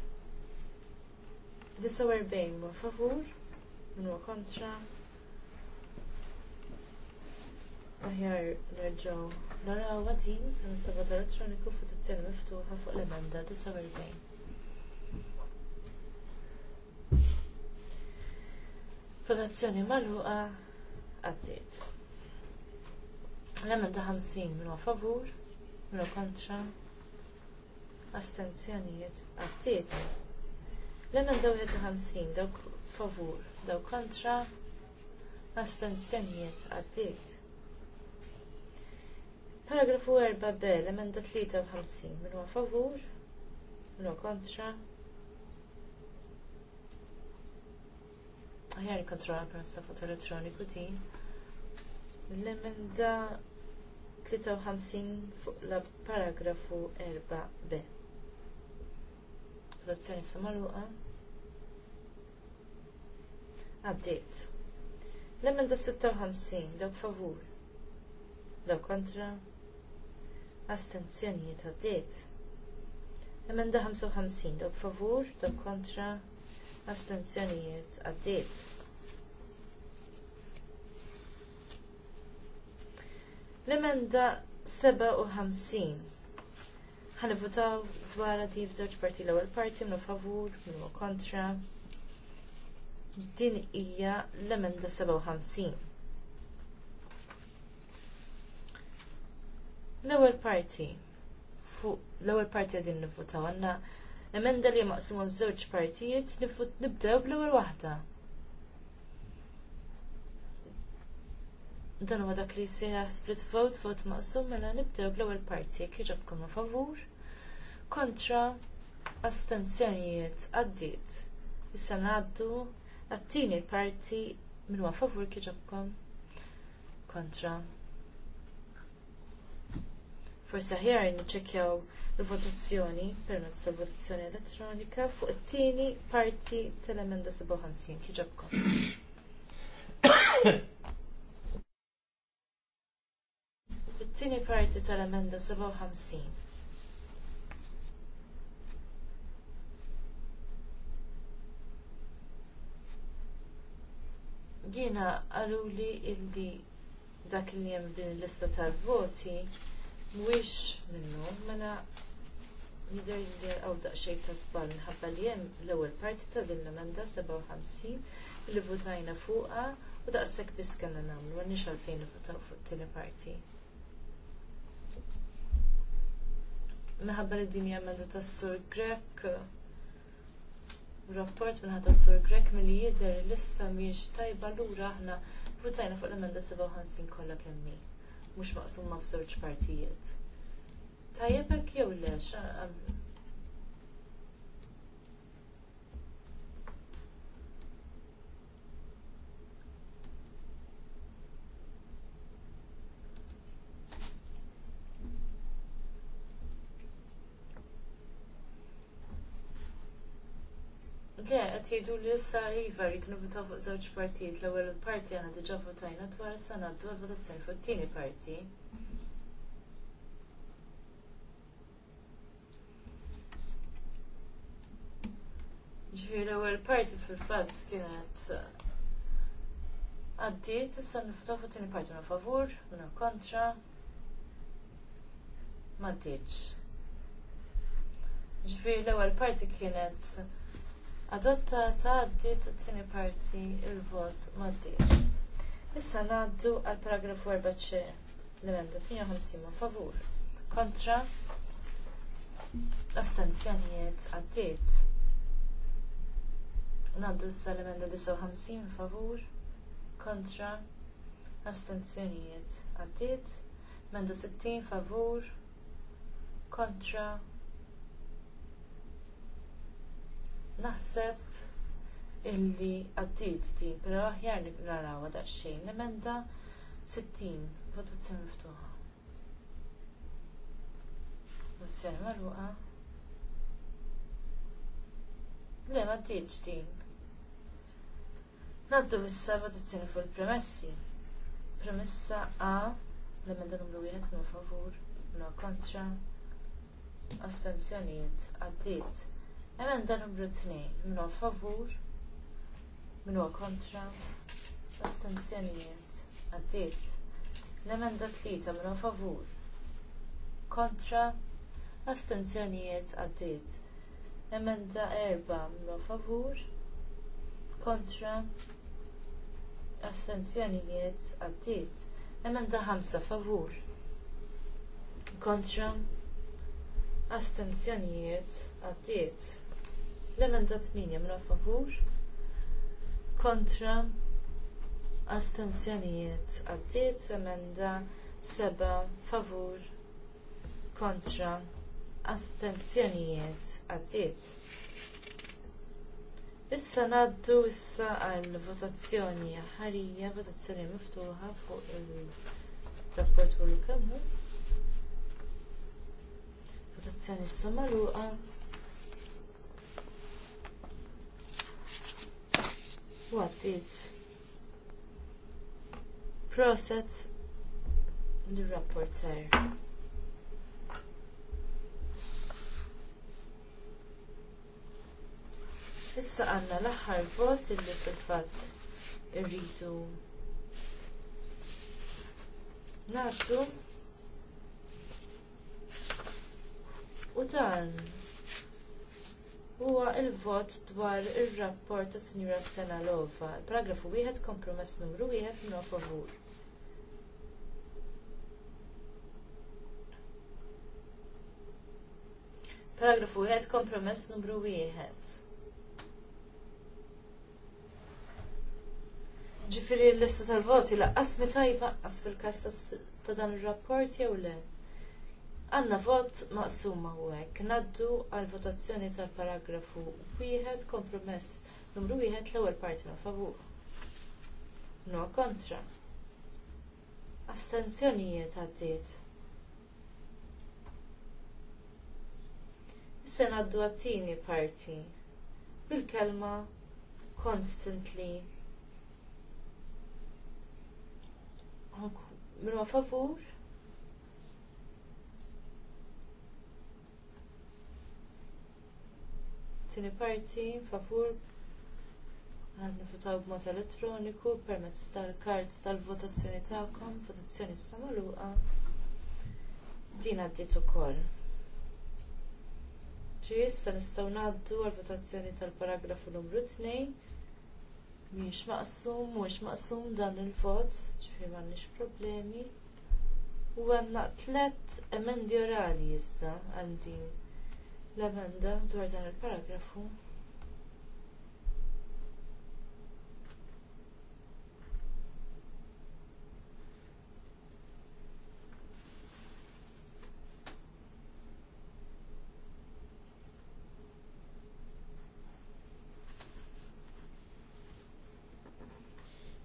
49 mur favur, minu kontra. Aħjar nerġaw naraw għadin għan s-sabat elektroniku f votazzjoni miftuħa fuq l-emenda disa 49. Votazzjoni magħluqa għaddiet. L-emenda 50 minu favur, minu kontra astenzjonijiet għaddiet. L-emenda 51 dawk favur, dawk kontra, astenzjonijiet għaddiet. Paragrafu 4b, l-emenda 53, minn huwa favur, minn kontra. Aħjar kontrolla permezz ta' foto elettroniku din. L-emenda 53 fuq la paragrafu 4b s samaluqa. Għaddit. l emmen da 56, dawk favur. Dawk kontra. Astenzjoni L-emmen da 55, dawk favur, dawk kontra. Astenzjoni Astenzjonijiet għaddit. l emmen da 57, votaw dwar di f'żewġ parti l-ewwel parti minnu favur, minnu kontra. Din hija l-emenda 57. L-ewwel parti fuq l-ewwel parti din nivvutaw għandna emenda li maqsuma f'żewġ partijiet nibdew bl-ewwel waħda. dan huwa dak li jsejħa split vote vot maqsum mela nibdew bl-ewwel parti jekk jiġobkom favur kontra astenzjonijiet għaddiet. Issa ngħaddu għat-tieni parti minn huwa favur kif jiġobkom kontra Forsi ħjar niċċekkjaw il-votazzjoni permezz tal-votazzjoni elettronika fuq it-tieni parti tal-emenda 57 kieġabkom. it-tieni parti tal-emenda 57. Jiena għaluli illi dak li jem din il-lista tal-voti mhuwiex minnu mela jidher li għaw daqxej ta' sbal minħabba li hemm l-ewwel parti ta' din l-emenda 57 li votajna fuqha u daqshekk biss kellna nagħmlu għandix għalfejn votaw fuq tieni parti. minħabba li din jemmen tas-sur Grek rapport minnħat tas-sur Grek milli jidher li issa mhijiex tajba lura aħna votajna fuq l-emenda 57 kollha kemm mhux maqsuma f'żewġ partijiet. Tajjeb hekk jew lex, Le, qed jgħidu li issa iva rrid nivutaw fuq żewġ partijiet. L-ewwel parti għandna diġà votajna dwar issa ngħaddu għall-votazzjoni fuq it-tieni parti. Ġifieri l-ewwel parti fil-fatt kienet għaddiet issa nifutaw fuq it-tieni parti ma' favur, minna kontra. Ma' ddiċ. Ġifieri l-ewwel parti kienet adottata għaddiet t tieni parti il-vot maddiex. Issa ngħaddu għal paragrafu 4 l-emenda 58 ma' favur. Kontra l astenzjonijiet għaddiet. Ngħaddu issa l-emenda 59 favur. Kontra l astenzjonijiet għaddiet. Emenda 60 favur. Kontra naħseb illi għaddit din, pero aħjar naraw daqsxejn l-emenda 60 votazzjoni miftuħa. Votazzjoni magħluqa. Le ma għaddiċ din. Naddu issa votazzjoni fuq il-premessi. Premessa A l-emenda numru wieħed minn favur, minn kontra, astenzjonijiet, għaddiet. Emenda numru tnejn minu favur, minu kontra, astenzjonijiet, għaddit. L-emenda 3, minu favur, kontra, astenzjonijiet, għaddit. Emenda erba' minu favur, kontra, astenzjonijiet, għaddit. Emenda ħamsa favur, kontra, astenzjonijiet, għaddit L-emenda 8 mra favur kontra astenzjonijiet għaddiet emenda 7 favur kontra astenzjonijiet għaddiet. Issa ngħaddu issa għall votazzjoni ħarija, votazzjoni miftuħa fuq il-rapport u l-kamu. Votazzjoni issa magħluqa. What it process l-rapporter. Issa għandna l aħħar vot illi fil fatt irridu nagħtu u dan huwa il-vot dwar ir rapport ta' Sinjura Senalova. Paragrafu wieħed kompromess numru wieħed minnu favur. Paragrafu wieħed kompromess numru wieħed. Ġifieri l-lista tal-voti laqqas mi tajba fil-każ ta' dan ir-rapport jew le? Għanna vot maqsuma u hekk. Naddu għal votazzjoni tal-paragrafu wieħed kompromess numru wieħed l-ewwel parti ma favur. No kontra. Astenzjonijiet għaddiet. Issa ngħaddu għat-tieni parti bil-kelma constantly. Minu favur? Tini parti, favur, għadna votaw b'mod elettroniku permezz tal-kards tal-votazzjoni tagħkom, votazzjoni issa magħluqa. Din għaddiet ukoll. Ġi issa nistgħu ngħaddu għall-votazzjoni tal-paragrafu numru 2. Mhijiex maqsum, mhuwiex maqsum dan il-vot, ġifieri m'għandniex problemi. U għandna tliet emendi orali issa għandin l-emenda dwar dan il-paragrafu.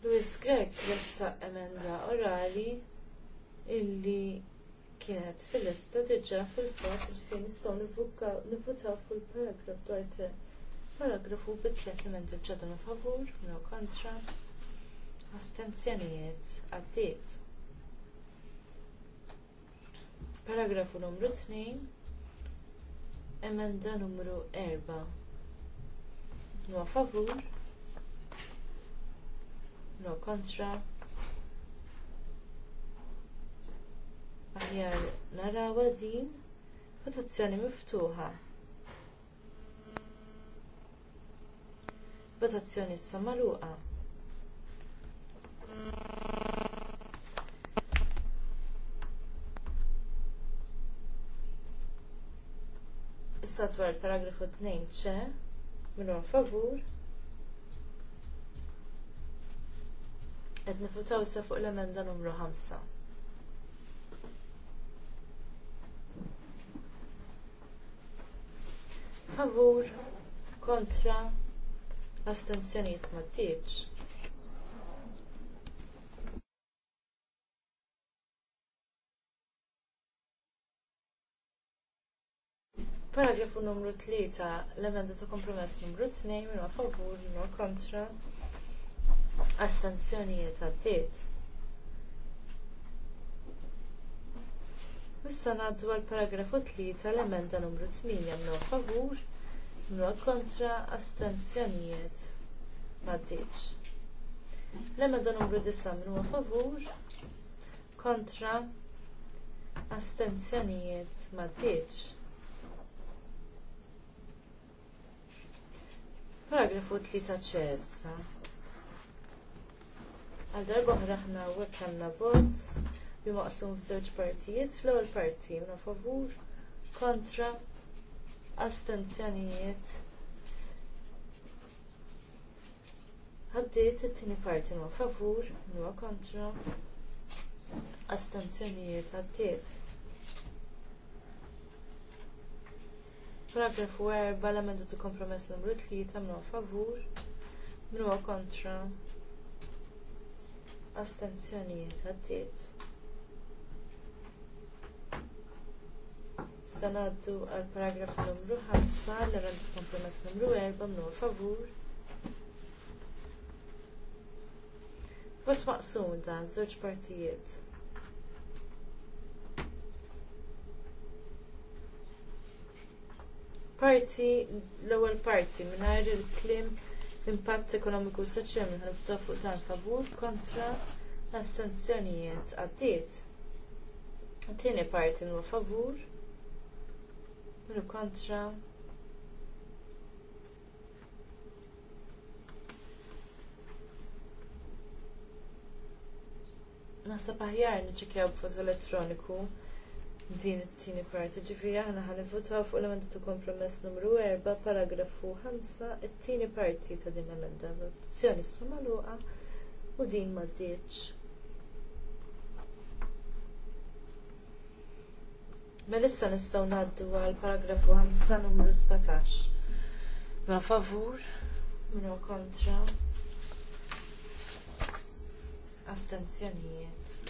Luis Grek ressa emenda orali illi kienet fil-lista diġà fil-fat ġifin nistgħu nivvutaw fuq il-paragraf dwajte. paragrafu bit tliet emendi ġodda ma' favur, no kontra, astenzjonijiet għaddiet. Paragrafu numru 2, emenda numru 4. No favur, no kontra, aħjar narawa din votazzjoni miftuħa. Votazzjoni issa magħluqa. Issa dwar paragrafu 2 ċe, minnu favur, Qed nifutaw issa fuq l-emenda numru 5. favur kontra astenzjoniet ma tiġ. Paragrafu numru 3, l-emenda ta' kompromess numru 2, minna favur, minna kontra, astenzjonijiet għaddiet. Issa ngħaddu għal paragrafu 3 tal-emenda numru 8 mnu favur, mnu kontra astenzjonijiet. Maddiċ. L-emenda numru 9 mnu favur, kontra astenzjonijiet. Maddiċ. Paragrafu 3 ċessa. Għal darba ħraħna u għek vot li maqsum f'żewġ partijiet. Fl-ewwel parti minna favur kontra astenzjonijiet. Għaddiet it-tieni parti ma favur, huwa kontra astenzjonijiet għaddiet. Paragrafu 4 l-amendu ta' kompromess numru 3 tamlu favur, minu kontra astenzjonijiet għaddiet. Sa ngħaddu għal paragrafu numru 5 l-emend kompromess numru 4 mnu favur. Vot maqsum dan żewġ partijiet. Parti, l-ewwel parti mingħajr il-klim impatt ekonomiku soċjali minn ħanibtu fuq dan favur kontra l assenzjonijiet għaddiet. Tieni parti mhu favur Minu kontra. Nasab aħjar nċekjaw b'vot elettroniku din it-tieni parti ġifieri aħna ħanivvutaw fuq l-emenda ta' kompromess numru 4 paragrafu 5 it-tieni parti ta' din l-emenda votazzjoni issa magħluqa u din ma' Melissa nistaw naddu għal paragrafu 5 numru 17. Ma favur, minu kontra, astenzjonijiet.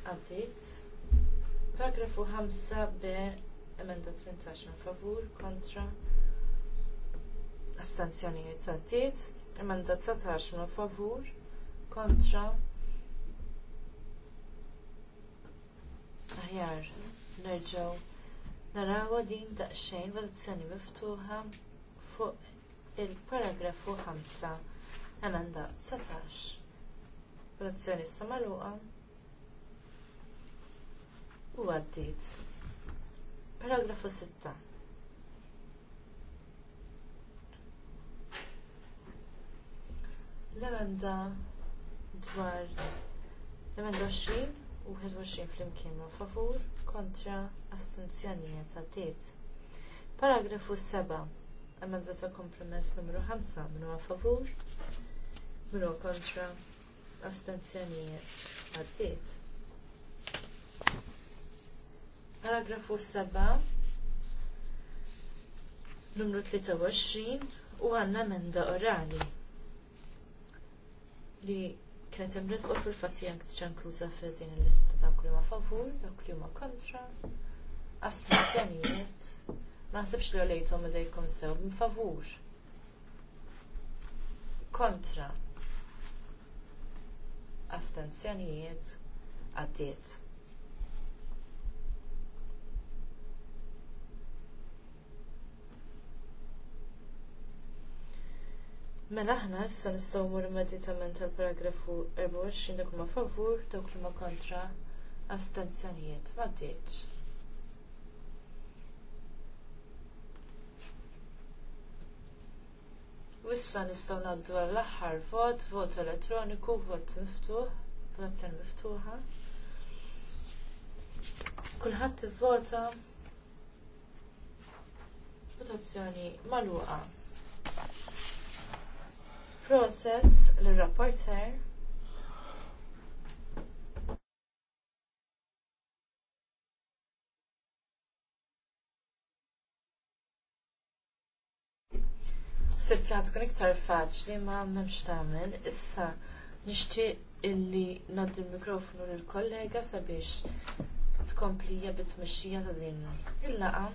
Għaddit. Paragrafu 5 b emenda 18 ma favur, kontra, astenzjonijiet. Għaddit. Emenda 19 ma favur, kontra, Aħjar, nerġaw. Narawa din daqsxejn votazzjoni miftuħa fuq il-paragrafu 5, emenda 19. Votazzjoni samaluqa u għaddit. Paragrafu 6. L-emenda dwar l-emenda 20 u 21 flimkien ma' favur kontra astenzjonijiet għaddiet. Paragrafu 7. Emenda ta' kompromess numru 5 minu ma' favur minu kontra astenzjonijiet għaddiet. Paragrafu 7 numru 23 u għandna emenda orali li kienet imres u fil-fatt jgħak ġankluza fil-din il-lista dawk li ma favur, dawk li ma kontra, astenzjonijiet, naħsibx li għalejtom id-dejkom sew, favur, kontra, astenzjonijiet, għaddiet. Mela aħna issa nistgħu mmur immedjatament tal-paragrafu 24 dak ma favur dawk li ma kontra astenzjonijiet. Ma ddiċ. Wissa nistgħu ngħaddu għall-aħħar vot, vot elettroniku, vot miftuħ, votazzjoni miftuħa. Kulħadd ivvota votazzjoni magħluqa. Process l-rapporter. Sibla tkun iktar faċli ma m'hemmx tagħmel. Issa nixtieq illi ngħaddi l-mikrofonu lill kollega sabiex tkomplija bit-tmexxija ta' din il-laqa.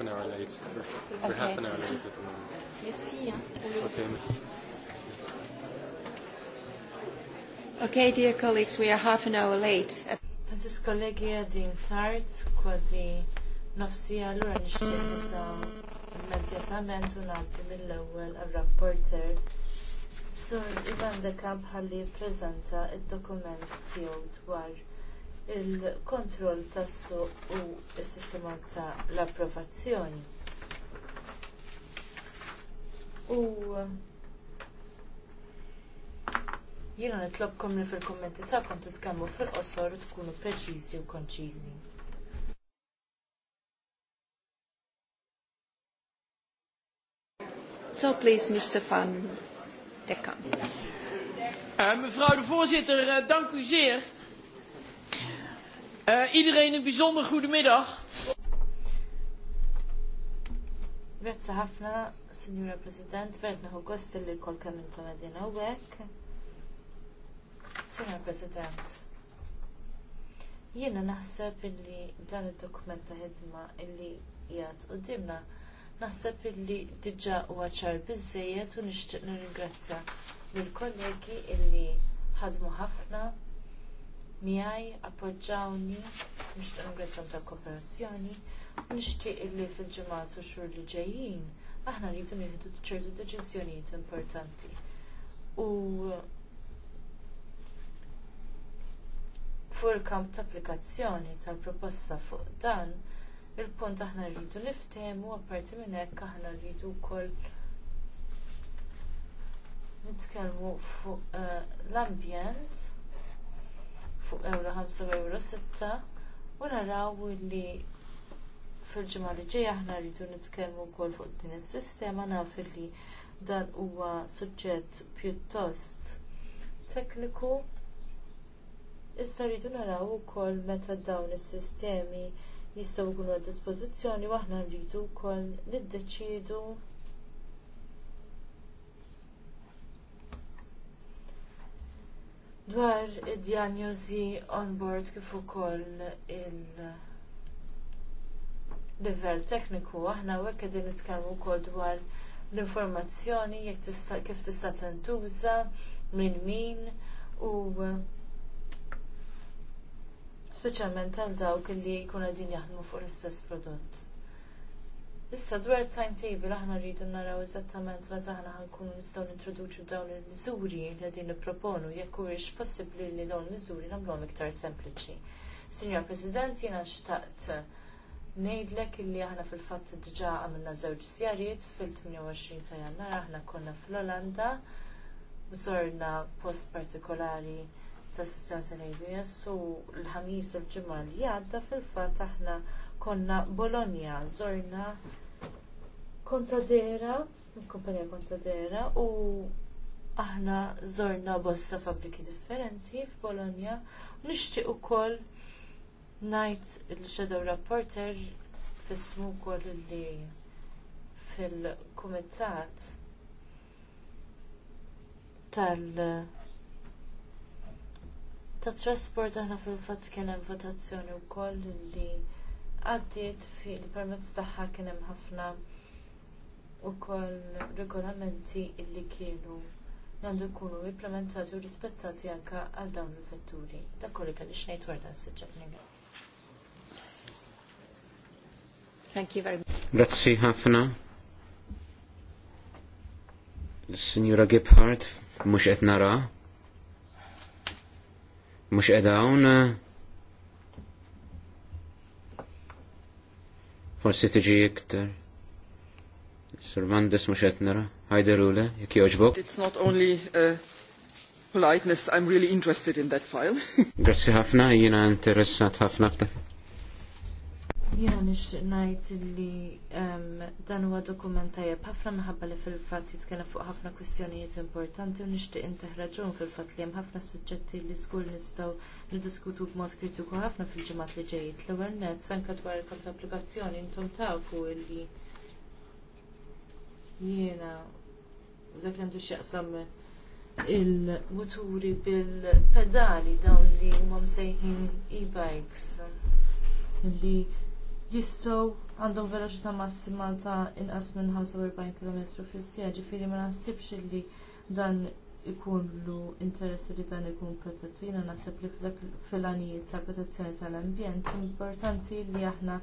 an hour late. We're, we're okay. half an hour late at the moment. Merci. Okay, merci. Okay, dear colleagues, we are half an hour late. Aziz kollegi għadin tard, kważi nofsi għallura nishtiq nibdaw immedjatament u naddi mill-ewwel għal-rapporter So, Ivan de Kamp ħalli jippreżenta il dokument tiegħu dwar il-kontroll tas-suq u s-sistema ta' l-approvazzjoni. U jiena nitlobkom li fil-kommenti tagħkom titkellmu fil-qosor u tkunu preċiżi u konċiżi. So please, Mr. Van Dekka. Uh, eh, mevrouw de voorzitter, uh, dank u zeer. Uh, iedereen een bijzonder goede middag. Grazie ħafna, Signora President, verna hu gost li kol kemm intom qegħdin Signora President, jiena naħseb illi dan id-dokument ta' ħidma illi jgħat qudiemna naħseb illi diġà huwa ċar biżejjed u nixtieq nirringrazzja lill-kollegi illi ħadmu ħafna miegħi appoġġawni, nixtieq ningrazzjam tal-kooperazzjoni, u nixtieq illi fil-ġimgħat u xhur li ġejjin aħna rridu nieħdu ċertu deċiżjonijiet importanti. U fuq kamp ta' applikazzjoni tal-proposta fuq dan, il-punt aħna rridu niftehmu apparti minn hekk aħna rridu wkoll nitkellmu fuq eh, l-ambjent fuq euro 5 u euro 6 u naraw li fil-ġimgħa li ġej aħna rridu nitkellmu wkoll fuq din is-sistema naf li dan huwa suġġett pjuttost tekniku. Iżda rridu naraw ukoll meta dawn is-sistemi jistgħu jkunu għad dispożizzjoni u aħna rridu wkoll niddeċiedu dwar id-diagnosi on-board kif ukoll il- livell tekniku, aħna u għek għedin nitkellmu wkoll dwar l-informazzjoni, kif tista' tintuża, minn min u speċjalment għal dawk li jkun qegħdin jaħdmu fuq l-istess prodott. Issa dwar timetable aħna rridu naraw eżattament meta aħna nkunu nistgħu nintroduċu dawn il-miżuri li qegħdin nipproponu jekk huwiex possibbli li dawn il-miżuri nagħmluhom iktar sempliċi. Sinjor President, jiena xtaqt ngħidlek illi aħna fil-fatt diġà għamilna żewġ żjarijiet fil-28 ta' Jannar aħna konna fl-Olanda żorna post partikolari ta' stati Uniti u l-ħamis u l-ġimgħa li għadda fil-fatt aħna konna Bologna, zorna Kontadera, kompanija Kontadera u aħna zorna bosta fabriki differenti f'Bologna. Nixtieq ukoll ngħid il-Shadow Rapporter fissmu wkoll li fil-kumitat tal- ta' trasport aħna fil-fatt kien hemm votazzjoni wkoll li għaddiet fil-permezz tagħha kien hemm ħafna regolamenti illi kienu għandu jkunu implementati u rispettati anke għal dawn il-vetturi. Dak kollu kellix xnejt wara dan is Thank you very much. Grazzi ħafna. Signora Gebhardt, mux etnara. Mux edawn. forsi tiġi iktar. Sur mux etnara, ħajderule, jek joġbok. It's not only uh, politeness, I'm really interested in that file. Grazie ħafna, jina interessat ħafna f'dak. Jena nix ngħid li ehm, dan huwa dokument tajjeb ħafna minħabba li fil-fatt jitkellem fuq ħafna kwistjonijiet importanti u nixtieq intih raġun fil-fatt li hemm ħafna suġġetti li żgur nistgħu niddiskutu b'mod kritiku ħafna fil-ġimgħat li ġejjin. L-ewwel nett anke dwar il-kamp ta' applikazzjoni intom tafu li jiena dak li għandu x'jaqsam il-muturi bil-pedali dawn li huma msejħin e-bikes li jistgħu għandhom veloċità massima ta' inqas minn 45 km fis-sija, ġifieri ma naħsibx li dan ikunlu interess li dan ikun protett. Jiena naħseb li fil-għanijiet tal protezzjoni tal-ambjent importanti li aħna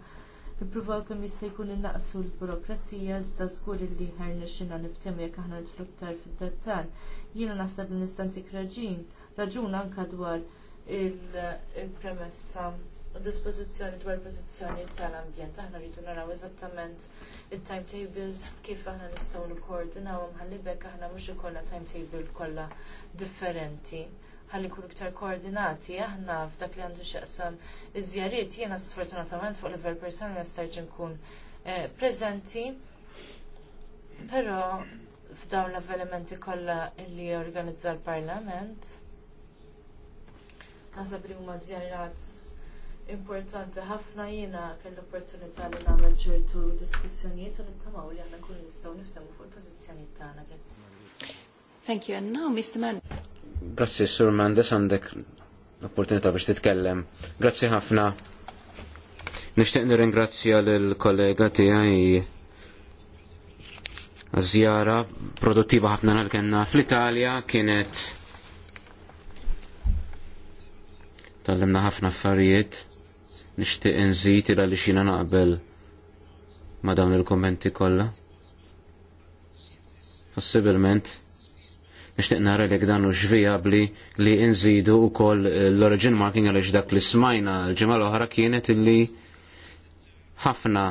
Nippruvaw kemm jista' jkun innaqsu l-burokrazija iżda żgur li ħarnexxina niftehmu jekk aħna nidħlu iktar fid-dettall. Jiena naħseb li nistantik raġin raġun anke dwar il-premessa il u dispożizzjoni dwar protezzjoni tal-ambjent. Aħna rridu naraw eżattament il-timetables kif aħna nistgħu nkoordinaw ħalli bekk aħna mhux ikollna timetable kollha differenti. Ħalli nkunu iktar koordinati aħna f'dak li għandu x'jaqsam iż żjarijiet jiena sfortunatament fuq persuna personali nistax nkun eh, preżenti. Però f'dawn l-avvenimenti kollha li organizza l-Parlament, naħseb li huma żjarat importanti ħafna jiena kell opportunità li nagħmel ċertu diskussjonijiet u nittamaw li għandna kull nistgħu niftehmu fuq il-pożizzjonijiet tagħna. Grazzi. Thank you. And now, Mr. Man. Grazzi, Sur Mendes, għandek l-opportunità biex titkellem. Grazzi ħafna. Nixtieq nirringrazzja lill kollega tiegħi żjara produttiva ħafna nhar kellna fl-Italja kienet tallimna ħafna affarijiet nixtieq inżid ila li xina naqbel ma dawn il-kommenti kollha. Possibilment nixtieq nara li dan u xvijabli li u wkoll l-origin marking għaliex dak li smajna l-ġimgħa l-oħra kienet illi ħafna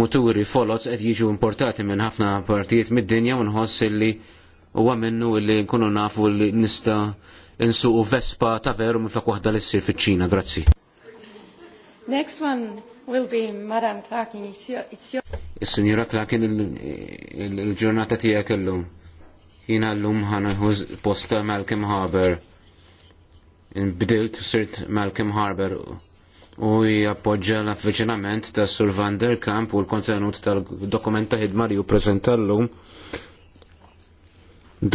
muturi folots qed jiġu importati minn ħafna partijiet mid-dinja u nħoss illi huwa minnu illi nkunu nafu li nista' insuqu Vespa ta' veru minn flok waħda li ssir fiċ-Ċina. Grazzi. Next one will be Madam Clarkin. It's your... It's your... Is-Sinjura Clarkin il-ġurnata tijak l-lum. Jina l-lum ħana posta Malcolm Harbour. Bdilt sirt Malcolm Harbour u jappoġġa l-affiċinament ta' Sur Van der Kamp u l-kontenut tal-dokumenta ħidma li ju prezentallum l-lum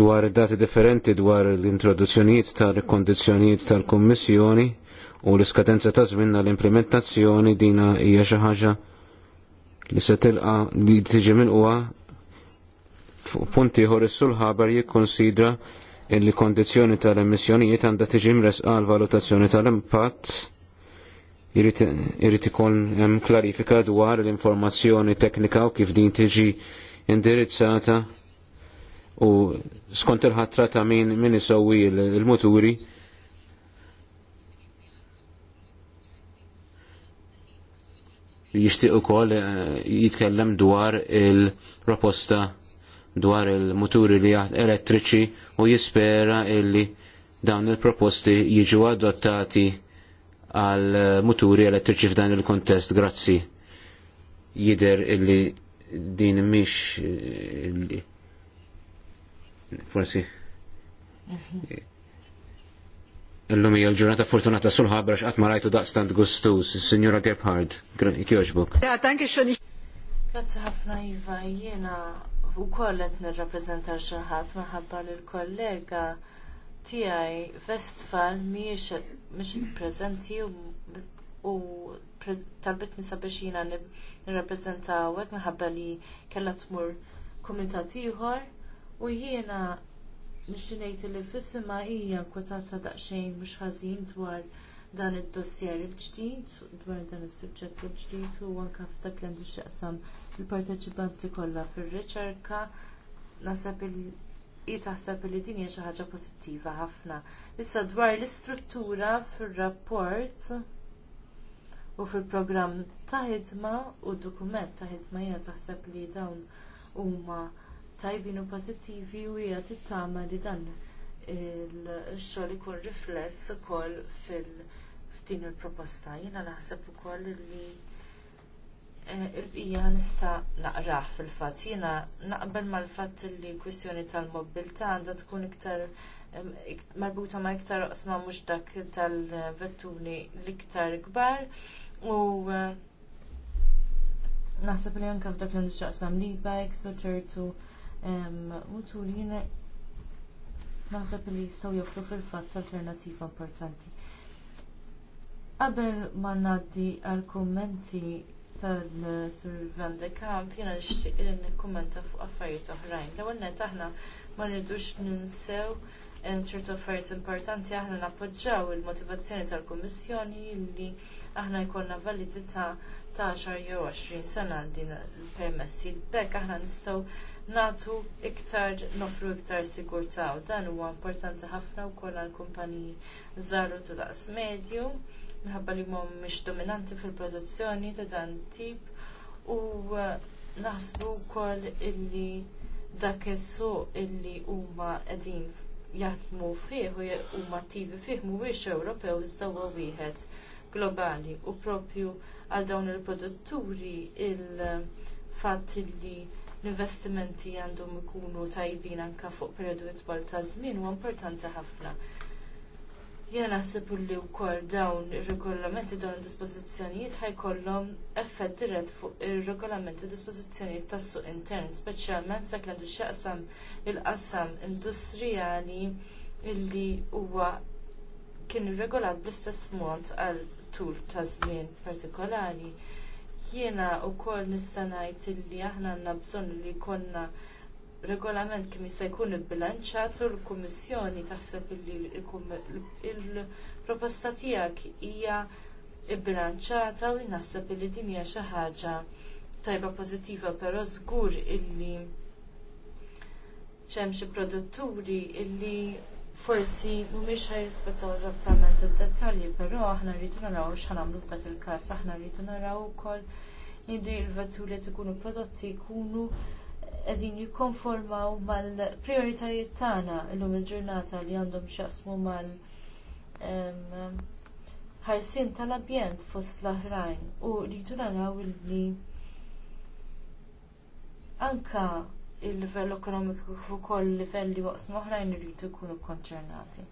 dwar dati differenti dwar l-introduzzjonijiet tal-kondizjonijiet tal-Kommissjoni u l-iskadenza ta' żmien l-implementazzjoni dina hija xi ħaġa li se tilqa li tiġi milquha fuq punti ieħor is ħabar jikkonsidra li kondizzjoni tal-emissjonijiet għandha tiġi mresqa għall valutazzjoni tal-impatt jrid ikun hemm klarifika dwar l-informazzjoni teknika u kif din tiġi indirizzata u skont il-ħatra ta' min min l-muturi il jixtieq ukoll eh, jitkellem dwar il-proposta dwar il-muturi li elettriċi u jispera illi dawn il-proposti jiġu adottati għal eh, muturi elettriċi f'dan il-kontest. Grazzi. Jider illi din eh, illi forsi mhm. Illum hija l-ġurnata fortunata sul ħabra qatt ma rajtu daqstant gustus, Sinjura Gebhard, kjoġbok. Grazzi ħafna Iva, jiena wkoll qed nirrappreżenta xi ħadd minħabba lill kollega tiegħi Vestfal mhijiex mhix preżenti u talbitni sabiex jiena nirrappreżentawek minħabba li kellha tmur kumitat ieħor u jiena nixtinejt li fissima hija kwetata daqsxejn mhux ħażin dwar dan id-dossier il-ġdid, dwar dan is-suġġett il-ġdid u anka f'dak li għandu x'jaqsam il-parteċipanti kollha fir-riċerka nasab il taħseb li din hija xi ħaġa pożittiva ħafna. Issa dwar l-istruttura fir-rapport u fil-programm ta' ħidma u d dokument ta' ħidma hija taħseb li dawn huma tajbin u pożittivi u hija tittama li dan il-xogħol ikun rifless ukoll fil-ftin il-proposta. Jiena naħseb ukoll li il-bqija eh, nista naqraħ fil-fatt. Jiena naqbel mal-fatt li l-kwistjoni tal-mobilità għandha tkun iktar marbuta ma' iktar oqsma mhux dak tal-vetturi l-iktar kbar u eh, naħseb li anke f'dak li nixtaqsam li bikes u ċertu Mutul jina naħseb li jistgħu joffru fil-fatt alternattiva importanti. Qabel ma ngħaddi għal kommenti tal-Sur Van de Kamp, jiena nixtieq li fuq affarijiet oħrajn. L-ewwel net aħna ma rridux ninsew ċertu affarijiet importanti aħna nappoġġaw il-motivazzjoni tal-Kummissjoni li aħna jkollna validità ta' 10 jew 20 sena għal din il-permessi. Bekk aħna nistgħu natu iktar nofru iktar sigurtà u dan huwa importanti ħafna wkoll għall kumpaniji żaru ta' daqs medju minħabba li huma mhix dominanti fil-produzzjoni ta' dan tip u eh, naħsbu wkoll illi dak is-suq illi huma qegħdin jaħdmu fih u huma attivi fih mhuwiex Ewropew iżda huwa wieħed globali u proprju għal dawn il-produtturi il-fatt li l-investimenti għandhom ikunu tajbin anke fuq perjodu itwal ta' żmien huwa importanti ħafna. Jiena naħseb li wkoll dawn ir-regolamenti dawn id-dispożizzjonijiet ħajkollhom effett dirett fuq ir-regolamenti u dispożizzjonijiet tas-suq intern, speċjalment dak li għandu x'jaqsam il-qasam industrijali illi huwa kien irregolat bl-istess mod għal tul ta' żmien partikolari Jiena wkoll nista' ngħid li aħna għandna bżonn li jkollna regolament kien jista' jkun ibbilanċat u l-Kummissjoni taħseb li l-proposta tiegħek hija ibbilanċata u naħseb li din hija xi ħaġa tajba pożittiva, però żgur illi xi produtturi illi forsi mhumiex ħajrispettaw eżattament id-dettalji, però aħna rridu naraw x'ħanamlu f'dak il-każ, aħna rridu naraw ukoll li l-vetturi li prodotti jkunu qegħdin jikkonformaw mal-prijoritajiet tagħna llum il-ġurnata li għandhom x'jaqsmu mal ħarsien tal-ambjent fost l-oħrajn u rridu naraw li anka il-livell ekonomiku kif ukoll livelli waqs oħrajn irridu jkunu konċernati.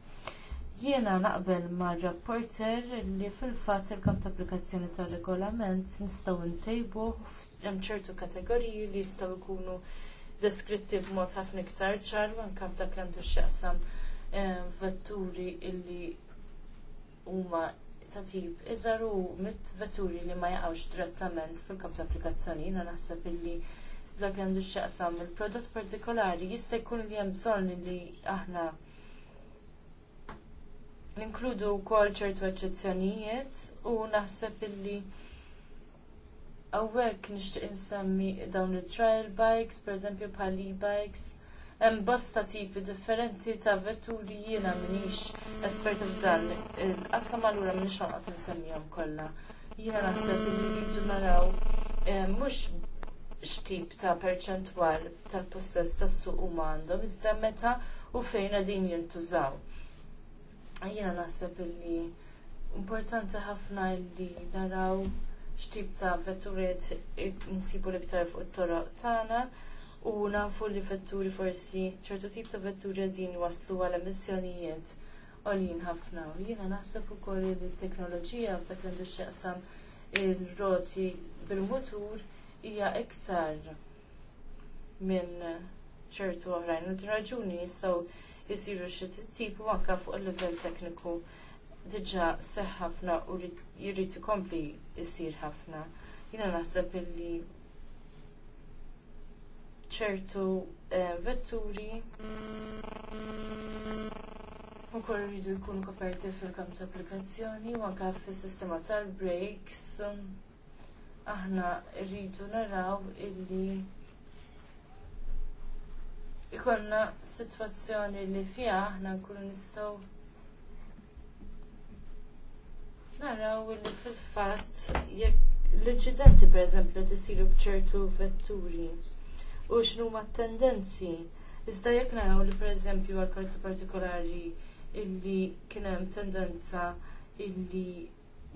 Jiena naqbel mar rapporter li fil-fatt il-kamp ta' applikazzjoni tar regolament nistgħu ntejbu hemm ċertu kategoriji li jistgħu jkunu deskritti b'mod ħafna iktar ċar anke f'dak li għandu x'jaqsam eh, vetturi illi huma ta' tip iżaru mit vetturi li ma jaqgħux direttament fil-kamp ta' applikazzjoni jiena naħseb illi dak li għandu x'jaqsam il-prodott partikolari jista' jkun li hemm bżonn li aħna ninkludu wkoll ċertu eċċezzjonijiet u naħseb illi Għawek nixtieq insemmi dawn it trial bikes, pereżempju bħal e-bikes, hemm bosta tipi differenti ta' vetturi jiena m'iniex espert f'dan. il-qasam allura m'iniex noqgħod insemmihom kollha. Jiena naħseb li jiġu naraw eh, mhux x'tip ta' perċentwal tal-possess tas-suq huma għandhom, iżda meta u fejn qegħdin jintużaw. Jiena naħseb illi importanti ħafna li naraw x'tip ta' vetturiet nsibu l-iktar fuq it-toroq tagħna u nafu li vetturi forsi ċertu tip ta' vetturi qegħdin waslu għal emissjonijiet għoljin ħafna. U jiena naħseb ukoll li t-teknoloġija f'dak l-industri qasam il-roti bil-mutur hija iktar minn ċertu oħrajn. Għad raġuni jistgħu jisiru xi tipu anke fuq il-livell tekniku diġà seħħ ħafna u jrid ikompli jsir ħafna. Jiena naħseb illi ċertu eh, vetturi ukoll rridu jkunu koperti fil-kamp ta' applikazzjoni u anke fis-sistema tal-brakes aħna rridu naraw illi ikonna situazzjoni li fija aħna nkunu nistgħu naraw illi fil-fatt jekk l-inċidenti pereżempju li jsiru bċertu vetturi u x'numa t-tendenzi. Iżda jekk naraw li pereżempju għal karti partikolari illi kien hemm tendenza illi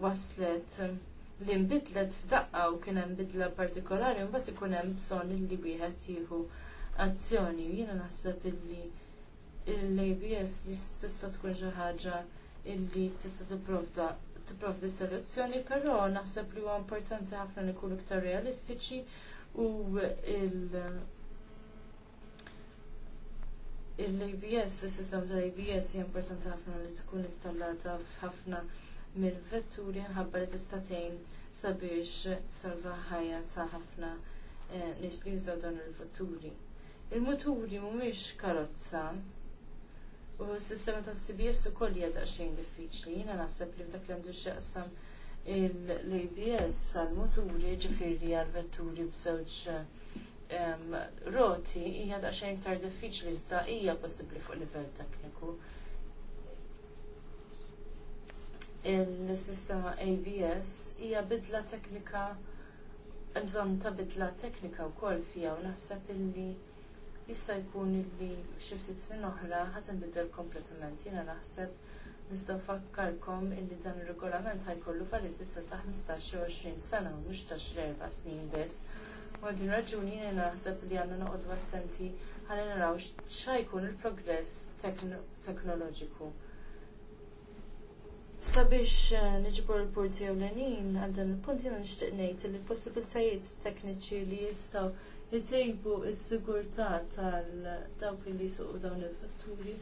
waslet li nbidlet f'daqqa u kien hemm bidla partikolari mbagħad ikun hemm bżonn li wieħed jieħu azzjoni. Jiena naħseb illi l-ABS tista' tkun xi ħaġa illi tista' tipprovda tipprovdi soluzzjoni, però naħseb li huwa importanti ħafna li nkunu iktar realistiċi u l abs is-sistema tal-ABS hija importanti ħafna li tkun installata f'ħafna mill-vetturi nħabba li tista' tgħin sabiex salva ħajja ta' ħafna eh, nies li jużaw dawn il-vetturi. Il-muturi mhumiex karozza u s-sistema ta' CBS ukoll hija daqsxejn diffiċli. Jiena naħseb li dak li għandu x'jaqsam l-ABS għal-muturi jiġifieri għal-vetturi b'żewġ ehm, roti hija daqsxejn iktar diffiċli iżda hija possibbli fuq livell tekniku il-sistema ABS hija bidla teknika bżonn ta' bidla teknika wkoll fiha u naħseb illi jista' jkun illi xi ftit snin oħra ħadd inbidel kompletament. Jiena naħseb nista' fakkarkom illi dan ir-regolament ħajkollu validità ta' 15 20 sena u mhux ta' xi erba' snin biss. u din raġuni jiena naħseb li għandna noqogħdu attenti ħalli naraw jkun il-progress teknoloġiku. Sabiex eh, niġbru porti punti ewlenin għal dan il-punt jiena nixtieq ngħid li possibiltajiet tekniċi li jistgħu jitejbu s-sigurtà tal-dawk li jsuqu dawn il-fatturi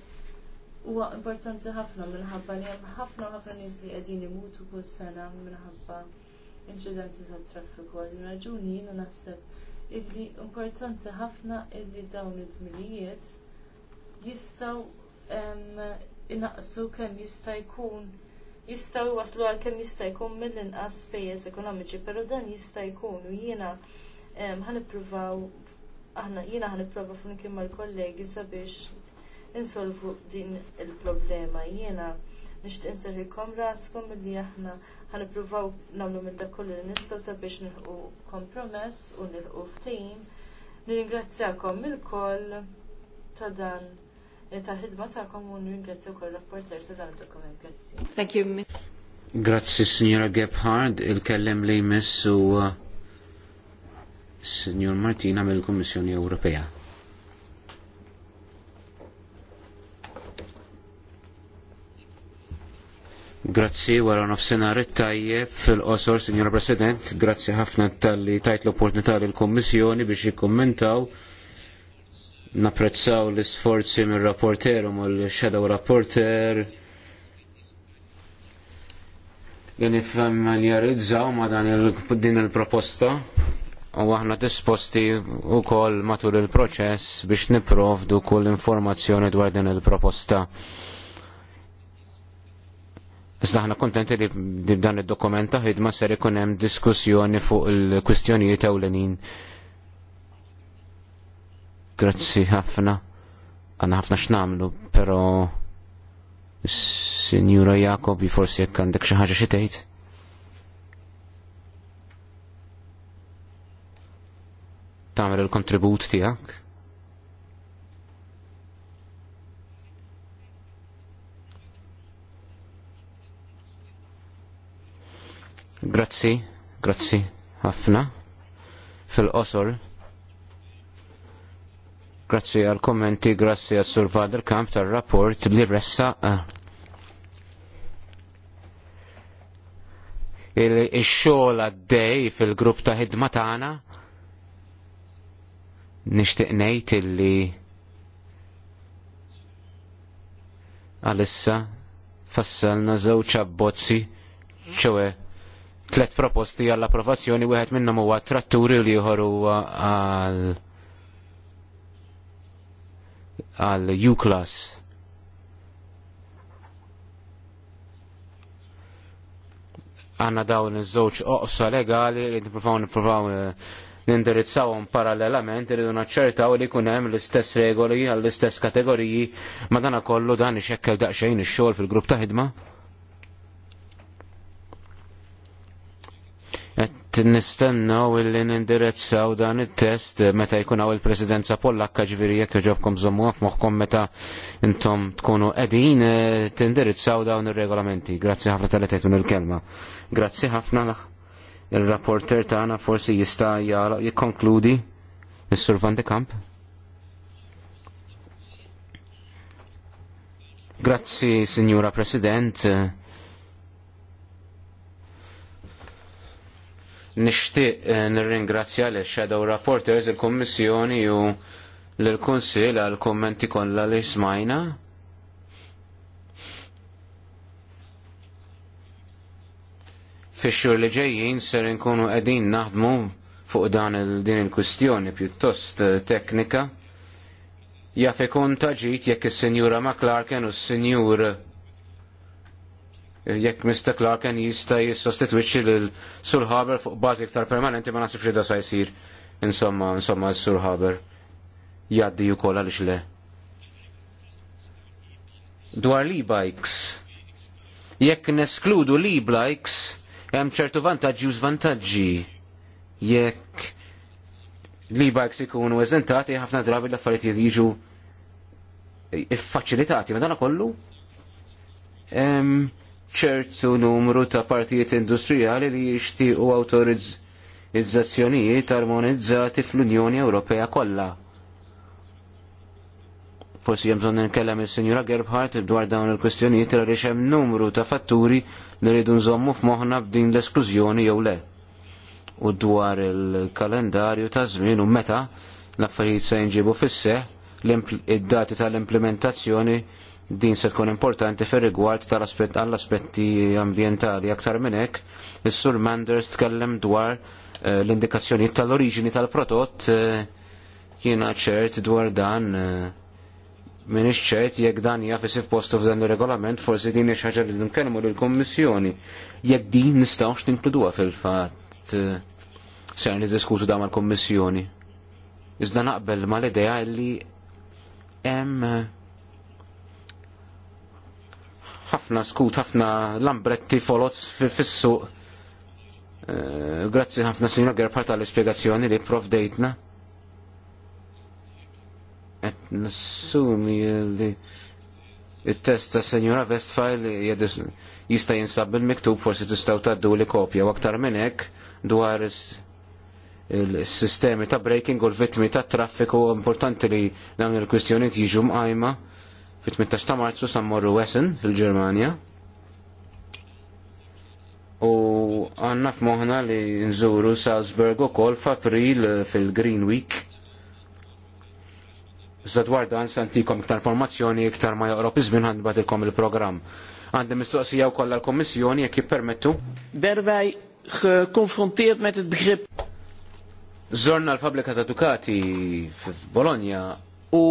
huwa importanti ħafna minħabba li hemm ħafna ħafna nies li qegħdin imutu kull sena minħabba inċidenti tat traffiku għal raġuni jiena naħseb illi importanti ħafna illi dawn id-dmirijiet jistgħu ehm, inaqsu kemm jista' jkun jistgħu waslu għal kemm jista' jkun mill-inqas spejjeż ekonomiċi, però dan jista' jkun u jiena ħanippruvaw aħna jiena ħanipprova flimkien mal-kollegi sabiex insolvu din il-problema. Jiena nixtieq inserħilkom raskom milli aħna ħanipruvaw nagħmlu minn dak kollu li nistgħu sabiex nilħu kompromess u nilħu ftehim. Nirringrazzjakom il-koll ta' dan Grazzi. Thank you. Grazzi Signora Gebhard, il-kellem li messu u Signor Martina mill-Kummissjoni Ewropea. Grazzi, wara nofsena tajjeb fil-qosor, Signora President, grazzi ħafna tal-li tajt l-opportunità l-Kommissjoni biex jikkommentaw Napprezzaw l-isforzi mir rapporter u mill-shadow rapporter li nifamiljarizzaw ma dan din il-proposta u aħna disposti u kol matul il-proċess biex niprovdu kull informazzjoni dwar din il-proposta. Iżda aħna kontenti li dan id-dokumenta ħidma ser ikun hemm diskussjoni fuq il-kwistjonijiet ewlenin Grazzi ħafna. Għanna ħafna x'namlu, pero Signora Jakob forsi jekk għandek xi ħaġa xi tgħid. Tagħmel il-kontribut tiegħek. Grazzi, grazzi ħafna. Fil-qosor, Grazzi għal kommenti, grazzi għal Sur Vader Kamp tal-rapport li ressa eh. il xol għaddej fil-grupp ta' ħidma tagħna nixtieq ngħid illi għalissa fassalna żewġ abbozzi ċewe tliet proposti għall-approvazzjoni wieħed minnhom huwa tratturi li l-ieħor huwa għal għal U-Class. Għanna dawn iż-żewġ oqsa legali li nippruvaw nippruvaw eh, nindirizzawhom parallelament irridu naċċertaw li jkun hemm l-istess regoli għall-istess kategoriji madana kollu dan ixekkel daqsxejn ix-xogħol fil-grupp ta' ħidma? qed nistennew illi nindirezzaw dan it-test meta jkun hawn il-Presidenza Pollakka ġifieri jek joġobkom żommuha f'moħħkom meta intom tkunu qegħdin eh, tindirizzaw dawn ir-regolamenti. Grazzi ħafna tal etetun il-kelma. Grazzi ħafna il-rapporter tagħna forsi jista' jara jikkonkludi il sur Van de Kamp. Grazzi, Signora President. Nixtieq eh, nirringrazzja l shadow Rapporters, il-Kummissjoni u l konsil għal kummenti kollha li smajna. Fix-xhur li ġejjin ser inkunu qegħdin naħdmu fuq dan il din il-kwistjoni pjuttost eh, teknika. Jaf ikun taġit jekk is-Sinjura McClarken u s-Sinjur jekk Mr. Clark kien jista' jissostitwixxi lil Sur Haber fuq bażi iktar permanenti ma nasibx li da jsir. Insomma, insomma Sur Haber jgħaddi wkoll għaliex le. Dwar li bikes. Jekk neskludu li bikes, hemm ċertu vantaġġi u żvantaġġi. Jekk li bikes ikunu eżentati ħafna drabi l-affarijiet jiġu iffaċilitati, ma dan kollu. Um, ċertu numru ta' partijiet industrijali li jixtiequ awtorizzazzjonijiet armonizzati fl-Unjoni Ewropea kollha. Forsi jemżon bżonn nkellem il sinjura Gerbhardt dwar dawn il-kwestjonijiet għaliex hemm numru ta' fatturi li rridu nżommu f'moħħna b'din l-esklużjoni jew le. U dwar il-kalendarju ta' żmien u meta l-affarijiet se jinġibu fis-seħħ id-dati tal-implementazzjoni din se tkun importanti fir rigward tal-aspetti għall ambjentali aktar minn hekk, is-Sur Manders tkellem dwar eh, l indikazzjonijiet tal-oriġini tal-prodott eh, jiena ċert dwar dan eh, minix ċert jekk dan jaf isif postu f'dan ir-regolament forsi din hija ħaġa li nkellmu lill-Kummissjoni jekk din nistgħux tinkluduha fil-fatt se niddiskutu dan mal-Kummissjoni. Iżda naqbel mal-idea li hemm ħafna skut, ħafna lambretti folots fis-suq. Eh, grazzi ħafna signor Gerpart tal-ispjegazzjoni li dejtna. Et nassumi li il-test ta' Senjora Westfall jista' jinsab bil-miktub forsi tistgħu tgħaddu li kopja u aktar minn hekk dwar il-sistemi ta' breaking u l-vittmi ta' traffiku importanti li dawn il kwistjoni tiġu mqajma Fit-18 ta' Marzu sammorru Wessen fil-Ġermanja. U għanna f'moħna li nżuru Salzburg u kol f'April eh, fil-Green Week. Zadwar dan santikom iktar informazzjoni iktar ma joqrob iżmin batikom il-programm. Għandi mistoqsija wkoll għall-Kommissjoni jekk jippermettu. Dervaj konfrontiert met it begrip. Zorna l-fabrika ta' Dukati f'Bologna u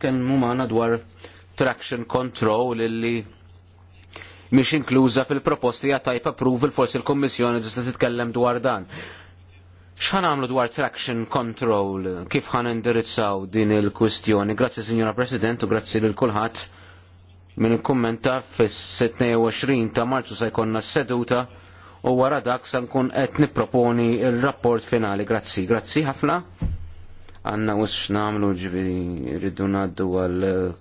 kellmu maħna dwar traction control illi miex inkluża fil-proposti ja tajpa approval forsi l-Kommissjoni tista' titkellem dwar dan. X'ħan għamlu dwar traction control, kif ħan indirizzaw din il-kwistjoni? Grazzi Signora President u grazzi lil kulħadd min ikkummenta fis-22 ta' Marzu se jkollna seduta u wara dak se nkun qed nipproponi il-rapport finali. Grazzi, grazzi ħafna għanna u x'namlu ġviri rridu għaddu għal eh,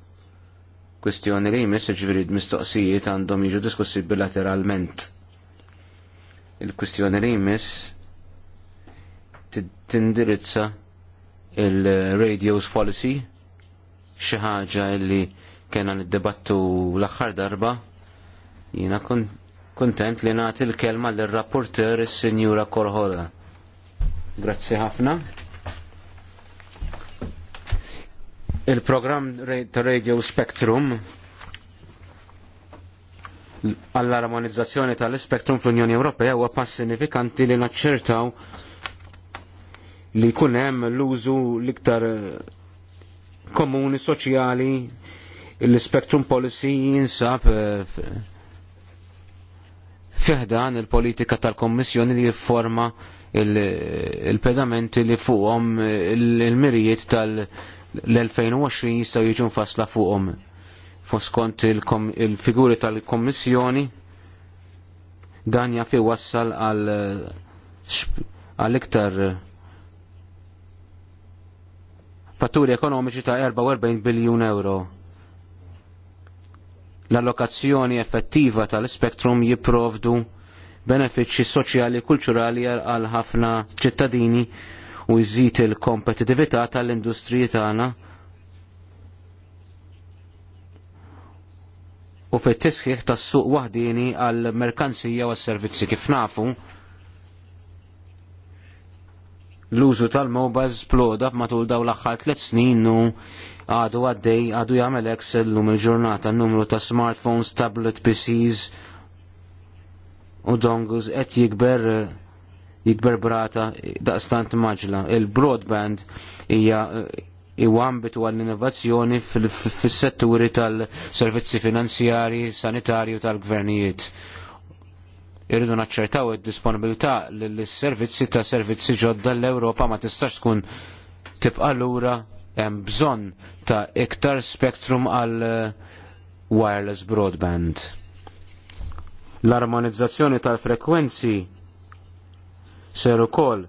kwistjoni li jmiss ġviri mistoqsijiet għandhom jiġu diskussi bilateralment. il kwistjoni li jmiss tindirizza il-radios policy xi ħaġa kena kena debattu l-aħħar darba jiena kontent li nagħti l-kelma lir rapporter is-Sinjura Korhola. Grazzi ħafna. Il-programm Radio Spectrum għall-armonizzazzjoni tal-spektrum fl-Unjoni Ewropea huwa pass sinifikanti li naċċertaw li jkun hemm l-użu l-iktar eh, komuni soċjali l-spektrum policy jinsab eh, fiħdan il-politika tal-Kommissjoni li jifforma il-pedamenti li fuqhom il-mirijiet tal-, -il l-2020 jistgħu jiġu nfassla fuqhom. Foskont il-figuri tal-Kommissjoni dan jafi wassal għal għal iktar eh, fatturi ekonomiċi ta' 44 biljun euro. L-allokazzjoni effettiva tal-spektrum jipprovdu benefiċċji soċjali kulturali għal ħafna ċittadini u jżid il-kompetitività tal-industriji tagħna. U fit-tisħiħ tas-suq waħdini għall merkanzija u s-servizzi kif nafu l-użu tal mobiles sploda matul daw l-axħar tliet snin u għadu għaddej għadu jagħmel Excel lum il-ġurnata n-numru ta' smartphones, tablet, PCs u dongles qed jikber jikber brata daqstant maġla. Il-broadband hija eh, iwambitu għall-innovazzjoni fil-setturi tal-servizzi finanzjari, sanitarju tal-gvernijiet. Irridu naċċertaw id-disponibilità l-servizzi ta' servizzi ġodda l-Ewropa ma tistax tkun tibqa' lura hemm bżonn ta' iktar spektrum għal eh, wireless broadband. L-armonizzazzjoni tal-frekwenzi ser ukoll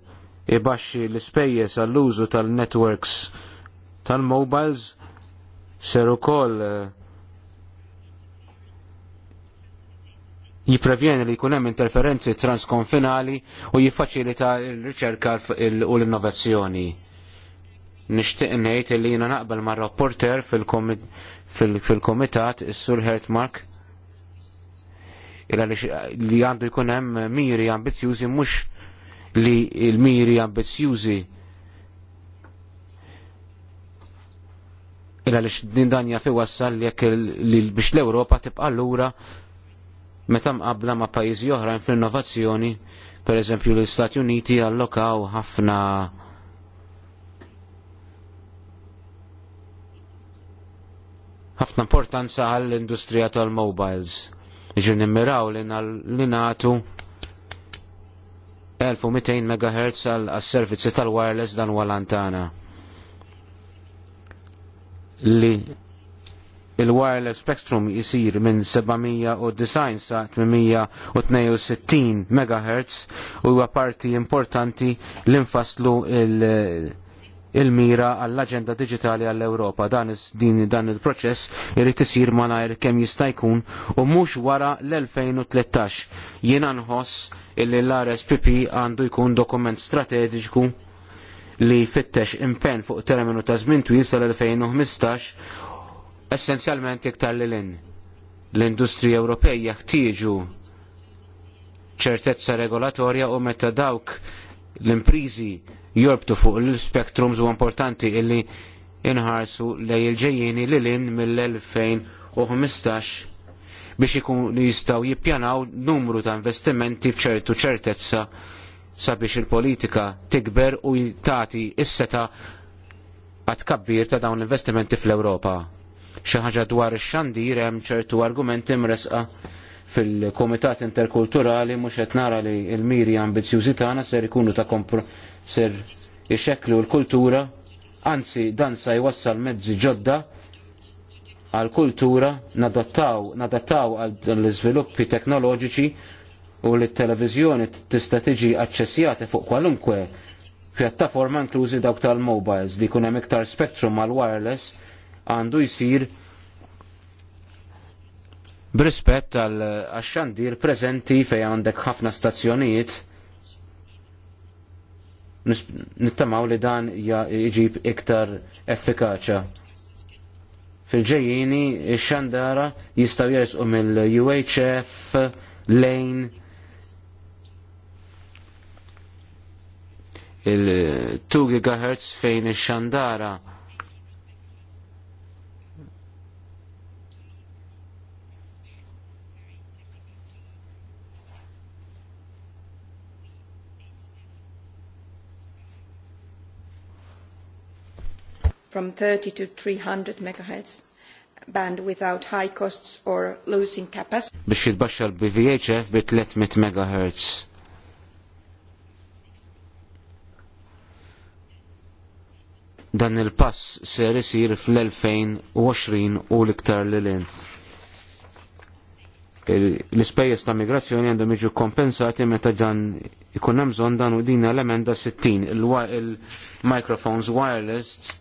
ibaxxi l-ispejjeż għall-użu tal-networks tal-mobiles ser ukoll eh, jipprevjeni li jkun hemm interferenzi transkonfinali u jiffaċilita l-riċerka u l-innovazzjoni. Nixtieq ngħid li jiena naqbel mar rapporter fil-komitat is-Sur Hertmark il li għandu jkun hemm miri ambizjużi mhux li il-miri ambizjużi illa li din danja fi wassal jekk li biex l-Ewropa tibqa' lura meta mqabbla ma' pajjiżi oħrajn fl-innovazzjoni, pereżempju l-Istati Uniti allokaw ħafna ħafna importanza għall-industrija tal-mobiles. Ġin nimmiraw li nagħtu 1200 MHz għal-servizzi tal-wireless dan walantana. Li il-wireless spectrum jisir minn 790 sa 862 MHz u huwa parti importanti l-infaslu il- il-mira għall-Aġenda Digitali għall-Ewropa. Dan, dan il-proċess irrid isir malajr kemm jista' jkun u mhux wara l-2013. Jiena nħoss illi l-RSPP għandu jkun dokument strateġiku li fittex impenn fuq terminu ta' żmien twil sal-2015 essenzjalment iktar lil in. L-industrija Ewropejja ħtieġu ċertezza regolatorja u meta dawk l-imprizi jorbtu fuq l-spektrums u importanti illi inħarsu lej il-ġejjini li lin mill-2015 biex ikun jistaw jippjanaw numru ta' investimenti bċertu ċertezza sabiex il-politika tikber u tagħti is-seta għat kabbir ta' dawn l-investimenti fl-Ewropa. Xi ħaġa dwar ix-xandir hemm ċertu argumenti mresqa fil-Komitat Interkulturali mhux qed nara li l-miri ambizjużi tagħna ser ikunu ta' ser ixeklu l-kultura, anzi dan sa jwassal mezzi ġodda għal kultura nadattaw, għal l-izviluppi teknoloġiċi u li t-televizjoni tista' tiġi aċċessjati fuq kwalunkwe pjattaforma inklużi dawk tal-mobiles li kunem iktar spektrum mal wireless għandu jisir brispett għal xandir prezenti fej għandek ħafna stazzjonijiet nittamaw li dan jġib iktar effikaċa. Fil-ġejjini, xandara jistaw jersqu mill-UHF lejn il-2 GHz fejn ix-xandara from 30 to 300 MHz band without high costs or losing capacity. Biex jitbaxxa l-BVHF bi 300 MHz. Dan il-pass ser isir fl-2020 u l-iktar l-lin. L-ispejjeż ta' migrazzjoni għandhom jiġu kompensati meta dan ikun hemm dan u din l-emenda 60 il-microphones wireless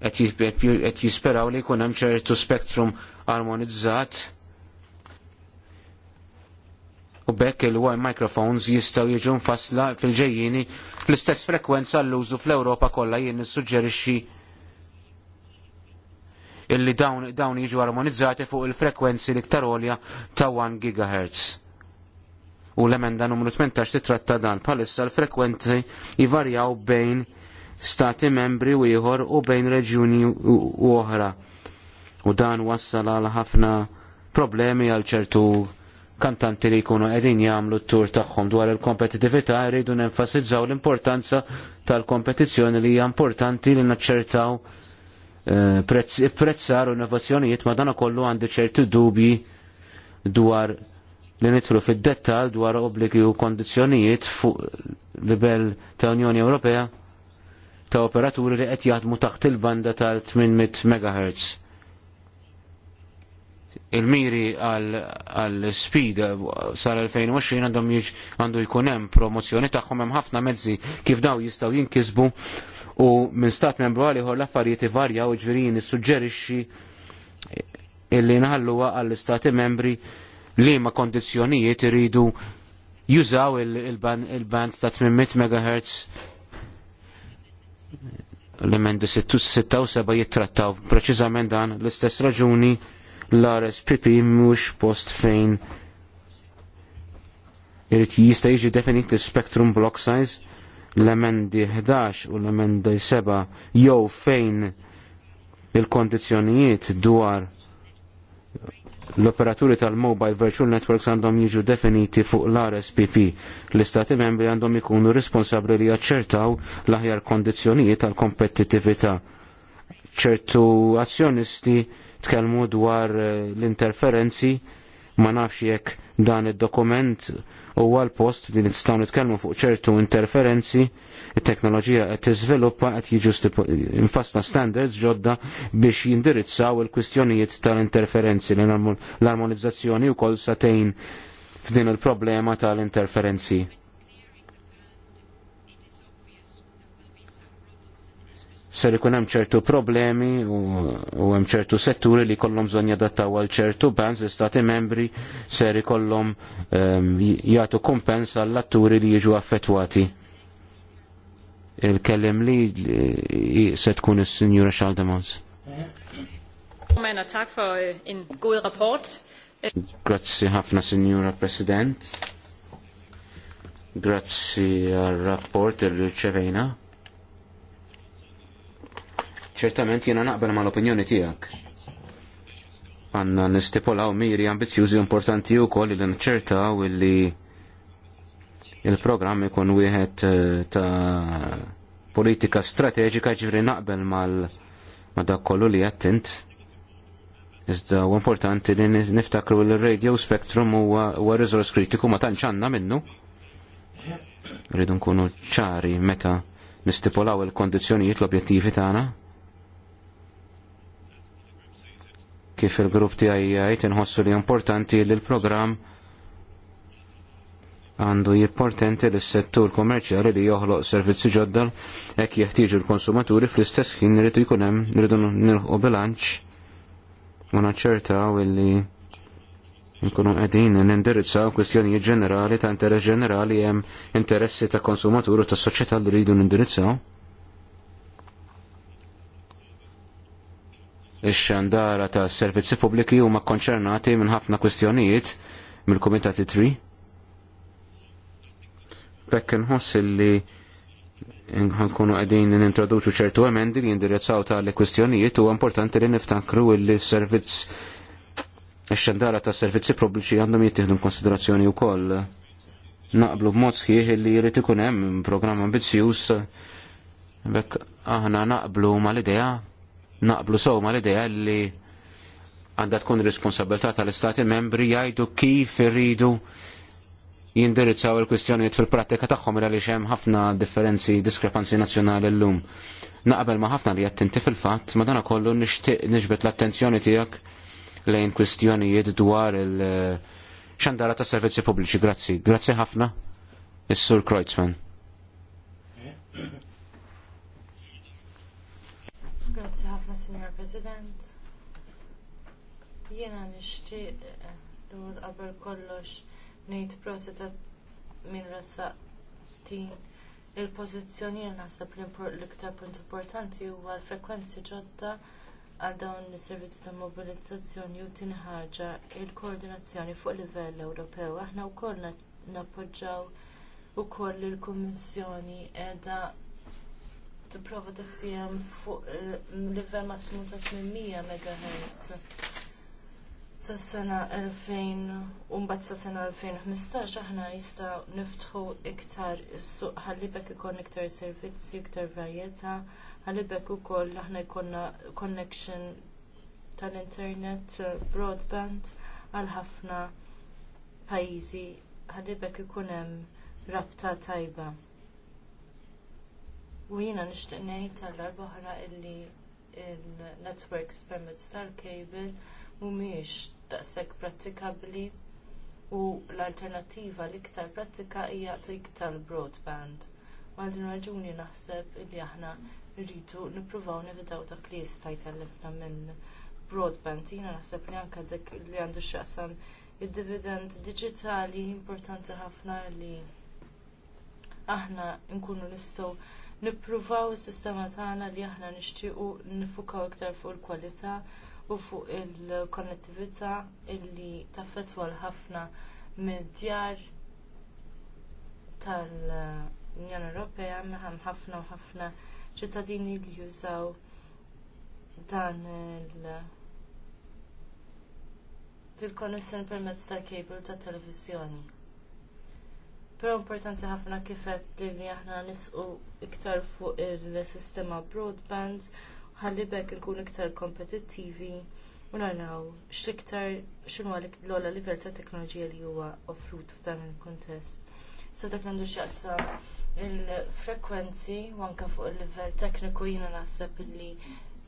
qed jisperaw li jkun hemm ċertu spektrum armonizzat u bekk il-wire microphones jistaw jiġu nfassla fil-ġejjini fl-istess frekwenza l-użu fl-Ewropa kollha jien nissuġġerixxi illi dawn, dawn jiġu armonizzati fuq il-frekwenzi l-iktar olja ta' 1 GHz. U l-emenda numru 18 titratta dan bħalissa l-frekwenzi jivarjaw bejn stati membri u ieħor u bejn reġjuni u oħra. U dan wassal għal ħafna problemi għal ċertu kantanti li jkunu qegħdin jagħmlu t-tur tagħhom dwar il-kompetitività jridu nenfasizzaw l-importanza tal-kompetizzjoni li hija importanti li naċċertaw eh, prezzar u innovazzjonijiet ma dan kollu għandi ċertu dubji dwar li nitlu fid-dettal dwar obbligi u kondizzjonijiet fuq livell ta' Unjoni Ewropea ta' operaturi li qed jaħdmu taħt il-banda tal-800 MHz. Il-miri għal-speed sal-2020 għandhom għandu jkun hemm promozzjoni tagħhom hemm ħafna mezzi kif daw jistgħu jinkisbu u minn stat membru għal ieħor l-affarijiet ivarja u ġirin issuġġerixxi illi nħalluha għall-istati membri li ma kondizzjonijiet iridu jużaw il-band ta' 800 MHz l-emendi 76 jittrattaw preċiżament dan l-istess raġuni l-RSPP mhux post fejn irid jista' jiġi definit l-spectrum block size l-emendi 11 u l-emendi 7 jew fejn il-kondizzjonijiet dwar l-operaturi tal-mobile virtual networks għandhom jiġu definiti fuq l-RSPP. L-istati membri għandhom ikunu responsabli li jaċċertaw l-aħjar kondizjonijiet tal-kompetittività. ċertu azzjonisti tkellmu dwar eh, l-interferenzi ma nafx jekk dan id-dokument u għal-post li nistaw nitkellmu fuq ċertu interferenzi, it-teknoloġija qed tiżviluppa qed jiġu infasna standards ġodda biex jindirizzaw il-kwistjonijiet tal-interferenzi li l-armonizzazzjoni wkoll satejn f'din il-problema tal-interferenzi. ser ikun hemm ċertu problemi u hemm ċertu setturi li kollhom bżonn jadattaw għal ċertu bands l-istati membri ser ikollhom ehm, jagħtu kumpens għall atturi li jiġu affettwati. il kellem li se tkun is-Sinjura Xaldemons. Eh, Grazzi ħafna, Sinjura President. Grazzi għal rapport il riċevejna ċertament jiena naqbel mal-opinjoni tiegħek. Għanna nistipolaw miri ambizjużi importanti wkoll li nċertaw li il-programm ikun wieħed eh, ta' politika strateġika ġifri naqbel mal ma dak kollu li jattint. Iżda u importanti li niftakru li radio spectrum huwa riżors kritiku ma tantx għandna minnu. Rridu nkunu ċari meta nistipolaw il-kondizzjonijiet l-objettivi tagħna. kif il-grupp tiegħi jgħid inħossu li importanti li l-programm għandu jipportenti l settur kommerċjali li joħloq servizzi ġodda hekk jeħtieġu l-konsumaturi fl-istess ħin irid jkun hemm nirridu nilħu bilanċ u naċċertaw illi nkunu qegħdin nindirizzaw kwistjonijiet ġenerali ta' interess ġenerali hemm interessi ta' konsumaturi u tas soċjetà li rridu nindirizzaw. ix-xandara ta' servizzi pubbliki huma konċernati minn ħafna kwistjonijiet mill-Kumitati Tri. Bekk inħoss li nkunu qegħdin nintroduċu ċertu emendi li jindirizzaw tal kwistjonijiet huwa importanti li niftakru li s-servizz ix-xandara ta' servizzi pubbliċi għandhom jittieħdu konsiderazzjoni wkoll. Naqblu b'mod sħiħ li jrid ikun hemm programm ambizzjuż bekk aħna naqblu mal-idea naqblu sew ma l-idea li għandha tkun responsabilità tal-istati membri jgħidu kif irridu jindirizzaw il-kwistjonijiet fil-prattika tagħhom il hemm ħafna differenzi diskrepanzi nazzjonali llum. Naqbel ma ħafna li jattinti fil-fatt, ma dana kollu nixtieq nixbet l-attenzjoni tiegħek lejn kwistjonijiet dwar il- xandara ta' servizzi pubbliċi, grazzi. Grazzi ħafna, is-Sur Kreutzmann. Grazie ħafna, Signor President. Jiena nixtieq l-ewwel qabel kollox ngħid proset minn rassaqtin il-pożizzjoni li naħseb l-iktar punt importanti huwa l-frekwenzi ġodda għal dawn is-servizzi ta' mobilizzazzjoni u tieni ħaġa il-koordinazzjoni fuq livell Ewropew. Aħna wkoll nappoġġjaw ukoll il-Kummissjoni qiegħda tipprova hemm fuq eh, livell massimu ta' 800 MHz. Sa' sena 2000 u mbagħad sa' sena 2015 aħna jista' niftħu iktar is-suq ħallibek ikon iktar servizzi, iktar varjetà, ħallibek ukoll aħna jkollna connection tal-internet, eh, broadband għal ħafna pajjiżi ħallibek ikun hemm rabta tajba. U jiena nixtieq ngħid tal-darba oħra illi il-networks permezz tal-kejbel mhumiex daqshekk prattikabbli u l-alternattiva l-iktar prattika hija tik tal-broadband. Għal din raġuni naħseb illi aħna rridu nippruvaw nevitaw dak li jista' jtellifna minn broadband. Jiena naħseb li anke dik li għandu x'jaqsam id-dividend diġitali importanti ħafna li aħna nkunu nistgħu nippruvaw is-sistema tagħna li aħna nixtiequ nifukaw iktar fuq il-kwalità u fuq il-konnettività illi taffetwa l-ħafna mid-djar tal-Unjoni Ewropea meħam ħafna u ħafna ċittadini li jużaw dan il- til permezz tal-kejbel tat televizjoni. Però importanti ħafna kif għedt li aħna nisqu iktar fuq il-sistema broadband, ħalli bekk nkun iktar kompetittivi u naraw x'iktar x'inhu l-ogħla livell ta' teknoloġija li huwa offrut f'dan il-kuntest. Sa dak għandu x'jaqsam il-frekwenzi u anke fuq il-livell tekniku jiena naħseb illi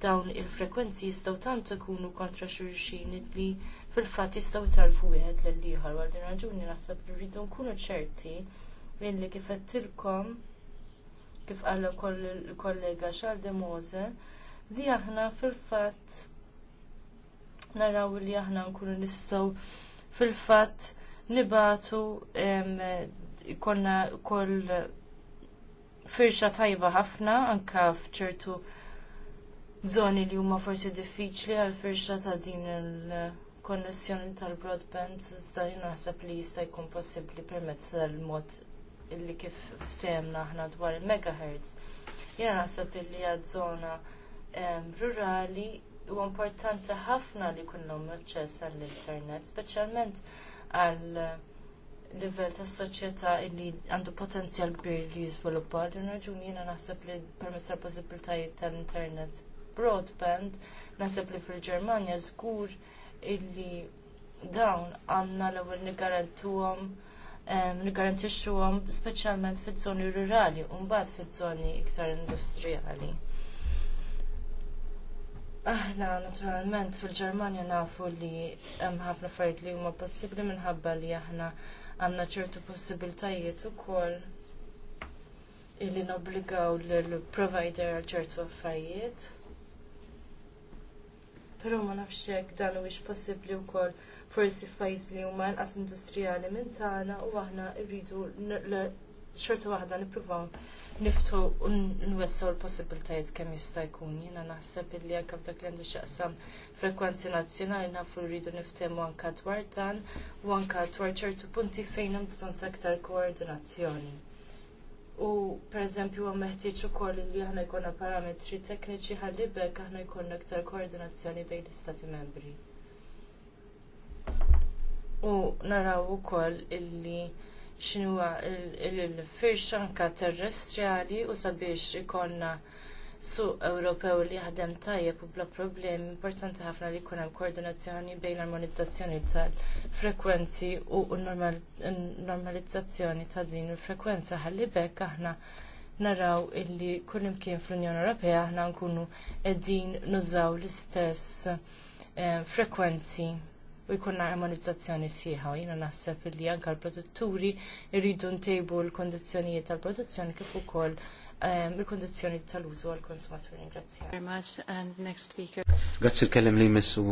dawn il-frekwenzi jistgħu tant ikunu kontra xulxin li fil-fatt jistgħu tarfu wieħed lill ieħor għal din raġuni naħseb li rridu nkunu ċerti li kif qedtilkom kif għallu kollega Charles de Mose, li aħna fil-fat naraw li aħna nkunu nistaw fil-fat nibatu konna koll firxa tajba ħafna anka fċertu zoni li huma forsi diffiċli għal firxa ta' din il-konnessjoni tal-broadband iżda naħseb li jista' jkun possibbli permezz tal-mod illi kif ftemna aħna dwar il-megahertz. Jena naħseb illi għadżona żona rurali u importanti ħafna li kullhom aċċess għall-internet, speċjalment għal eh, livell ta' soċjetà illi għandu potenzjal kbir li jiżviluppa. Din raġuni jiena naħseb li permezz tal possibbiltajiet tal-internet broadband, naħseb li fil-Ġermanja żgur illi dawn għandna l-ewwel nigarantuhom għom speċjalment fiż-żoni rurali u mbagħad fiż-żoni iktar industrijali. Aħna naturalment fil-Ġermanja nafu li hemm ħafna affarijiet li huma possibbli minħabba li aħna għandna ċertu possibiltajiet ukoll illi nobbligaw lill-provider għal ċertu affarijiet. Però ma nafx hekk dan huwiex possibbli wkoll forsi fajz li huma inqas industrijali minn tagħna u aħna rridu xorta waħda nippruvaw niftu u nwessaw l-possibilitajiet kemm jista' jkun. Jiena naħseb li anke f'dak li għandu x'aqsam frekwenzi nazzjonali nafu rridu niftehmu anke dwar dan u anke dwar ċertu punti fejn hemm bżonn ta' aktar koordinazzjoni. U pereżempju huwa meħtieġ ukoll li aħna jkollna parametri tekniċi ħallibek aħna jkollna aktar koordinazzjoni bejn l-Istati membri u naraw ukoll illi x'inhuwa l-firxa anke terrestrjali u sabiex ikollna suq Ewropew li jaħdem tajjeb u bla problemi importanti ħafna li jkun hemm koordinazzjoni bejn l-armonizzazzjoni tal-frekwenzi u n-normalizzazzjoni ta' din il-frekwenza ħalli bekk aħna naraw illi kullimkien fl-Unjoni Ewropea aħna nkunu qegħdin nużaw l-istess eh, frekwenzi u jkunna armonizzazzjoni sieħa. Jiena naħseb li anke l-produtturi jridu ntejbu l kundizzjonijiet tal-produzzjoni kif ukoll ehm, il-kondizjoni tal-użu għal-konsumaturi. Grazie. Very much. And next speaker. Grazie l kellem li messu.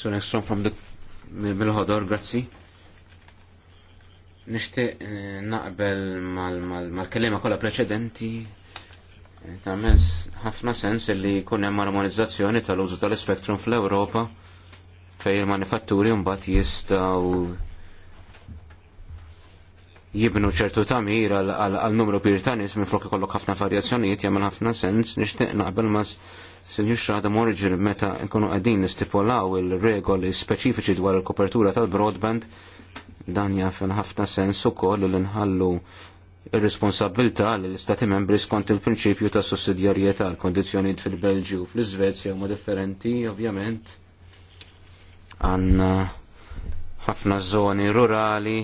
Sun Ekstrom from the Mil-ħodor, grazzi. Nishtiq eh, naqbel mal-kellima kolla preċedenti Tamens ħafna sens li jkun hemm armonizzazzjoni tal-użu tal-spektrum fl-Ewropa fejn il-manifatturi mbagħad jistgħu jibnu ċertu tamir għal numru kbir ta' nies minn ikollok ħafna varjazzjonijiet jagħmel ħafna sens nixtieq naqbel ma' sinjux Xrada Morġir meta nkunu qegħdin nistipulaw il-regoli speċifiċi dwar il-kopertura tal-broadband dan jaf'en ħafna sens ukoll li nħallu ir-responsabilità l istati membri skont il-prinċipju ta' sussidjarjetà l kondizzjonijiet fil-Belġju u fl-Iżvezja huma differenti, ovvjament. Għandna ħafna żoni rurali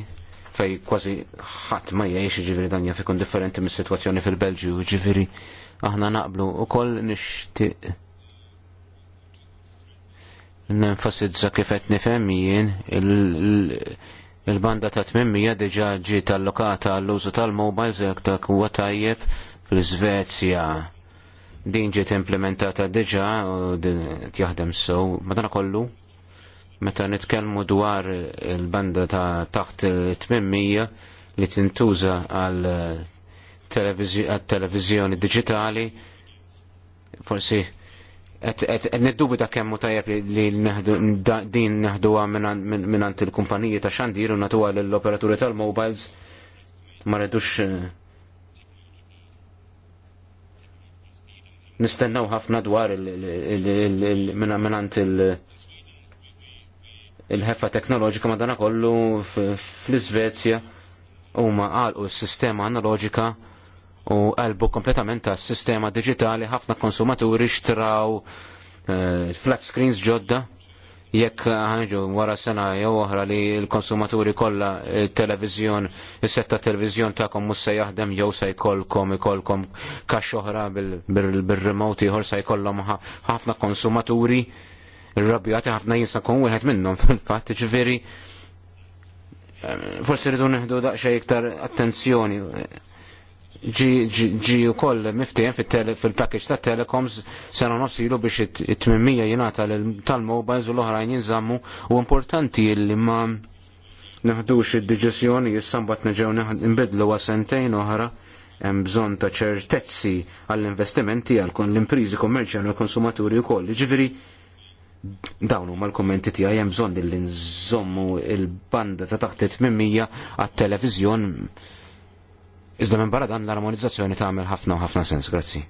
fej kważi ħadd ma jgħix ġifieri danja fikun differenti mis-sitwazzjoni fil-Belġju, ġifieri aħna naqblu wkoll nixtieq nenfasizza kif qed nifhem jien Il-banda ta' 800 diġa ġiet allokata għall-użu tal mobile jekk dak huwa tajjeb fl-Svezja. Din ġiet implementata diġa u jaħdem so, Madana kollu, meta nitkelmu dwar il-banda ta' taħt il-800 li tintuża għal televizjoni digitali, forsi Neddubita kemmu tajab li din neħduwa minnant il-kumpaniji ta' xandir u natuwa l-operaturi tal-mobiles ma redux eh, nistennaw ħafna dwar minnant il-ħeffa teknoloġika madana kollu fl-Svezja u ma u s-sistema analoġika u qalbu kompletament tas sistema digitali ħafna konsumaturi xtraw eh, flat screens ġodda jekk ħanġu wara sena jew oħra li l-konsumaturi kollha eh, televizjon is-setta televizjon tagħkom mhux se jaħdem jew se jkollkom ikollkom kax oħra bil-remote ieħor se jkollhom ħafna konsumaturi rrabjati ħafna jinsa kun wieħed minnhom fil-fatt ġifieri eh, forsi rridu neħdu daqsxejn iktar attenzjoni ġi u koll miftijem fil-package ta' telecoms sena nofsilu biex it tmimija jenata tal-mobiles u l-oħrajn jinżammu u importanti li ma neħdux id-deċizjoni jissambat neġew nbidlu għasentejn oħra hemm bżonn ta' ċertezzi għall-investimenti għal l-imprizi kommerċjali u konsumaturi wkoll. Ġifiri, dawn huma l-kummenti tiegħi hemm bżonn li nżommu il-banda ta' taħt 800 għat-televiżjon Iżda minn barra dan l-armonizzazzjoni tagħmel ħafna u ħafna sens, grazzi.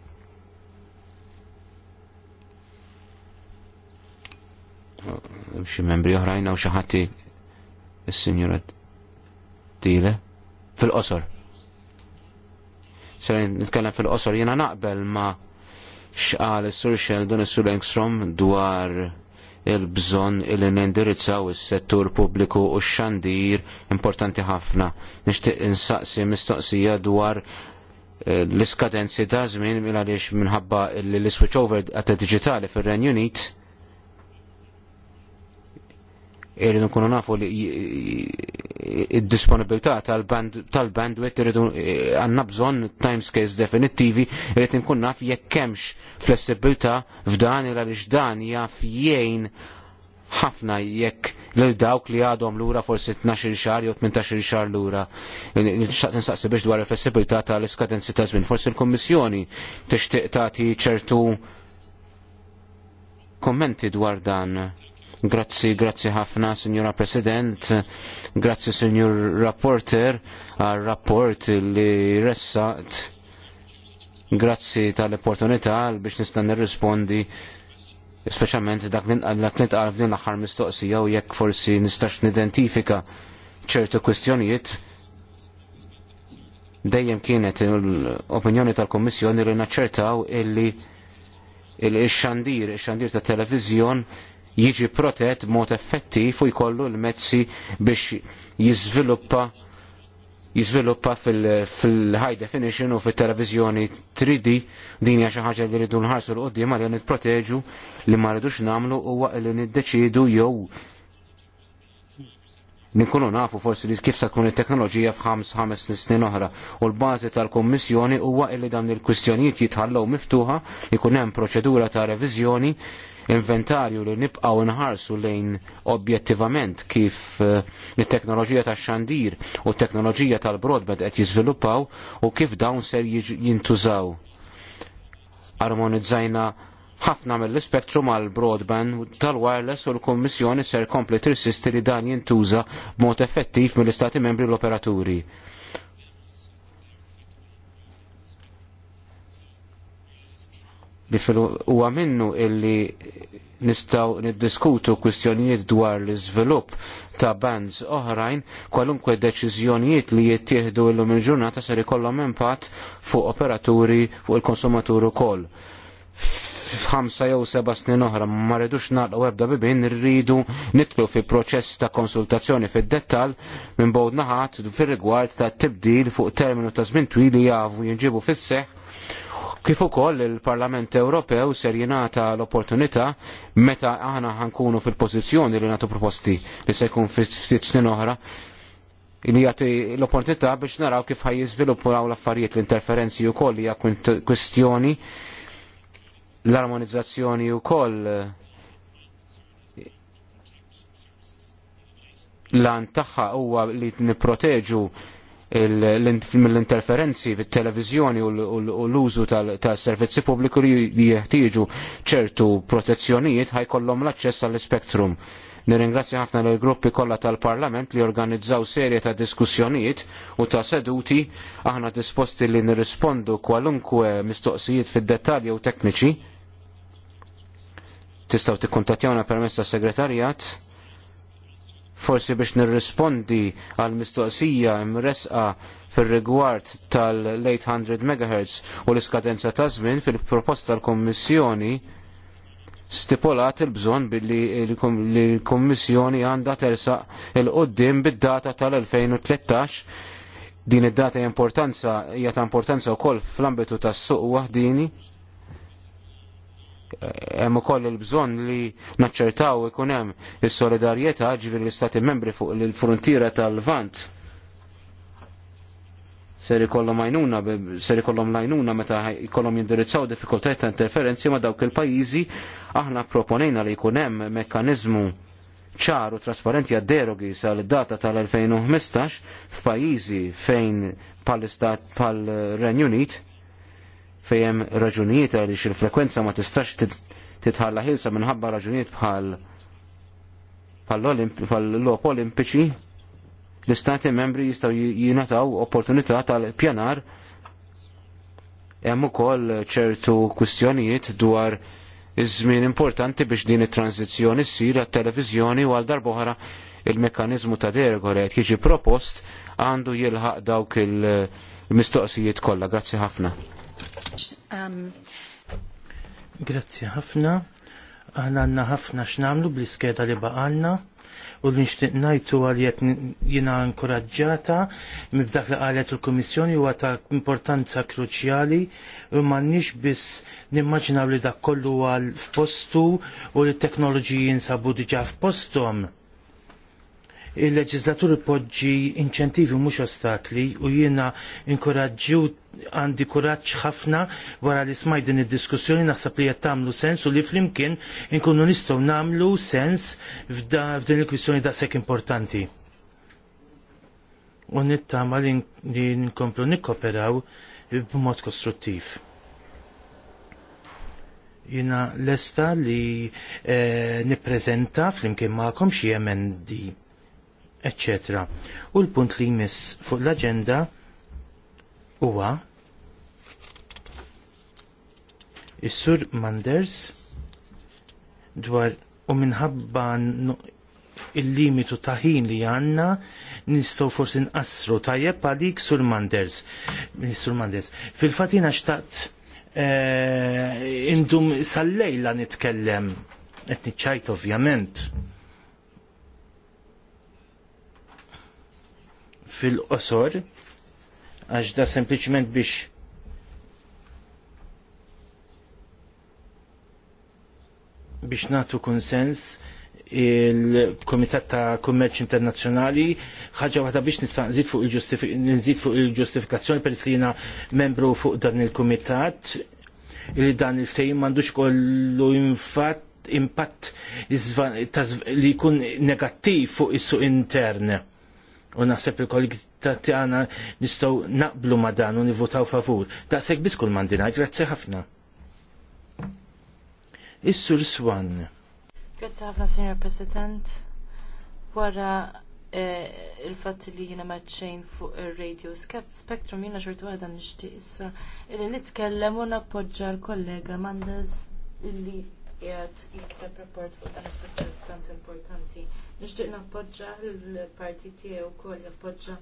Oh, xi membri uħrajna u xaħati il is Tile fil-qosor. Ser nitkellem fil-qosor jiena naqbel ma x'qal il sur Sheldon il sur Engstrom dwar il-bżon illi nindirizzaw is-settur pubbliku u x-xandir importanti ħafna. Nixtieq insaqsi mistoqsija dwar eh, l-iskadenzi ta' żmien għaliex minħabba l-switch over għat digitali fir-Renju Unit irridu nkunu nafu li id-disponibilità tal-bandwidth irridu eh, għandna bżonn timescales definittivi irrid nkun naf jekk hemmx flessibilità f'dan il lix dan jaf jgħin ħafna jekk lil dawk li għadhom lura forsi 12 xahar jew 18 xahar lura. Nixtaq nsaqsi biex dwar il-flessibilità tal-iskadenzi ta' żmien. Forsi l-Kummissjoni tixtieq tagħti ċertu kommenti dwar dan Grazzi, grazzi ħafna, Signora President, grazzi, Signor Rapporter, għal rapport li ressaqt. Grazzi tal-opportunità biex nistan nirrispondi speċjalment dak li nitqal f'din l-aħħar mistoqsija u jekk forsi nistax nidentifika ċertu kwistjonijiet dejjem kienet l-opinjoni tal-Kommissjoni li naċċertaw illi il-xandir, il-xandir ta' televizjon jiġi protett b'mod effettiv u jkollu l-mezzi biex jiżviluppa jizviluppa fil-high definition u fil-televizjoni 3D din hija xi ħaġa li rridu nħarsu l qoddim għal nitproteġu li ma rridux nagħmlu huwa li niddeċidu jew ninkunu nafu forsi li kif se tkun it-teknoloġija f'ħames ħames snin oħra u l-bażi tal-Kummissjoni huwa li dawn il-kwistjonijiet jitħallew miftuħa li jkun hemm proċedura ta' reviżjoni inventarju li nibqaw nħarsu lejn objettivament kif eh, it-teknoloġija tax-xandir u t-teknoloġija tal-broadband qed jiżviluppaw u kif dawn ser jintużaw. Armonizzajna ħafna mill-spektrum għal broadband tal-wireless u l-Kommissjoni ser kompli tirsisti li dan jintuża b'mod effettiv mill-Istati membri l-operaturi. Bifil huwa minnu illi nistaw niddiskutu kwistjonijiet dwar l-iżvilupp ta' bands oħrajn kwalunkwe deċiżjonijiet li jittieħdu illum il-ġurnata ser ikollhom impatt fuq operaturi fuq il-konsumatur ukoll. F'ħamsa jew seba' snin oħra ma rridux naqgħu ebda bibin rridu nitlu fi proċess ta' konsultazzjoni fid-dettall minn bowd naħat fir-rigward ta' tibdil fuq terminu ta' żmien twil li jafu jinġibu fis-seħħ Kif ukoll il-Parlament Ewropew ser jingħata l-opportunità meta aħna ħankunu fil-pożizzjoni li nagħtu proposti li se jkun ftit snin oħra li jagħti l-opportunità biex naraw kif ħaj jiżviluppaw l-affarijiet l-interferenzi wkoll hija kwistjoni l-armonizzazzjoni wkoll lan tagħha huwa li nipproteġu mill-interferenzi fit-televiżjoni u l-użu tas-servizzi pubbliku li jeħtieġu ċertu protezzjonijiet ħajkollhom l-aċċess għall-ispektrum. Nirringrazzja ħafna lill gruppi kollha tal-Parlament li organizzaw serje ta' diskussjonijiet u ta' seduti aħna disposti li nirrispondu kwalunkwe mistoqsijiet fid-dettalji u tekniċi. Tistgħu tikkuntattjawna permezz tas-segretarjat forsi biex nirrispondi għal mistoqsija imresqa fir-rigward tal-800 MHz u l-iskadenza ta' żmien fil-proposta tal-Kommissjoni stipulat il-bżon billi l-Kommissjoni għandha tersaq il-qoddim bid-data tal-2013 din id-data importanza hija ta' importanza wkoll fl-ambitu tas-suq waħdini hemm ukoll il-bżonn li naċċertaw ikun hemm is-solidarjetà ġifieri l-istati membri fuq il-frontiera tal-Vant ser ikollhom għajnuna, ser ikollhom lajnuna meta jkollhom jindirizzaw diffikultajiet ta' interferenzi ma' dawk il-pajjiżi, aħna proponejna li jkun hemm mekkaniżmu ċaru trasparenti għad-derogi sal data tal-2015 f'pajjiżi fejn pal-Istat pal-Renju Unit fejem raġunijiet għaliex il-frekwenza ma tistax titħalla ħilsa minħabba raġunijiet bħal bħal-lop olimpiċi l-istati membri jistaw jinataw opportunità tal-pjanar hemm ukoll ċertu kwistjonijiet dwar iż-żmien importanti biex din it-tranzizzjoni ssir għat-televiżjoni u għal darb'oħra il-mekkaniżmu ta' dergore qed jiġi propost għandu jilħaq dawk il-mistoqsijiet kollha. Grazzi ħafna. Grazie um, Grazzi ħafna. Aħna għanna ħafna x'namlu bl-iskeda li baqalna u li nixtieq ngħidu għal qed jiena inkoraġġata mibdak li qalet il-Kummissjoni huwa ta' importanza kruċjali u m'għandniex biss nimmaġinaw li dak kollu għal f'postu u li t-teknoloġiji jinsabu diġà f'posthom il-leġislatur poġġi inċentivi mhux ostakli u jiena inkoraġġu għandi kuraġġ ħafna wara li smaj din id-diskussjoni naħseb li qed tagħmlu sens u li flimkien inkunu nistgħu nagħmlu sens f'din il-kwistjoni daqshekk importanti. U nittama li nkomplu nikkoperaw b'mod kostruttiv jina lesta li e, eh, niprezenta fl-imkien ma'kom xie emendi etc. U l-punt li jmiss fuq l-agenda huwa is-sur Manders dwar u minħabba il-limitu ta' ħin li għanna nistgħu forsi nqassru tajjeb għalik sur Manders. Sur Manders. Fil-fatina xtaqt eh, indum sal-lejla nitkellem qed niċċajt ovvjament fil-qosor għax da sempliciment biex biex natu konsens il-Komitat ta' Kummerċ Internazzjonali ħaġa waħda biex nżid fuq il-ġustifikazzjoni il peress li jiena membru fuq dan il-Kumitat li dan il-ftehim m'għandux kollu impatt impatt li jkun negattiv fuq is-suq intern U naħseb il-kolleg tagħna nistgħu naqblu ma dan u nivvotaw favur. Daqshekk biss biskul mandina, grazzi ħafna. Is-Sur Swan. Grazzi ħafna, Signor President. Wara eh, il fat li jina maċċejn fuq ir-radio Spectrum jiena xorta waħda nixtieq issa. Illi nitkellem u nappoġġa l-kollega Mandaz illi qiegħed jiktab rapport fuq dan is-suġġett tant importanti. Nixtieq nappoġġa l-parti tiegħu wkoll jappoġġa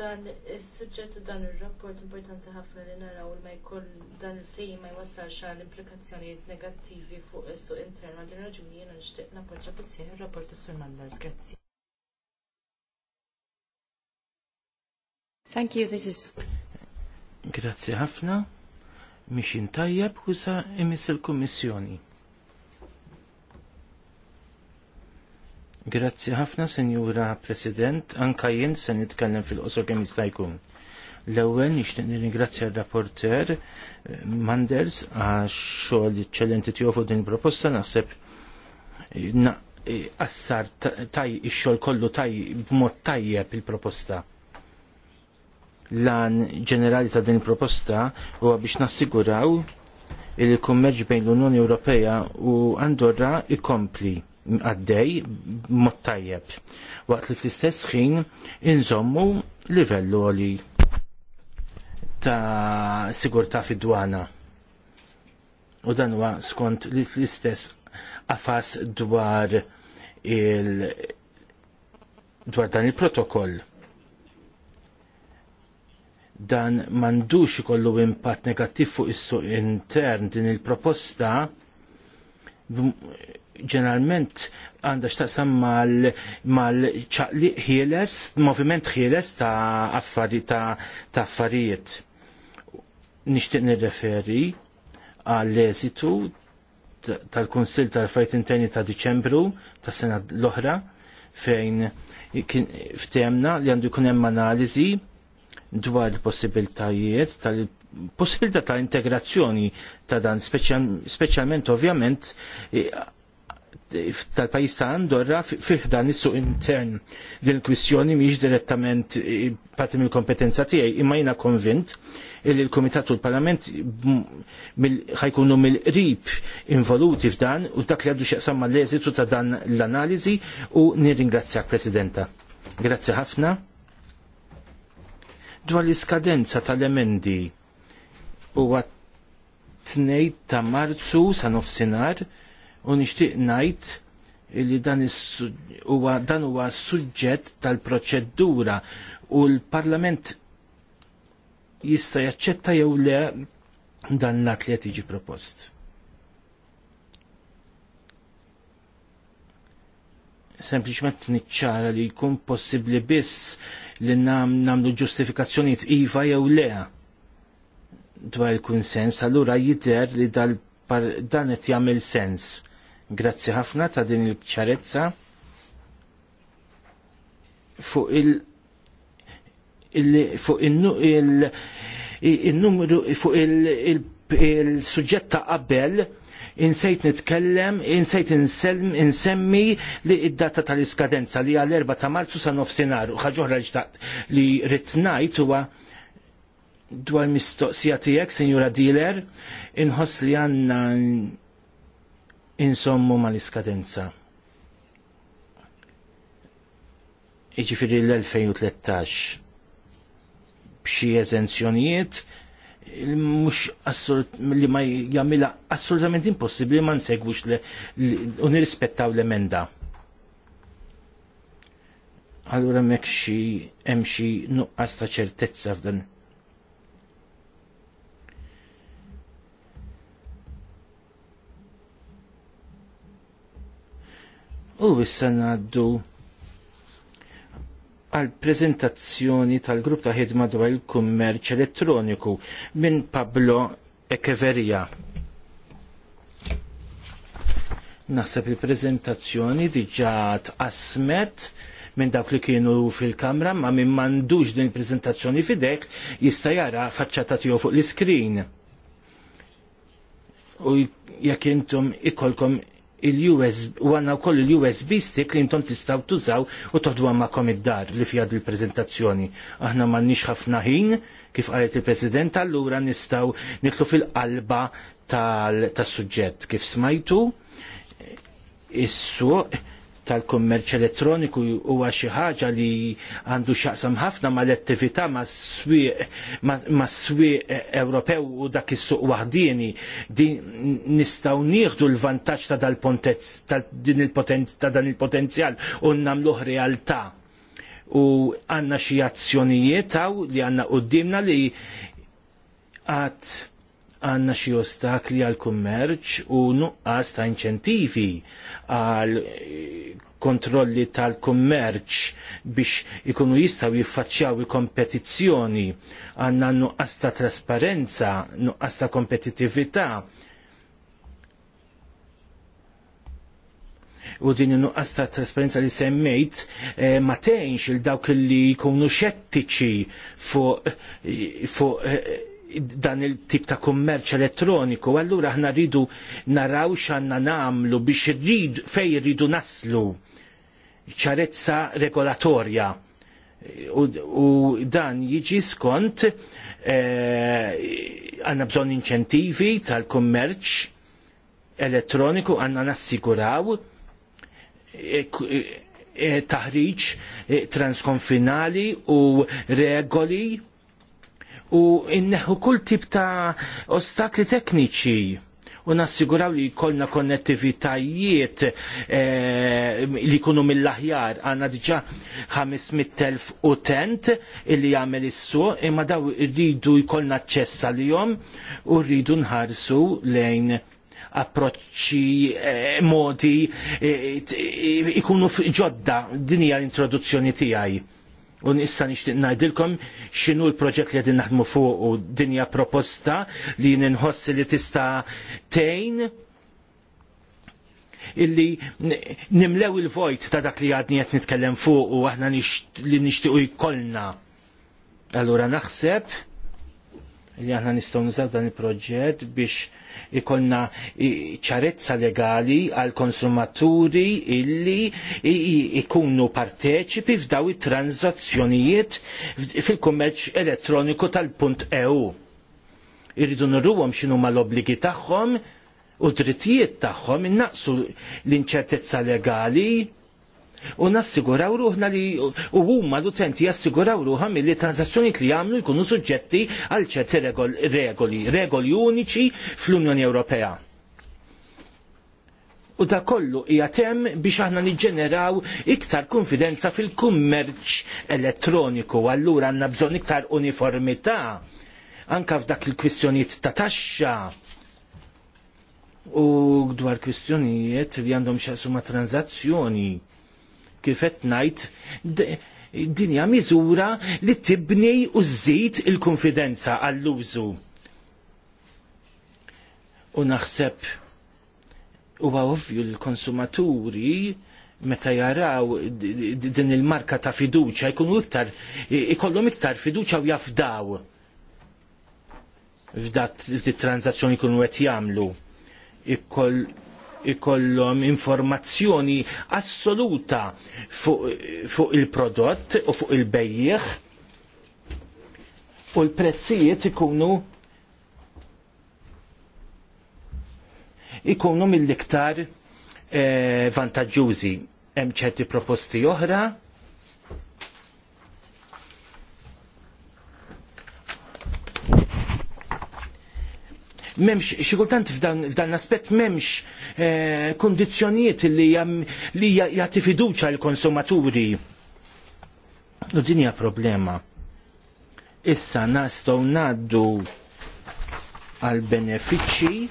dan is-suġġett u dan ir-rapport importanti ħafna li naraw ma jkoll dan il-ftehim ma jwassalx għal implikazzjonijiet negattivi fuq is-suq intern għal din raġuni jiena nixtieq nappoġġa bissieħ ir-rapport is-Sur Grazzi. Thank you, this is... Grazzi ħafna miex intajjeb u sa imis il-Kummissjoni. Grazzi ħafna, Senjura President, anka jien se nitkellem fil-qosor kemm jista' jkun. L-ewwel nixtieq nirringrazzja r-rapporter eh, Manders għax xogħol iċċellenti tiegħu fuq din il-proposta naħseb eh, eh, assar taj ix-xogħol kollu taj b'mod tajjeb il-proposta lan ġenerali ta' din proposta huwa biex nassiguraw il-kummerġ bejn l-Unjoni Ewropea u Andorra ikompli għaddej mod tajjeb. Waqt li fl-istess ħin inżommu livellu għoli ta' sigurtà fid-dwana. U dan huwa skont l-istess qafas dwar il dwar dan il-protokoll dan mandux ikollu impatt negattiv fuq is-suq intern din il-proposta ġeneralment għandha x'taqsam mal-ċaqli ħieles, moviment ħieles ta' affari ta' affarijiet. Nixtieq nirreferi għall-eżitu tal kunsill tal affarijiet Interni ta' Diċembru ta' sena l-oħra fejn ftemna li għandu jkun hemm analiżi dwar il-possibiltajiet tal possibilità ta' integrazzjoni ta' dan, speċjalment ovvjament tal-pajis ta' Andorra fiħda is-suq intern din kwistjoni miex direttament eh, parti mill kompetenza tiegħi imma jiena konvint li l-Kumitat u l-Parlament ħajkunu mill-qrib involuti f'dan u dak li għaddu x'jaqsam mal-eżitu ta' dan l-analiżi u nirringrazzjak Presidenta. Grazzi ħafna. Dwar l-iskadenza tal-emendi huwa 2 ta' Marzu sa' nofsinhar u nixtieq ngħid li dan huwa dan huwa suġġett tal-proċedura u l-Parlament jista' jaċċetta jew le dan l-att li qed jiġi propost. Sempliċement niċċara li jkun possibbli biss li nam namlu ġustifikazzjonijiet iva jew le dwar il-kunsens, allura jidher li dal dan qed jagħmel sens. Grazzi ħafna ta' din il-ċarezza fuq il- fuq il-numru fuq il-suġġett ta' qabel insejt nitkellem, insejt insemmi li id-data tal-iskadenza li għall-4 ta' marzu sa' nofsinar u ħagħuħra ġdaqt li ritnajt huwa dwar mistoqsija tiegħek, Sinjura Dealer, inħoss li għandna insommu mal-iskadenza. Iġifiri l-2013 b'xi eżenzjonijiet mux li ma jamila assolutament impossibli ma nsegwux u nirrispettaw l-emenda. Allura mek xi hemm xi nuqqas ta' ċertezza f'dan U issa ngħaddu għal prezentazzjoni tal-grupp ta' ħidma dwar il-kummerċ elettroniku minn Pablo Echeverija. Naħseb il-prezentazzjoni diġà tqasmet minn dawk li kienu fil-kamra ma minn mandux din il-prezentazzjoni fidek jista' jara faċċata tiegħu fuq l-iskrin. U jekk intom ikolkom il-USB, u għanna u koll il-USB stick li jintom tistaw tużaw u toħdu għammakom id-dar li fjad il-prezentazzjoni. Aħna ma nix ħafna ħin, kif għalet il-President, allura nistaw nitlu fil-qalba tal-sujġet. Kif smajtu, issu tal-kummerċ elettroniku huwa xi ħaġa li għandu x'aqsam ħafna mal-attività mas-swieq Ewropew u dak is-suq waħdieni din nistgħu nieħdu l-vantaġġ ta' dan il-potenzjal u nagħmlu realtà u għanna xi azzjonijiet għaw li għanna qoddimna li għat għanna xi ostakli għal kummerċ u nuqqas ta' inċentivi għal eh, kontrolli tal-kummerċ biex ikunu jistaw jiffaċċjaw il-kompetizzjoni għanna nuqqas ta' trasparenza, nuqqas ta' kompetitività. u din nuqqas ta' trasparenza li semmejt e, ma tgħinx il dawk li jkunu xettiċi fuq eh, fu, e, dan il-tip ta' kummerċ elettroniku, allura aħna rridu naraw x'għandna nagħmlu biex rrid fejn rridu naslu ċarezza regolatorja. U, u dan jiġi skont eh, għandna e, bżonn inċentivi tal-kummerċ elettroniku għandna nassiguraw e, e, taħriġ transkonfinali u regoli u inneħu kull tip ta' ostakli tekniċi u nassiguraw li jkollna konnettivitajiet eh, li jkunu mill-aħjar għanna diġa 500.000 utent illi jagħmel issu imma daw rridu jkollna aċċess għalihom u rridu nħarsu lejn approċċi eh, modi eh, ikunu ġodda din hija l-introduzzjoni tiegħi u issa nixtieq ngħidilkom x'inhu l-proġett li qegħdin naħdmu fuq u dinja proposta li ninħossi li tista' tgħin illi nimlew il-vojt ta' dak li għadni qed nitkellem fuq u aħna li nixtiequ jkollna. Allura naħseb li aħna nistgħu nużaw dan il-proġett biex ikollna ċarezza legali għal konsumaturi illi ikunu parteċipi f'daw it-transazzjonijiet fil-kummerċ elettroniku tal-punt EU. Irridu xinu ma l obbligi tagħhom u drittijiet tagħhom innaqsu l-inċertezza legali u nassiguraw ruħna li u huma l-utenti jassiguraw ruħam li transazzjoni li jagħmlu jkunu suġġetti għal ċerti regoli, regoli uniċi fl-Unjoni Ewropea. U da kollu hija temm biex aħna niġġeneraw iktar konfidenza fil-kummerċ elettroniku, allura għandna bżonn iktar uniformità anka f'dak il-kwistjonijiet ta' taxxa u dwar kwistjonijiet li għandhom xaqsu ma' tranzazzjoni kifet najt dinja miżura li tibni u żżid il-konfidenza għall-użu. U naħseb huwa ovvju l-konsumaturi meta jaraw din il-marka ta' fiduċa jkunu iktar ikollhom iktar fiduċa u jafdaw f'dat tranzazzjoni jkunu qed jagħmlu. jamlu ikollhom informazzjoni assoluta fuq fu il-prodott u fuq il-bejjeħ u l-prezzijiet ikunu ikunu mill-iktar eh, vantaġġużi. Hemm ċerti proposti oħra memx xikultant f'dan l-aspett memx eh, kondizjoniet li li jagħti fiduċa l-konsumaturi. U din hija problema. Issa nastgħu ngħaddu għal benefiċċji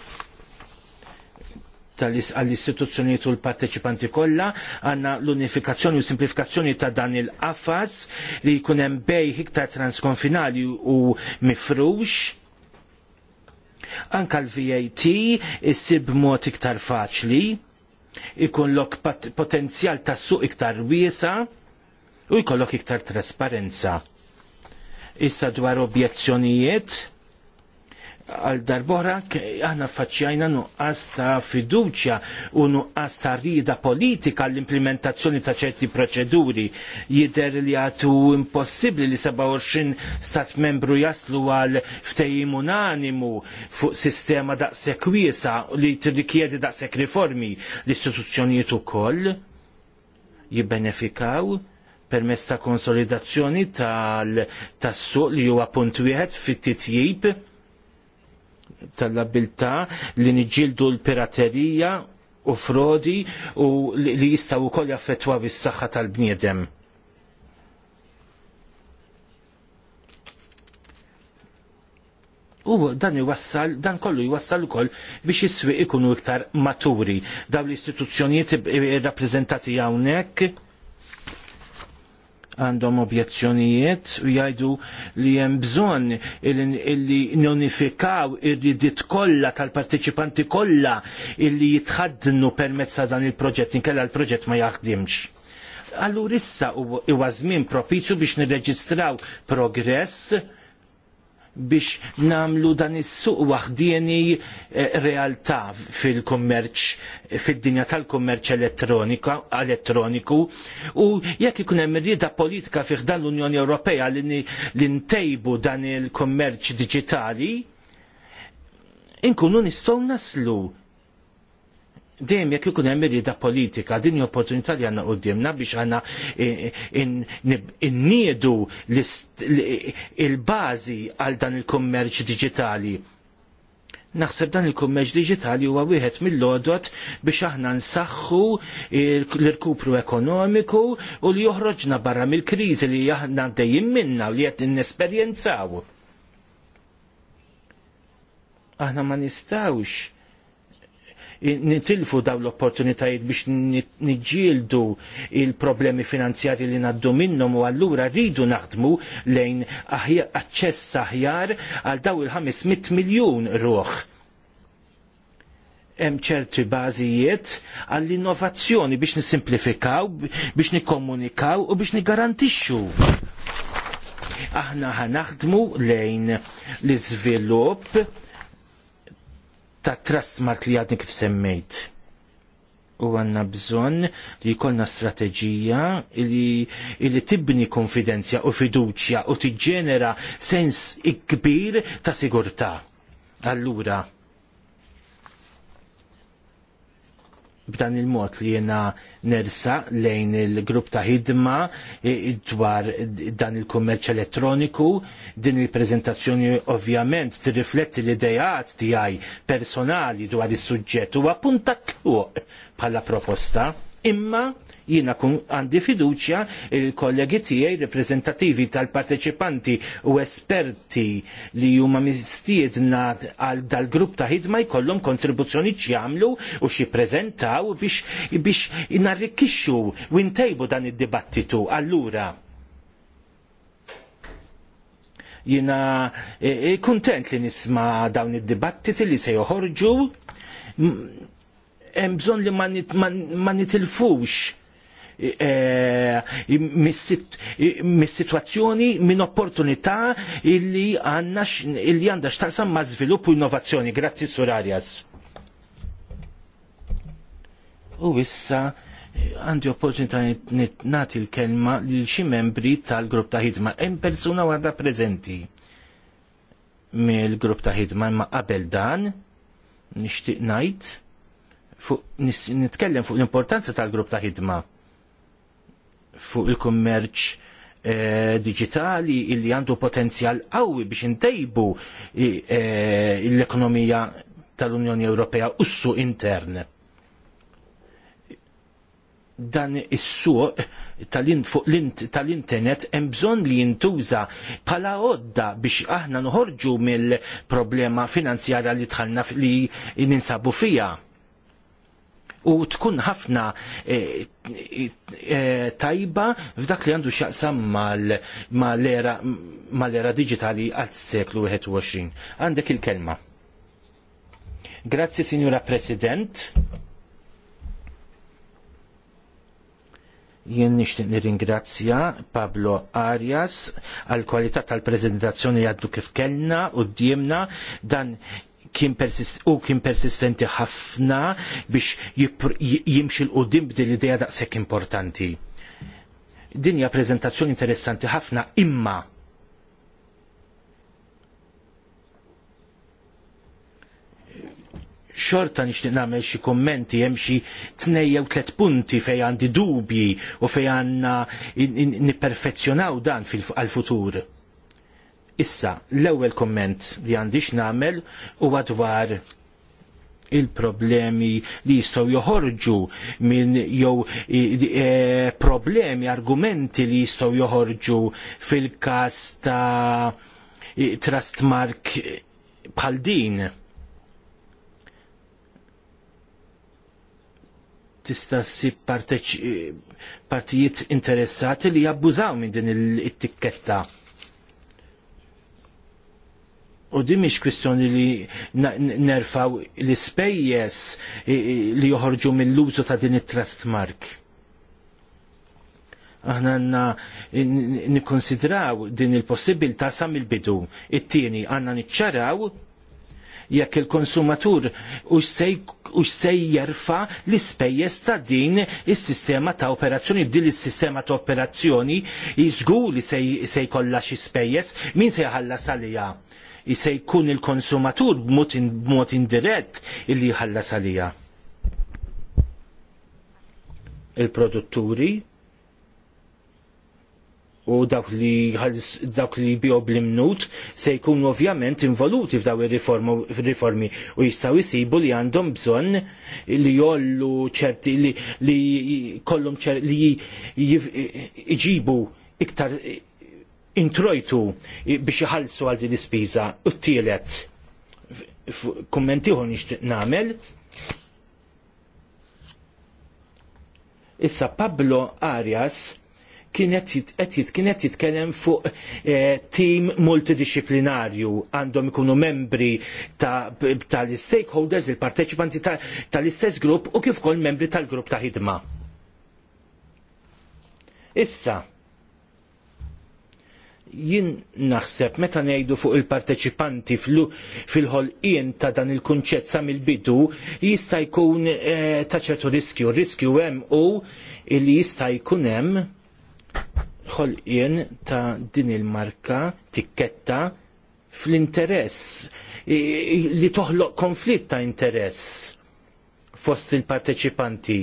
tal-istituzzjoniet u l-parteċipanti kollha għandna l-unifikazzjoni u simplifikazzjoni ta' dan il-qafas li jkun hemm bej iktar transkonfinali u mifrux Anka l-VAT issib mod iktar faċli, ikollok potenzjal ta' suq iktar wiesa u jkollok iktar trasparenza. Issa dwar objezzjonijiet, għal darbora aħna faċċjajna nuqqas ta' fiduċja u nuqqas ta' rida politika l-implementazzjoni ta' ċerti proċeduri jider li għatu impossibli li 27 stat membru jaslu għal ftejim unanimu fuq sistema da' sekwisa li tirrikjedi da' sek riformi l-istituzzjonijiet u koll jibbenefikaw permesta ta' konsolidazzjoni tal-suq li huwa punt wieħed fit-titjib tal-abilta li niġġieldu l-piraterija u frodi u li jistgħu wkoll jaffettwa bis-saħħa tal-bniedem. U dan jwassal, dan kollu jwassal ukoll biex is-swieq ikunu iktar maturi. Dawn l-istituzzjonijiet rappreżentati hawnhekk għandhom objezzjonijiet u jgħidu li hemm bżonn illi nonifikaw ir-ridiet kollha tal-partiċipanti kollha illi jitħaddnu permezz ta' dan il-proġett inkella l-proġett ma jaħdimx. Allura issa huwa żmien propizju biex nirreġistraw progress biex namlu dan is-suq waħdieni eh, realtà fil-kummerċ fid-dinja tal-kummerċ elettroniku u jekk ikun hemm rieda politika fih dan l-Unjoni Ewropea li ntejbu dan il-kummerċ diġitali inkunu nistgħu naslu dejjem jekk ikun hemm irrida politika din opportunità li għandna qudiemna biex għandna eh, eh, inniedu il-bażi għal dan il-kummerċ diġitali. Naħseb dan il-kummerċ diġitali huwa wieħed mill-lodot biex aħna nsaħħu l-irkupru ekonomiku u li joħroġna barra mill-kriżi li aħna dejjem minna u li qed nesperjenzaw. Aħna ma nistawx nitilfu daw l-opportunitajiet biex niġġieldu il-problemi finanzjari li naddu minnhom u allura rridu naħdmu lejn aċċess aħjar għal daw il-500 miljun ruħ hemm ċerti bażijiet għall-innovazzjoni biex nisimplifikaw, biex nikkomunikaw u biex nigarantixxu aħna ħanaħdmu lejn l-iżvilupp ta' trust mark li għadni kif semmejt. U għanna bżon li jkollna strateġija li tibni konfidenzja u fiduċja u tiġġenera sens ikbir ta' sigurtà. Allura, b'dan il-mod li jena nersa lejn il-grupp ta' ħidma dwar dan il-kummerċ elettroniku, din il-prezentazzjoni ovvjament tirrifletti l-idejat tiegħi personali dwar is-suġġett huwa punta tluq bħala proposta, imma Jiena għandi fiduċja il-kollegi tiegħi reprezentativi tal-parteċipanti u esperti li huma mistiedna għal dal-grupp ta' ħidma jkollhom kontribuzzjoni ċjamlu u xi prezentaw biex biex inarrikkixxu u ntejbu dan id-dibattitu. Allura, jina e, e, kontent li nisma dawn id-dibattiti li se joħorġu hemm bżonn li ma nitilfux E, mis-situazzjoni minn opportunità illi għandna illi għandha x'taqsam ma' żvilupp u innovazzjoni. Grazzi Sur Arias. U issa għandi opportunità nagħti l-kelma lil xi membri tal-grupp ta' ħidma hemm persuna għadha preżenti mill-grupp ta' ħidma imma qabel dan nixtieq ngħid nitkellem fuq l-importanza tal-grupp ta' ħidma fuq il-kummerċ eh, digitali illi għandu potenzjal qawwi biex intejbu eh, l-ekonomija tal-Unjoni Ewropea u s suq intern. Dan is-suq tal-internet tal hemm bżonn li jintuża bħala għodda biex aħna nħorġu mill-problema finanzjarja li tħallna li ninsabu fija u tkun ħafna eh, eh, tajba f'dak li għandu xaqsam mal-era digitali għal-seklu 21. Għandek il-kelma. Grazzi, Signora President. jien nixtieq nirringrazzja Pablo Arias għal kwalità tal-preżentazzjoni għaddu kif kellna u d dan u kien persistenti ħafna biex jimxi l-qudiem b'din l-idea daqshekk importanti. Din hija preżentazzjoni interessanti ħafna imma xorta nixtieq nagħmel xi kummenti hemm xi tnejja u tliet punti fejn għandi dubji u fejn għandna nipperfezzjonaw dan għall futur Issa, l-ewwel komment li għandix nagħmel huwa dwar il-problemi li jistgħu joħorġu minn jew e, problemi, argumenti li jistgħu joħorġu fil-każ ta' trustmark bħal din. tista' ssib partijiet interessati li jabbużaw minn din it-tikketta u di miex kwistjoni li nerfaw l-ispejjeż li joħorġu mill-użu ta' din it-trust mark. Aħna għanna nikkonsidraw din il-possibilità sa mill-bidu. It-tieni għanna niċċaraw jekk il-konsumatur u xsej jerfa l-ispejjeż ta' din is-sistema ta' operazzjoni din is-sistema ta' operazzjoni jizgu li se jkollha xi spejjeż min se jħallas għaliha se jkun il-konsumatur b'mod indirett illi jħallas għalija. Il-produtturi u dawk li dawk li biju bl-imnut se jkunu ovvjament involuti f'daw ir-riformi u jistgħu jsibu li għandhom bżonn li jollu ċerti li kollhom li jġibu iktar introjtu biex iħallsu għal din ispiża u t-tielet kommentiħu nix nixtieq nagħmel. Issa Pablo Arias kienet jitkellem fuq team eh, tim multidisciplinarju għandhom ikunu membri tal-stakeholders, il-parteċipanti tal-istess grupp u kif kol membri tal-grupp ta' ħidma. Issa, jien naħseb meta ngħidu fuq il-parteċipanti fil-ħolqien ta' dan il-kunċett sa mill-bidu jista' jkun eh, ta' ċertu riskju. Riskju hemm u li jista' jkun hemm ħolqien ta' din il-marka tikketta fl-interess li toħloq konflitt ta' interess fost il-parteċipanti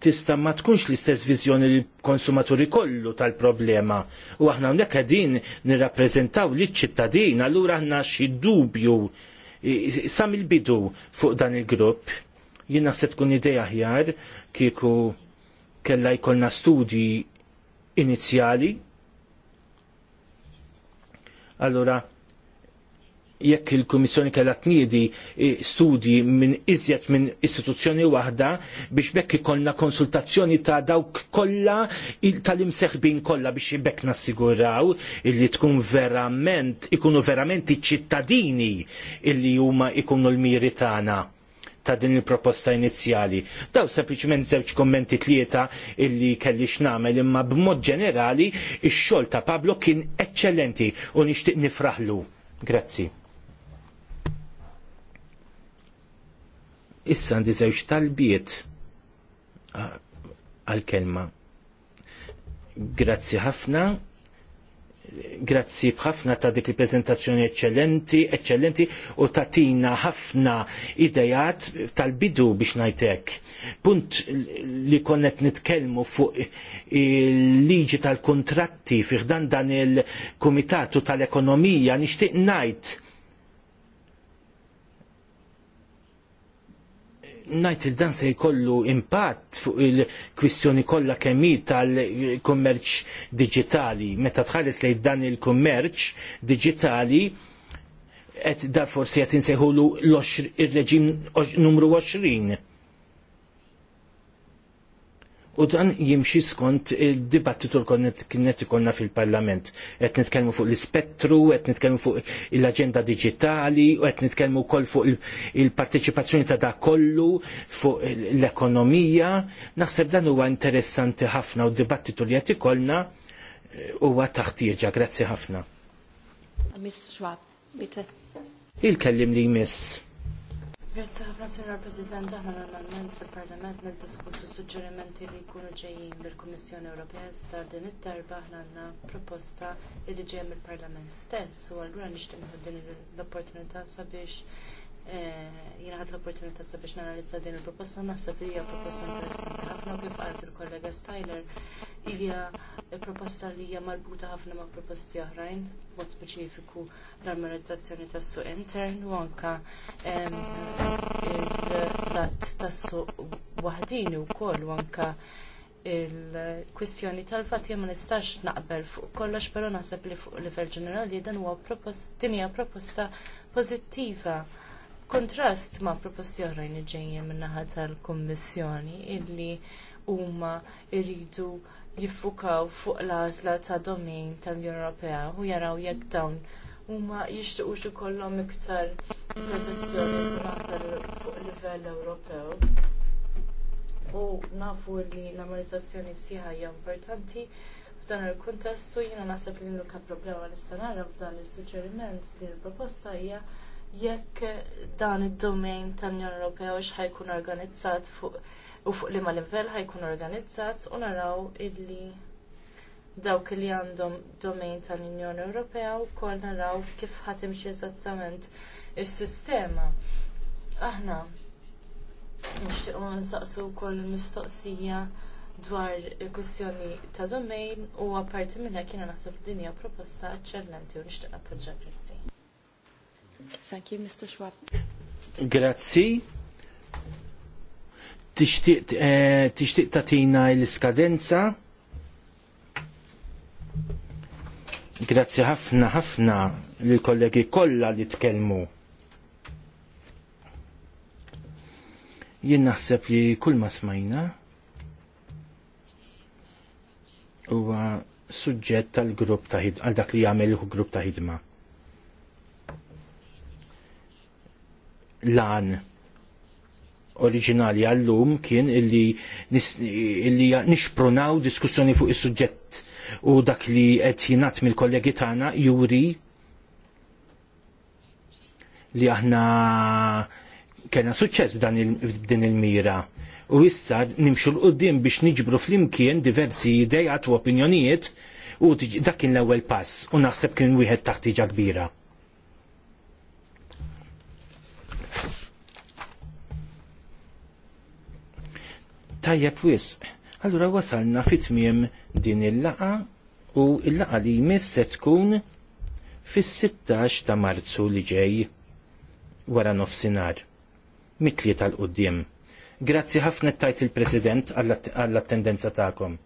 tista ma tkunx l-istess viżjoni li konsumaturi kollu tal-problema. U aħna hawnhekk qegħdin nirrappreżentaw liċ ċittadin allura aħna xi dubju sam il-bidu fuq dan il-grupp. Jien naħseb tkun idea aħjar kieku kellha jkollna studji inizjali. Allura jekk il-Kummissjoni kellha tniedi eh, studji minn iżjed minn istituzzjoni waħda biex bekk ikollna konsultazzjoni ta' dawk kollha tal-imseħbin kollha biex bekk nassiguraw illi tkun verament ikunu verament iċ-ċittadini illi huma ikunu l-miri tagħna ta' din il-proposta inizjali. Daw sempliċement żewġ kommenti tlieta illi kelli x'namel imma b'mod ġenerali ix-xogħol ta' Pablo kien eċċellenti u nixtieq nifraħlu. Grazzi. Issa għandi żewġ talbiet għal-kelma. Grazzi ħafna grazzi bħafna ta' dik il-prezentazzjoni eccellenti, eccellenti u tatina ħafna idejat tal-bidu biex najtek. Punt li konnet nitkelmu fuq il-liġi tal-kontratti fiħdan dan il-Komitatu tal-Ekonomija nixtieq najt najt il-dan se jkollu impatt fuq il-kwistjoni kollha kemm tal-kummerċ digitali. Meta tħares lejn dan il-kummerċ digitali qed da forsi qed insejħulu l-reġim numru 20 u dan jimxi skont il-dibattitu l-konnet kienet ikonna fil-parlament. Qed nitkellmu fuq l-ispettru, qed nitkellmu fuq l-aġenda digitali, u qed nitkellmu wkoll fuq il-parteċipazzjoni ta' da kollu, fuq l-ekonomija. Naħseb dan huwa interessanti ħafna u d-dibattitu li qed ikollna eh, huwa taħtieġa. Grazzi ħafna. Mr. Schwab, bitte. Il-kellim li jmiss. Grazzi ħafna Signor President, aħna normalment fil-Parlament niddiskutu suġġerimenti li jkunu ġejjin mill-Kummissjoni Ewropea iżda din it darba aħna għandna proposta li ġejja mill-Parlament stess u allura nixtieq din l-opportunità sabiex Eh, jiena ħad l-opportunità sabiex nanalizza din il-proposta naħseb li hija proposta interessanti ħafna u kif qalet il-kollega Styler hija proposta li hija marbuta ħafna ma' proposti oħrajn mod speċifiku l-armonizzazzjoni tas-suq intern u anke il-lat tas-suq waħdini wkoll u anke il-kwistjoni tal-fatt ma nistax naqbel fuq kollox, però naħseb li fuq livell ġenerali dan huwa proposta, hija proposta pożittiva kontrast ma' proposti oħrajn li ġejjin min-naħa tal-Kummissjoni illi huma jridu jiffukaw fuq l-għażla ta' domin tal-Unjoni Ewropea u jaraw jekk dawn huma xi ikollhom iktar protezzjoni aktar fuq livell Ewropew. U nafu li l-ammonizzazzjoni sieħa hija importanti f'dan il u jiena naħseb li l-unika problema nista' nara f'dan is-suġġeriment f'din il-proposta hija jekk eh, dan id-domain tal-Unjoni Ewropea u ħajkun organizzat fuq u fuq liema livell ħajkun organizzat u naraw illi dawk li għandhom domain tal-Unjoni Ewropea wkoll naraw kif ħatimxi eżattament is-sistema. Aħna nixtiequ nsaqsu wkoll mistoqsija dwar il-kwistjoni ta' domain u apparti minna kiena naħseb dinja proposta eċċellenti u nixtieq appoġġa grazzi. Thank you, Mr. Schwab. Grazzi. Eh, tixtieq tatina l-iskadenza. Grazzi ħafna ħafna lill kollegi kollha li tkellmu. Jien naħseb li kull ma smajna huwa suġġett tal-grupp ta' għal dak li jagħmel grupp ta' ħidma. lan oriġinali għallum kien illi, illi nixpronaw diskussjoni fuq is-suġġett u dak li qed jingħat mill-kollegi tagħna juri li aħna kena suċċess b'din il-mira. U issa nimxu l-qoddim biex niġbru fl-imkien diversi idejat u opinjonijiet u dak kien l-ewwel pass u naħseb kien wieħed taħtiġa kbira. tajjeb wisq. Allura wasalna fit-tmiem din il-laqa u il-laqa li jmiss se tkun fis-16 ta' Marzu li ġej wara nofsinhar. Mitli tal-qudiem. Grazzi ħafna tajt il-President għall-attendenza ta'kom.